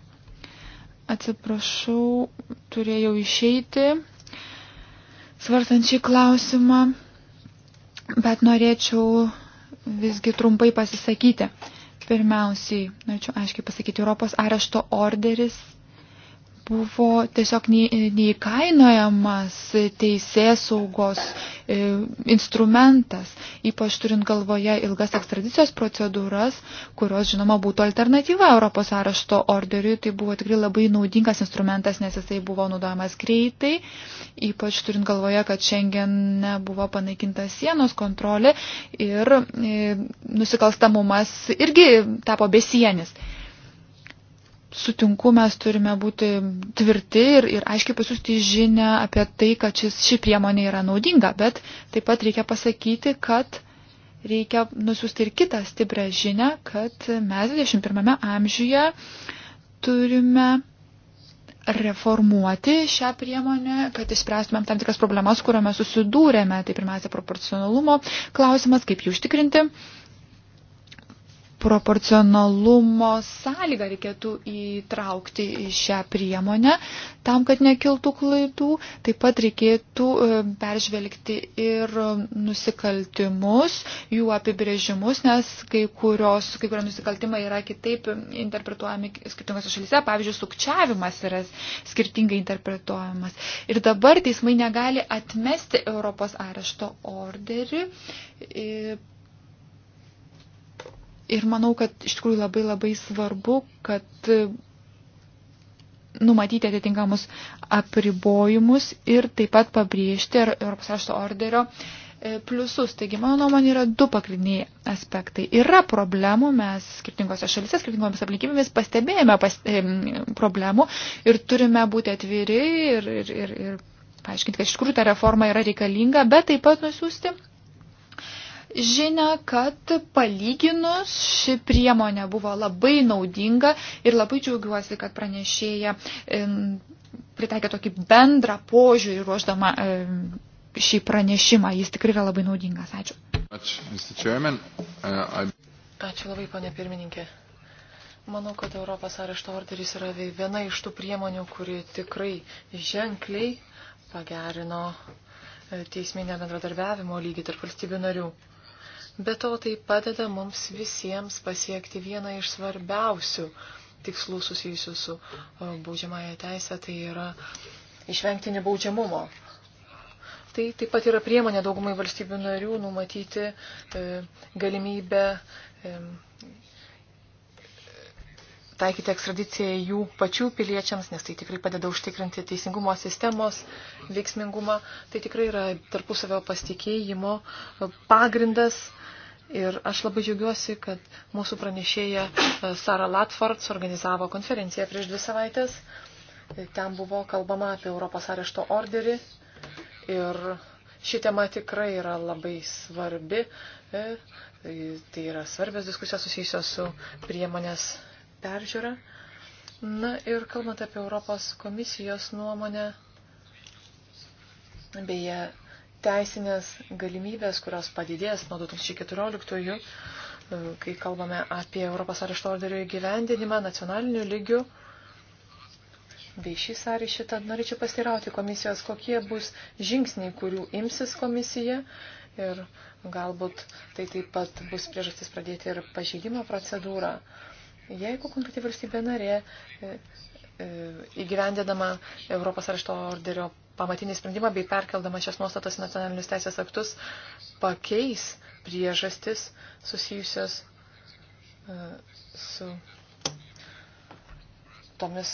Atsiprašau, turėjau išeiti, svartant šį klausimą, bet norėčiau visgi trumpai pasisakyti. Pirmiausiai, norėčiau aiškiai pasakyti, Europos arešto orderis buvo tiesiog neįkainojamas teisės saugos e, instrumentas, ypač turint galvoje ilgas ekstradicijos procedūras, kurios, žinoma, būtų alternatyva Europos arešto orderiui. Tai buvo tikrai labai naudingas instrumentas, nes jisai buvo naudojamas greitai, ypač turint galvoje, kad šiandien buvo panaikinta sienos kontrolė ir e, nusikalstamumas irgi tapo besienis sutinku, mes turime būti tvirti ir, ir aiškiai pasiūsti žinę apie tai, kad šis, ši priemonė yra naudinga, bet taip pat reikia pasakyti, kad reikia nusiųsti ir kitą stiprią žinę, kad mes 21 amžiuje turime reformuoti šią priemonę, kad išspręstumėm tam tikras problemas, kuriuo mes susidūrėme. Tai pirmiausia, proporcionalumo klausimas, kaip jį užtikrinti proporcionalumo sąlygą reikėtų įtraukti į šią priemonę, tam, kad nekiltų klaidų. Taip pat reikėtų e, peržvelgti ir nusikaltimus, jų apibrėžimus, nes kai, kurios, kai kurie nusikaltimai yra kitaip interpretuojami skirtingose šalyse. Pavyzdžiui, sukčiavimas yra skirtingai interpretuojamas. Ir dabar teismai negali atmesti Europos arešto orderį Ir manau, kad iš tikrųjų labai labai svarbu, kad e, numatyti atitinkamus apribojimus ir taip pat pabrėžti Europos rašto orderio e, pliusus. Taigi, mano nuomonė, yra du pagrindiniai aspektai. Yra problemų, mes skirtingose šalise, skirtingomis aplinkybėmis pastebėjome pas, e, problemų ir turime būti atviri ir, ir, ir, ir paaiškinti, kad iš tikrųjų ta reforma yra reikalinga, bet taip pat nusiųsti žinę, kad palyginus ši priemonė buvo labai naudinga ir labai džiaugiuosi, kad pranešėja pritaikė tokį bendrą požiūrį ruoždama šį pranešimą. Jis tikrai yra labai naudingas. Ačiū. Uh, Ačiū labai, ponė pirmininkė. Manau, kad Europos arešto orderis yra viena iš tų priemonių, kuri tikrai ženkliai pagerino e, teisminio bendradarbiavimo lygį tarp valstybių narių. Be to tai padeda mums visiems pasiekti vieną iš svarbiausių tikslų susijusių su e, baudžiamąją teisę, tai yra išvengti nebaudžiamumo. Tai taip pat yra priemonė daugumai valstybių narių numatyti e, galimybę e, taikyti ekstradiciją jų pačių piliečiams, nes tai tikrai padeda užtikrinti teisingumo sistemos veiksmingumą. Tai tikrai yra tarpusavio pasitikėjimo pagrindas Ir aš labai džiaugiuosi, kad mūsų pranešėja e, Sara Latford organizavo konferenciją prieš dvi savaitės. Ten buvo kalbama apie Europos arešto orderį. Ir ši tema tikrai yra labai svarbi. E, tai, tai yra svarbios diskusijos susijusios su priemonės peržiūra. Na ir kalbant apie Europos komisijos nuomonę, beje, teisinės galimybės, kurios padidės nuo 2014-ųjų, e, kai kalbame apie Europos arešto orderio įgyvendinimą nacionaliniu lygiu. Bei šį sąryšį tad norėčiau pasirauti komisijos, kokie bus žingsniai, kurių imsis komisija ir galbūt tai taip pat bus priežastis pradėti ir pažeidimo procedūrą. Jeigu konkreti valstybė narė e, e, įgyvendinama Europos arešto orderio pamatinį sprendimą bei perkeldama šias nuostatas nacionalinius teisės aktus pakeis priežastis susijusios e, su tomis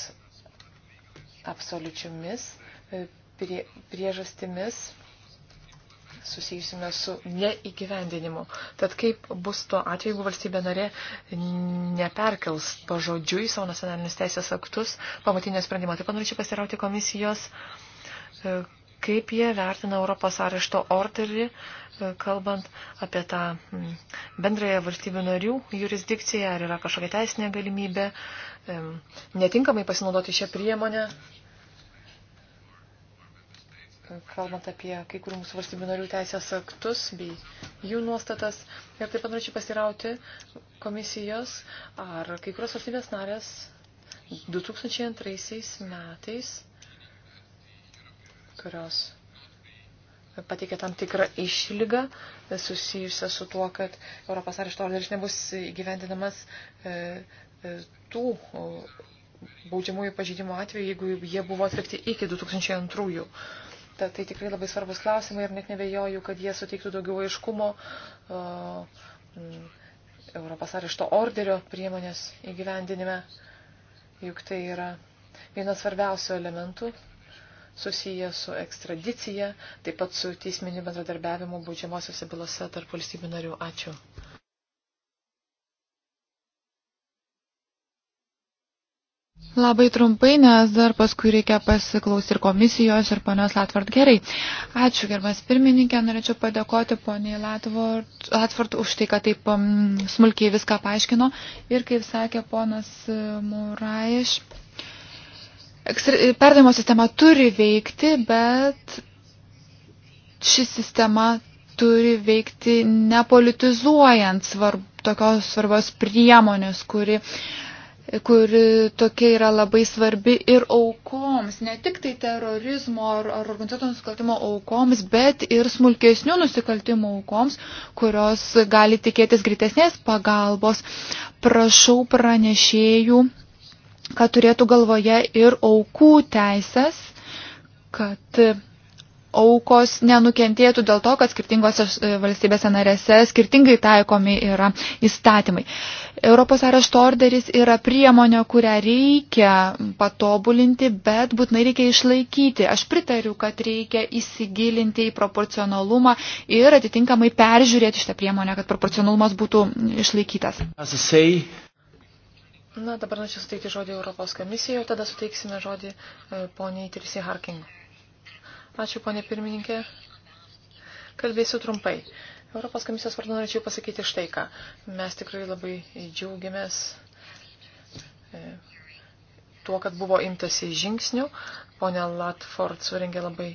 absoliučiomis e, prie, priežastimis susijusime su neįgyvendinimu. Tad kaip bus tuo atveju, jeigu valstybė narė neperkels pažodžiui savo nacionalinius teisės aktus pamatinio sprendimo. Taip pat norėčiau pasirauti komisijos uh, kaip jie vertina Europos arešto orderį, e, kalbant apie tą bendrąją valstybių narių jurisdikciją, ar yra kažkokia teisinė galimybė e, netinkamai pasinaudoti šią priemonę, e, kalbant apie kai kurių mūsų valstybių narių teisės aktus bei jų nuostatas. Ir taip pat norėčiau pasirauti komisijos, ar kai kurios valstybės narės 2002 metais kurios pateikė tam tikrą išlygą susijusią su tuo, kad Europos arešto orderis nebus įgyvendinamas e, e, tų baudžiamųjų pažydimų atveju, jeigu jie buvo atlikti iki 2002. Ta, tai tikrai labai svarbus klausimai ir net nebejoju, kad jie suteiktų daugiau aiškumo mm, Europos arešto orderio priemonės įgyvendinime, juk tai yra vienas svarbiausių elementų susiję su ekstradicija, taip pat su teisminiu bendradarbiavimu baudžiamosiose bylose tarp valstybių narių. Ačiū. Labai trumpai, nes dar paskui reikia pasiklausyti ir komisijos, ir ponios Latvart. Gerai. Ačiū, gerbas pirmininkė. Norėčiau padėkoti poniai Latvart už tai, kad taip um, smulkiai viską paaiškino. Ir kaip sakė ponas e, Muraiš. Uh, Perdavimo sistema turi veikti, bet ši sistema turi veikti nepolitizuojant svarb, tokios svarbios priemonės, kuri, kuri tokia yra labai svarbi ir aukoms, ne tik tai terorizmo ar, ar organizuoto nusikaltimo aukoms, bet ir smulkesnių nusikaltimų aukoms, kurios gali tikėtis greitesnės pagalbos. Prašau pranešėjų kad turėtų galvoje ir aukų teisės, kad aukos nenukentėtų dėl to, kad skirtingose e, valstybėse narėse skirtingai taikomi yra įstatymai. Europos arešto orderis yra priemonė, kurią reikia patobulinti, bet būtinai reikia išlaikyti. Aš pritariu, kad reikia įsigilinti į proporcionalumą ir atitinkamai peržiūrėti šitą priemonę, kad proporcionalumas būtų išlaikytas. Na, dabar norėčiau suteikti žodį Europos komisijoje, tada suteiksime žodį e, poniai Tirsi Harking. Ačiū, ponė pirmininkė. Kalbėsiu trumpai. Europos komisijos vardu norėčiau pasakyti štai ką. Mes tikrai labai džiaugiamės e, tuo, kad buvo imtasi žingsnių. Pone Latford surengė labai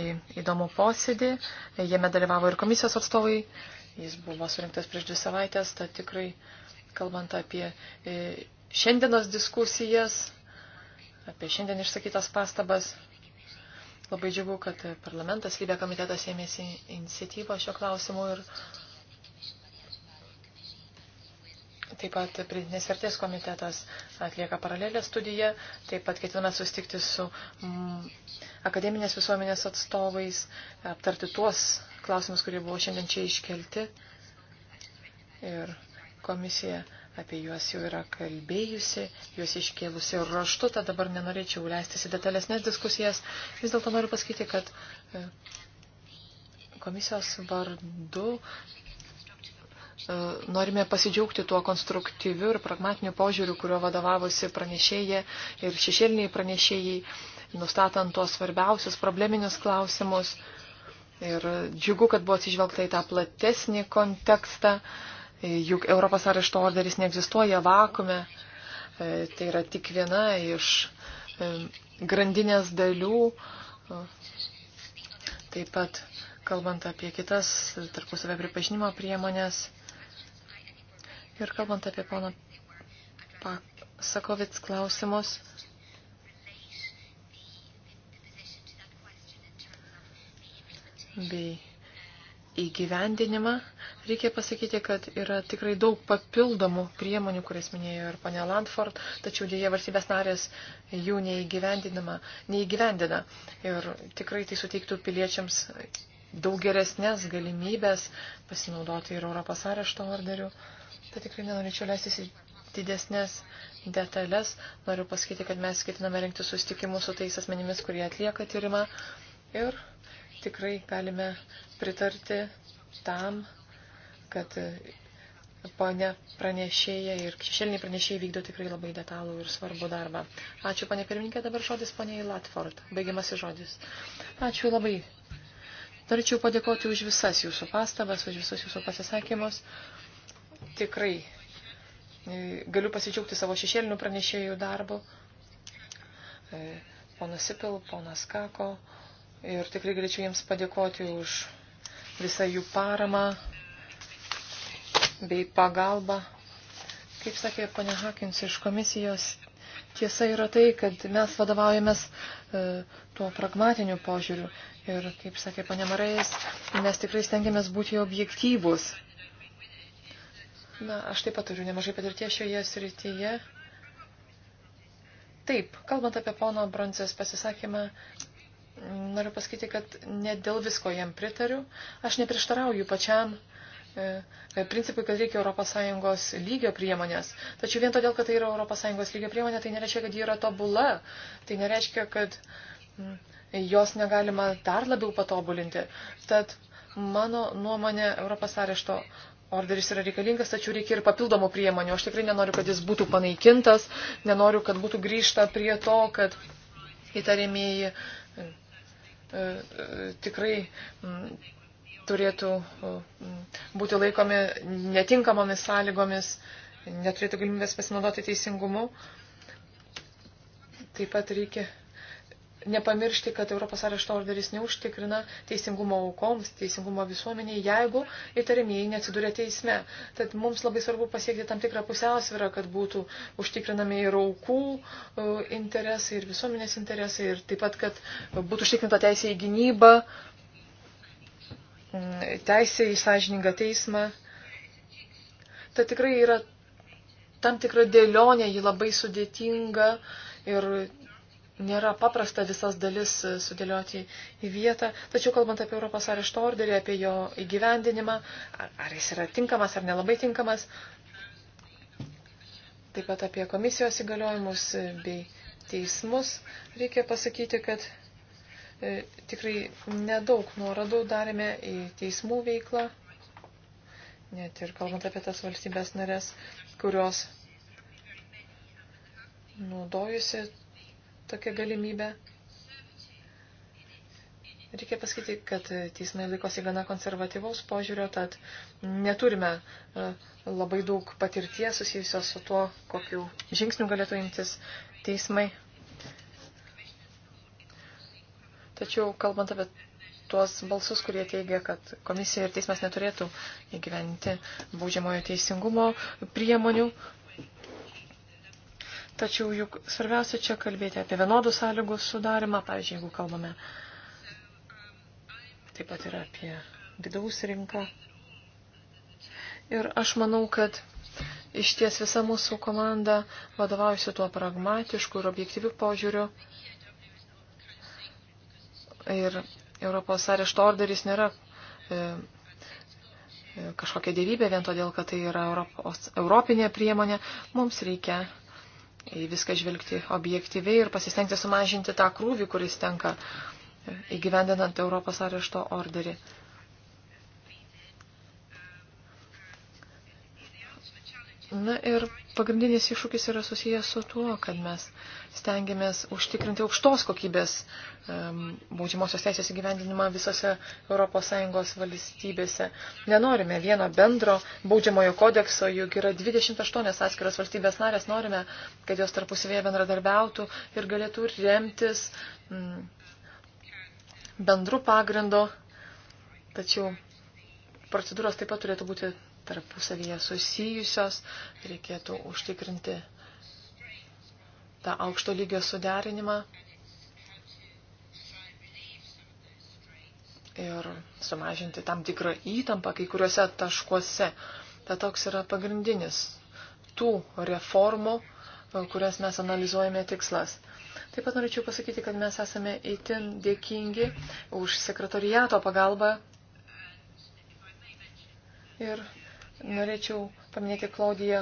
e, įdomų posėdį. Jame dalyvavo ir komisijos atstovai. Jis buvo surinktas prieš dvi savaitės, tad tikrai kalbant apie šiandienos diskusijas, apie šiandien išsakytas pastabas. Labai džiugu, kad parlamentas, lybė komitetas ėmėsi iniciatyvą šio klausimu ir Taip pat pridinės vertės komitetas atlieka paralelę studiją, taip pat ketiname sustikti su mm, akademinės visuomenės atstovais, aptarti tuos klausimus, kurie buvo šiandien čia iškelti. Ir komisija apie juos jau yra kalbėjusi, juos iškėlusi ir raštu, tad dabar nenorėčiau leistis į detalesnės diskusijas. Vis dėlto noriu pasakyti, kad e, komisijos vardu e, norime pasidžiaugti tuo konstruktyviu ir pragmatiniu požiūriu, kurio vadovavosi pranešėjai ir šešėliniai pranešėjai, nustatant tuos svarbiausius probleminius klausimus. Ir džiugu, kad buvo atsižvelgta į tą platesnį kontekstą, Juk Europos arešto orderis neegzistuoja vakume. E, tai yra tik viena iš e, grandinės dalių. E, taip pat, kalbant apie kitas tarpusavę pripažinimo priemonės ir kalbant apie pono Pasakovic klausimus, bei įgyvendinimą, reikia pasakyti, kad yra tikrai daug papildomų priemonių, kurias minėjo ir ponė Landford, tačiau dėje valstybės narės jų neįgyvendina. Ir tikrai tai suteiktų piliečiams daug geresnės galimybės pasinaudoti ir Europos arešto orderių. Tai tikrai nenorėčiau leistis į didesnės detalės. Noriu pasakyti, kad mes ketiname rengti susitikimus su tais asmenimis, kurie atlieka tyrimą. Ir tikrai galime pritarti tam, kad ponė pranešėja ir šešėliniai pranešėjai vykdo tikrai labai detalų ir svarbų darbą. Ačiū, ponė pirmininkė, dabar žodis ponė Latford, baigiamasi žodis. Ačiū labai. Norėčiau padėkoti už visas jūsų pastabas, už visus jūsų pasisakymus. Tikrai e, galiu pasidžiaugti savo šešėlinių pranešėjų darbu. E, ponas Sipil, ponas Kako, ir tikrai galėčiau jiems padėkoti už visą jų paramą bei pagalbą. Kaip sakė ponia Hakins iš komisijos, tiesa yra tai, kad mes vadovaujamės e, tuo pragmatiniu požiūriu. Ir kaip sakė ponia Marais, mes tikrai stengiamės būti objektyvūs. Na, aš taip pat turiu nemažai patirties šioje srityje. Taip, kalbant apie pono Broncijos pasisakymą, noriu pasakyti, kad ne dėl visko jam pritariu. Aš neprieštarauju pačiam e, e, principui, kad reikia ES lygio priemonės. Tačiau vien todėl, kad tai yra ES lygio priemonė, tai nereiškia, kad ji yra tobula. Tai nereiškia, kad mm, jos negalima dar labiau patobulinti. Tad mano nuomonė, Europos arešto orderis yra reikalingas, tačiau reikia ir papildomų priemonių. Aš tikrai nenoriu, kad jis būtų panaikintas, nenoriu, kad būtų grįžta prie to, kad įtariamieji E, tikrai turėtų būti laikomi netinkamomis sąlygomis, neturėtų galimybės pasinaudoti teisingumu. Taip pat reikia nepamiršti, kad Europos arešto orderis neužtikrina teisingumo aukoms, teisingumo visuomeniai, jeigu įtarimieji neatsidūrė teisme. Tad mums labai svarbu pasiekti tam tikrą pusiausvyrą, kad būtų užtikrinami ir aukų e, interesai, ir visuomenės interesai, ir taip pat, kad būtų užtikrinta teisė į gynybą, teisė į sąžiningą teismą. Tai tikrai yra tam tikra dėlionė, ji labai sudėtinga ir nėra paprasta visas dalis e, sudėlioti į vietą, tačiau kalbant apie Europos arešto orderį, apie jo įgyvendinimą, ar, ar jis yra tinkamas ar nelabai tinkamas, taip pat apie komisijos įgaliojimus e, bei teismus, reikia pasakyti, kad e, tikrai nedaug nuorodų darėme į teismų veiklą, net ir kalbant apie tas valstybės narės, kurios naudojusi tokia galimybė. Reikia pasakyti, kad teismai laikosi gana konservatyvaus požiūrio, tad neturime e, labai daug patirties susijusios su tuo, kokiu žingsniu galėtų imtis teismai. Tačiau, kalbant apie tuos balsus, kurie teigia, kad komisija ir teismas neturėtų įgyventi baudžiamojo teisingumo priemonių, Tačiau juk svarbiausia čia kalbėti apie vienodų sąlygų sudarimą, pavyzdžiui, jeigu kalbame taip pat ir apie vidaus rinką. Ir aš manau, kad iš ties visa mūsų komanda vadovaujasi tuo pragmatišku ir objektyviu požiūriu. Ir Europos arešto orderis nėra e, e kažkokia dėvybė vien todėl, kad tai yra Europos, europinė priemonė. Mums reikia į viską žvelgti objektyviai ir pasistengti sumažinti tą krūvį, kuris tenka įgyvendinant Europos arešto orderį. Na ir pagrindinis iššūkis yra susijęs su tuo, kad mes stengiamės užtikrinti aukštos kokybės um, baudžiamosios teisės įgyvendinimą visose ES valstybėse. Nenorime vieno bendro baudžiamojo kodekso, juk yra 28 atskiros valstybės narės, norime, kad jos tarpusavėje bendradarbiautų ir galėtų remtis mm, bendru pagrindu. Tačiau procedūros taip pat turėtų būti tarpusavyje susijusios, reikėtų užtikrinti tą aukšto lygio suderinimą ir sumažinti tam tikrą įtampą kai kuriuose taškuose. Ta toks yra pagrindinis tų reformų, kurias mes analizuojame tikslas. Taip pat norėčiau pasakyti, kad mes esame itin dėkingi už sekretoriato pagalbą. Ir Norėčiau paminėti Klaudiją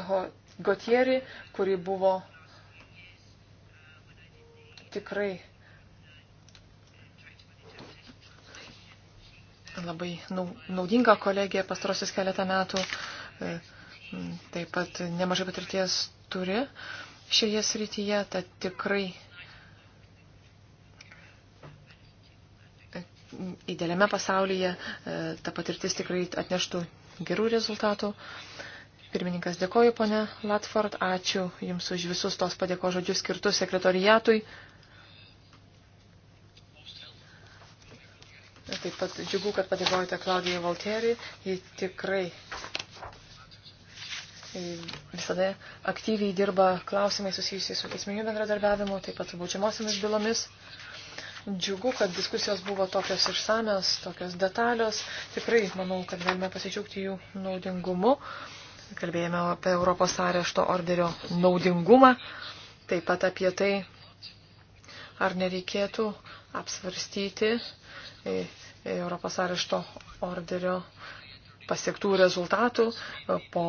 Gotierį, kuri buvo tikrai labai naudinga kolegija pastarosius keletą metų. E, taip pat nemažai patirties turi šioje srityje, tad tikrai e, idealiame pasaulyje e, ta patirtis tikrai atneštų gerų rezultatų. Pirmininkas dėkoju, ponė Latford, ačiū Jums už visus tos padėko žodžius skirtus sekretoriatui. Taip pat džiugu, kad padėkojate Klaudijai Volteriui. Ji tikrai e, visada aktyviai dirba klausimai susijusiai su teisminiu bendradarbiavimu, taip pat baudžiamosiamis bylomis. Džiugu, kad diskusijos buvo tokios išsamios, tokios detalios. Tikrai manau, kad galime pasidžiaugti jų naudingumu. Kalbėjome apie Europos arešto orderio naudingumą, taip pat apie tai, ar nereikėtų apsvarstyti e, e, Europos arešto orderio pasiektų rezultatų e, po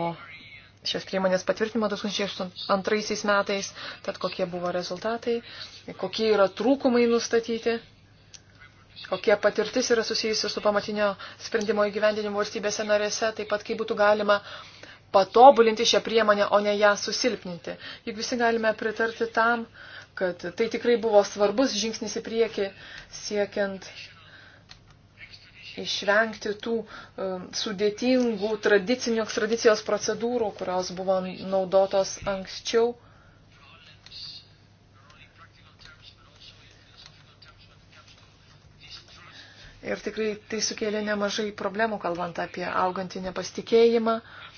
šias priemonės patvirtinimo 2002 metais, tad kokie buvo rezultatai, kokie yra trūkumai nustatyti, kokie patirtis yra susijusi su pamatinio sprendimo įgyvendinimu valstybėse narėse, taip pat kaip būtų galima patobulinti šią priemonę, o ne ją susilpninti. Juk visi galime pritarti tam, kad tai tikrai buvo svarbus žingsnis į priekį siekiant išvengti tų e, sudėtingų tradicinių ekstradicijos procedūrų, kurios buvo naudotos anksčiau. Ir tikrai tai sukėlė nemažai problemų, kalbant apie augantį nepasitikėjimą. Uh,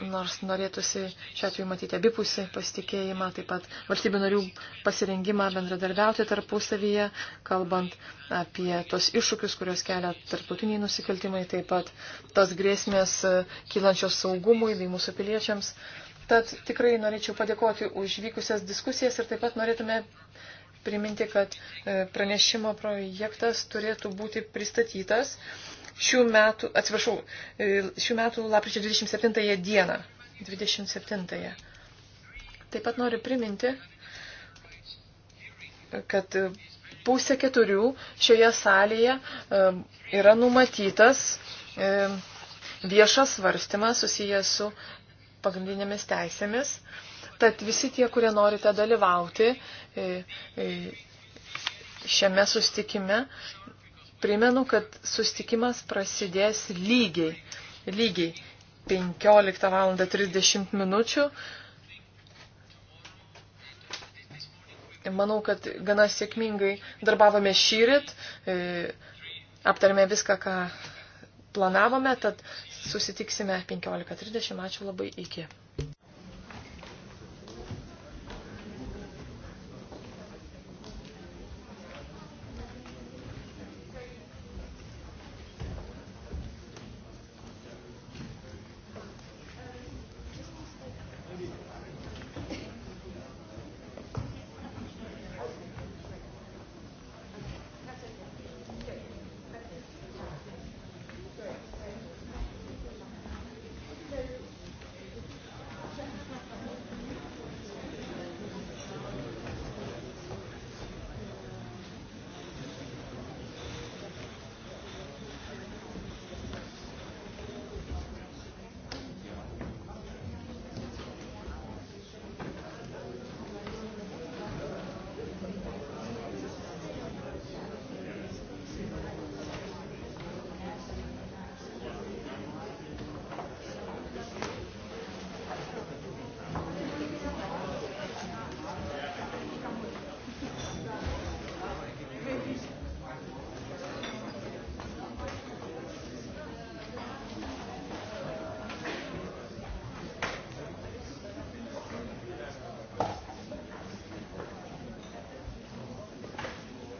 nors norėtųsi šiuo atveju matyti abipusį pasitikėjimą, taip pat valstybių narių pasirengimą bendradarbiauti tarpusavyje, kalbant apie tos iššūkius, kurios kelia tarptautiniai nusikaltimai, taip pat tas grėsmės e, kylančios saugumui bei mūsų piliečiams. Tad tikrai norėčiau padėkoti už vykusias diskusijas ir taip pat norėtume priminti, kad e, pranešimo projektas turėtų būti pristatytas šių metų, atsiprašau, e, šių metų lapkričio 27 dieną. 27. Taip pat noriu priminti, kad pusė keturių šioje salėje e, yra numatytas e, viešas svarstymas susijęs su pagrindinėmis teisėmis. Tad visi tie, kurie norite dalyvauti šiame sustikime, Primenu, kad sustikimas prasidės lygiai, lygiai 15 val. 30 minučių. Manau, kad gana sėkmingai darbavome šyrit, e, aptarėme viską, ką planavome, tad susitiksime 15.30. Ačiū labai iki.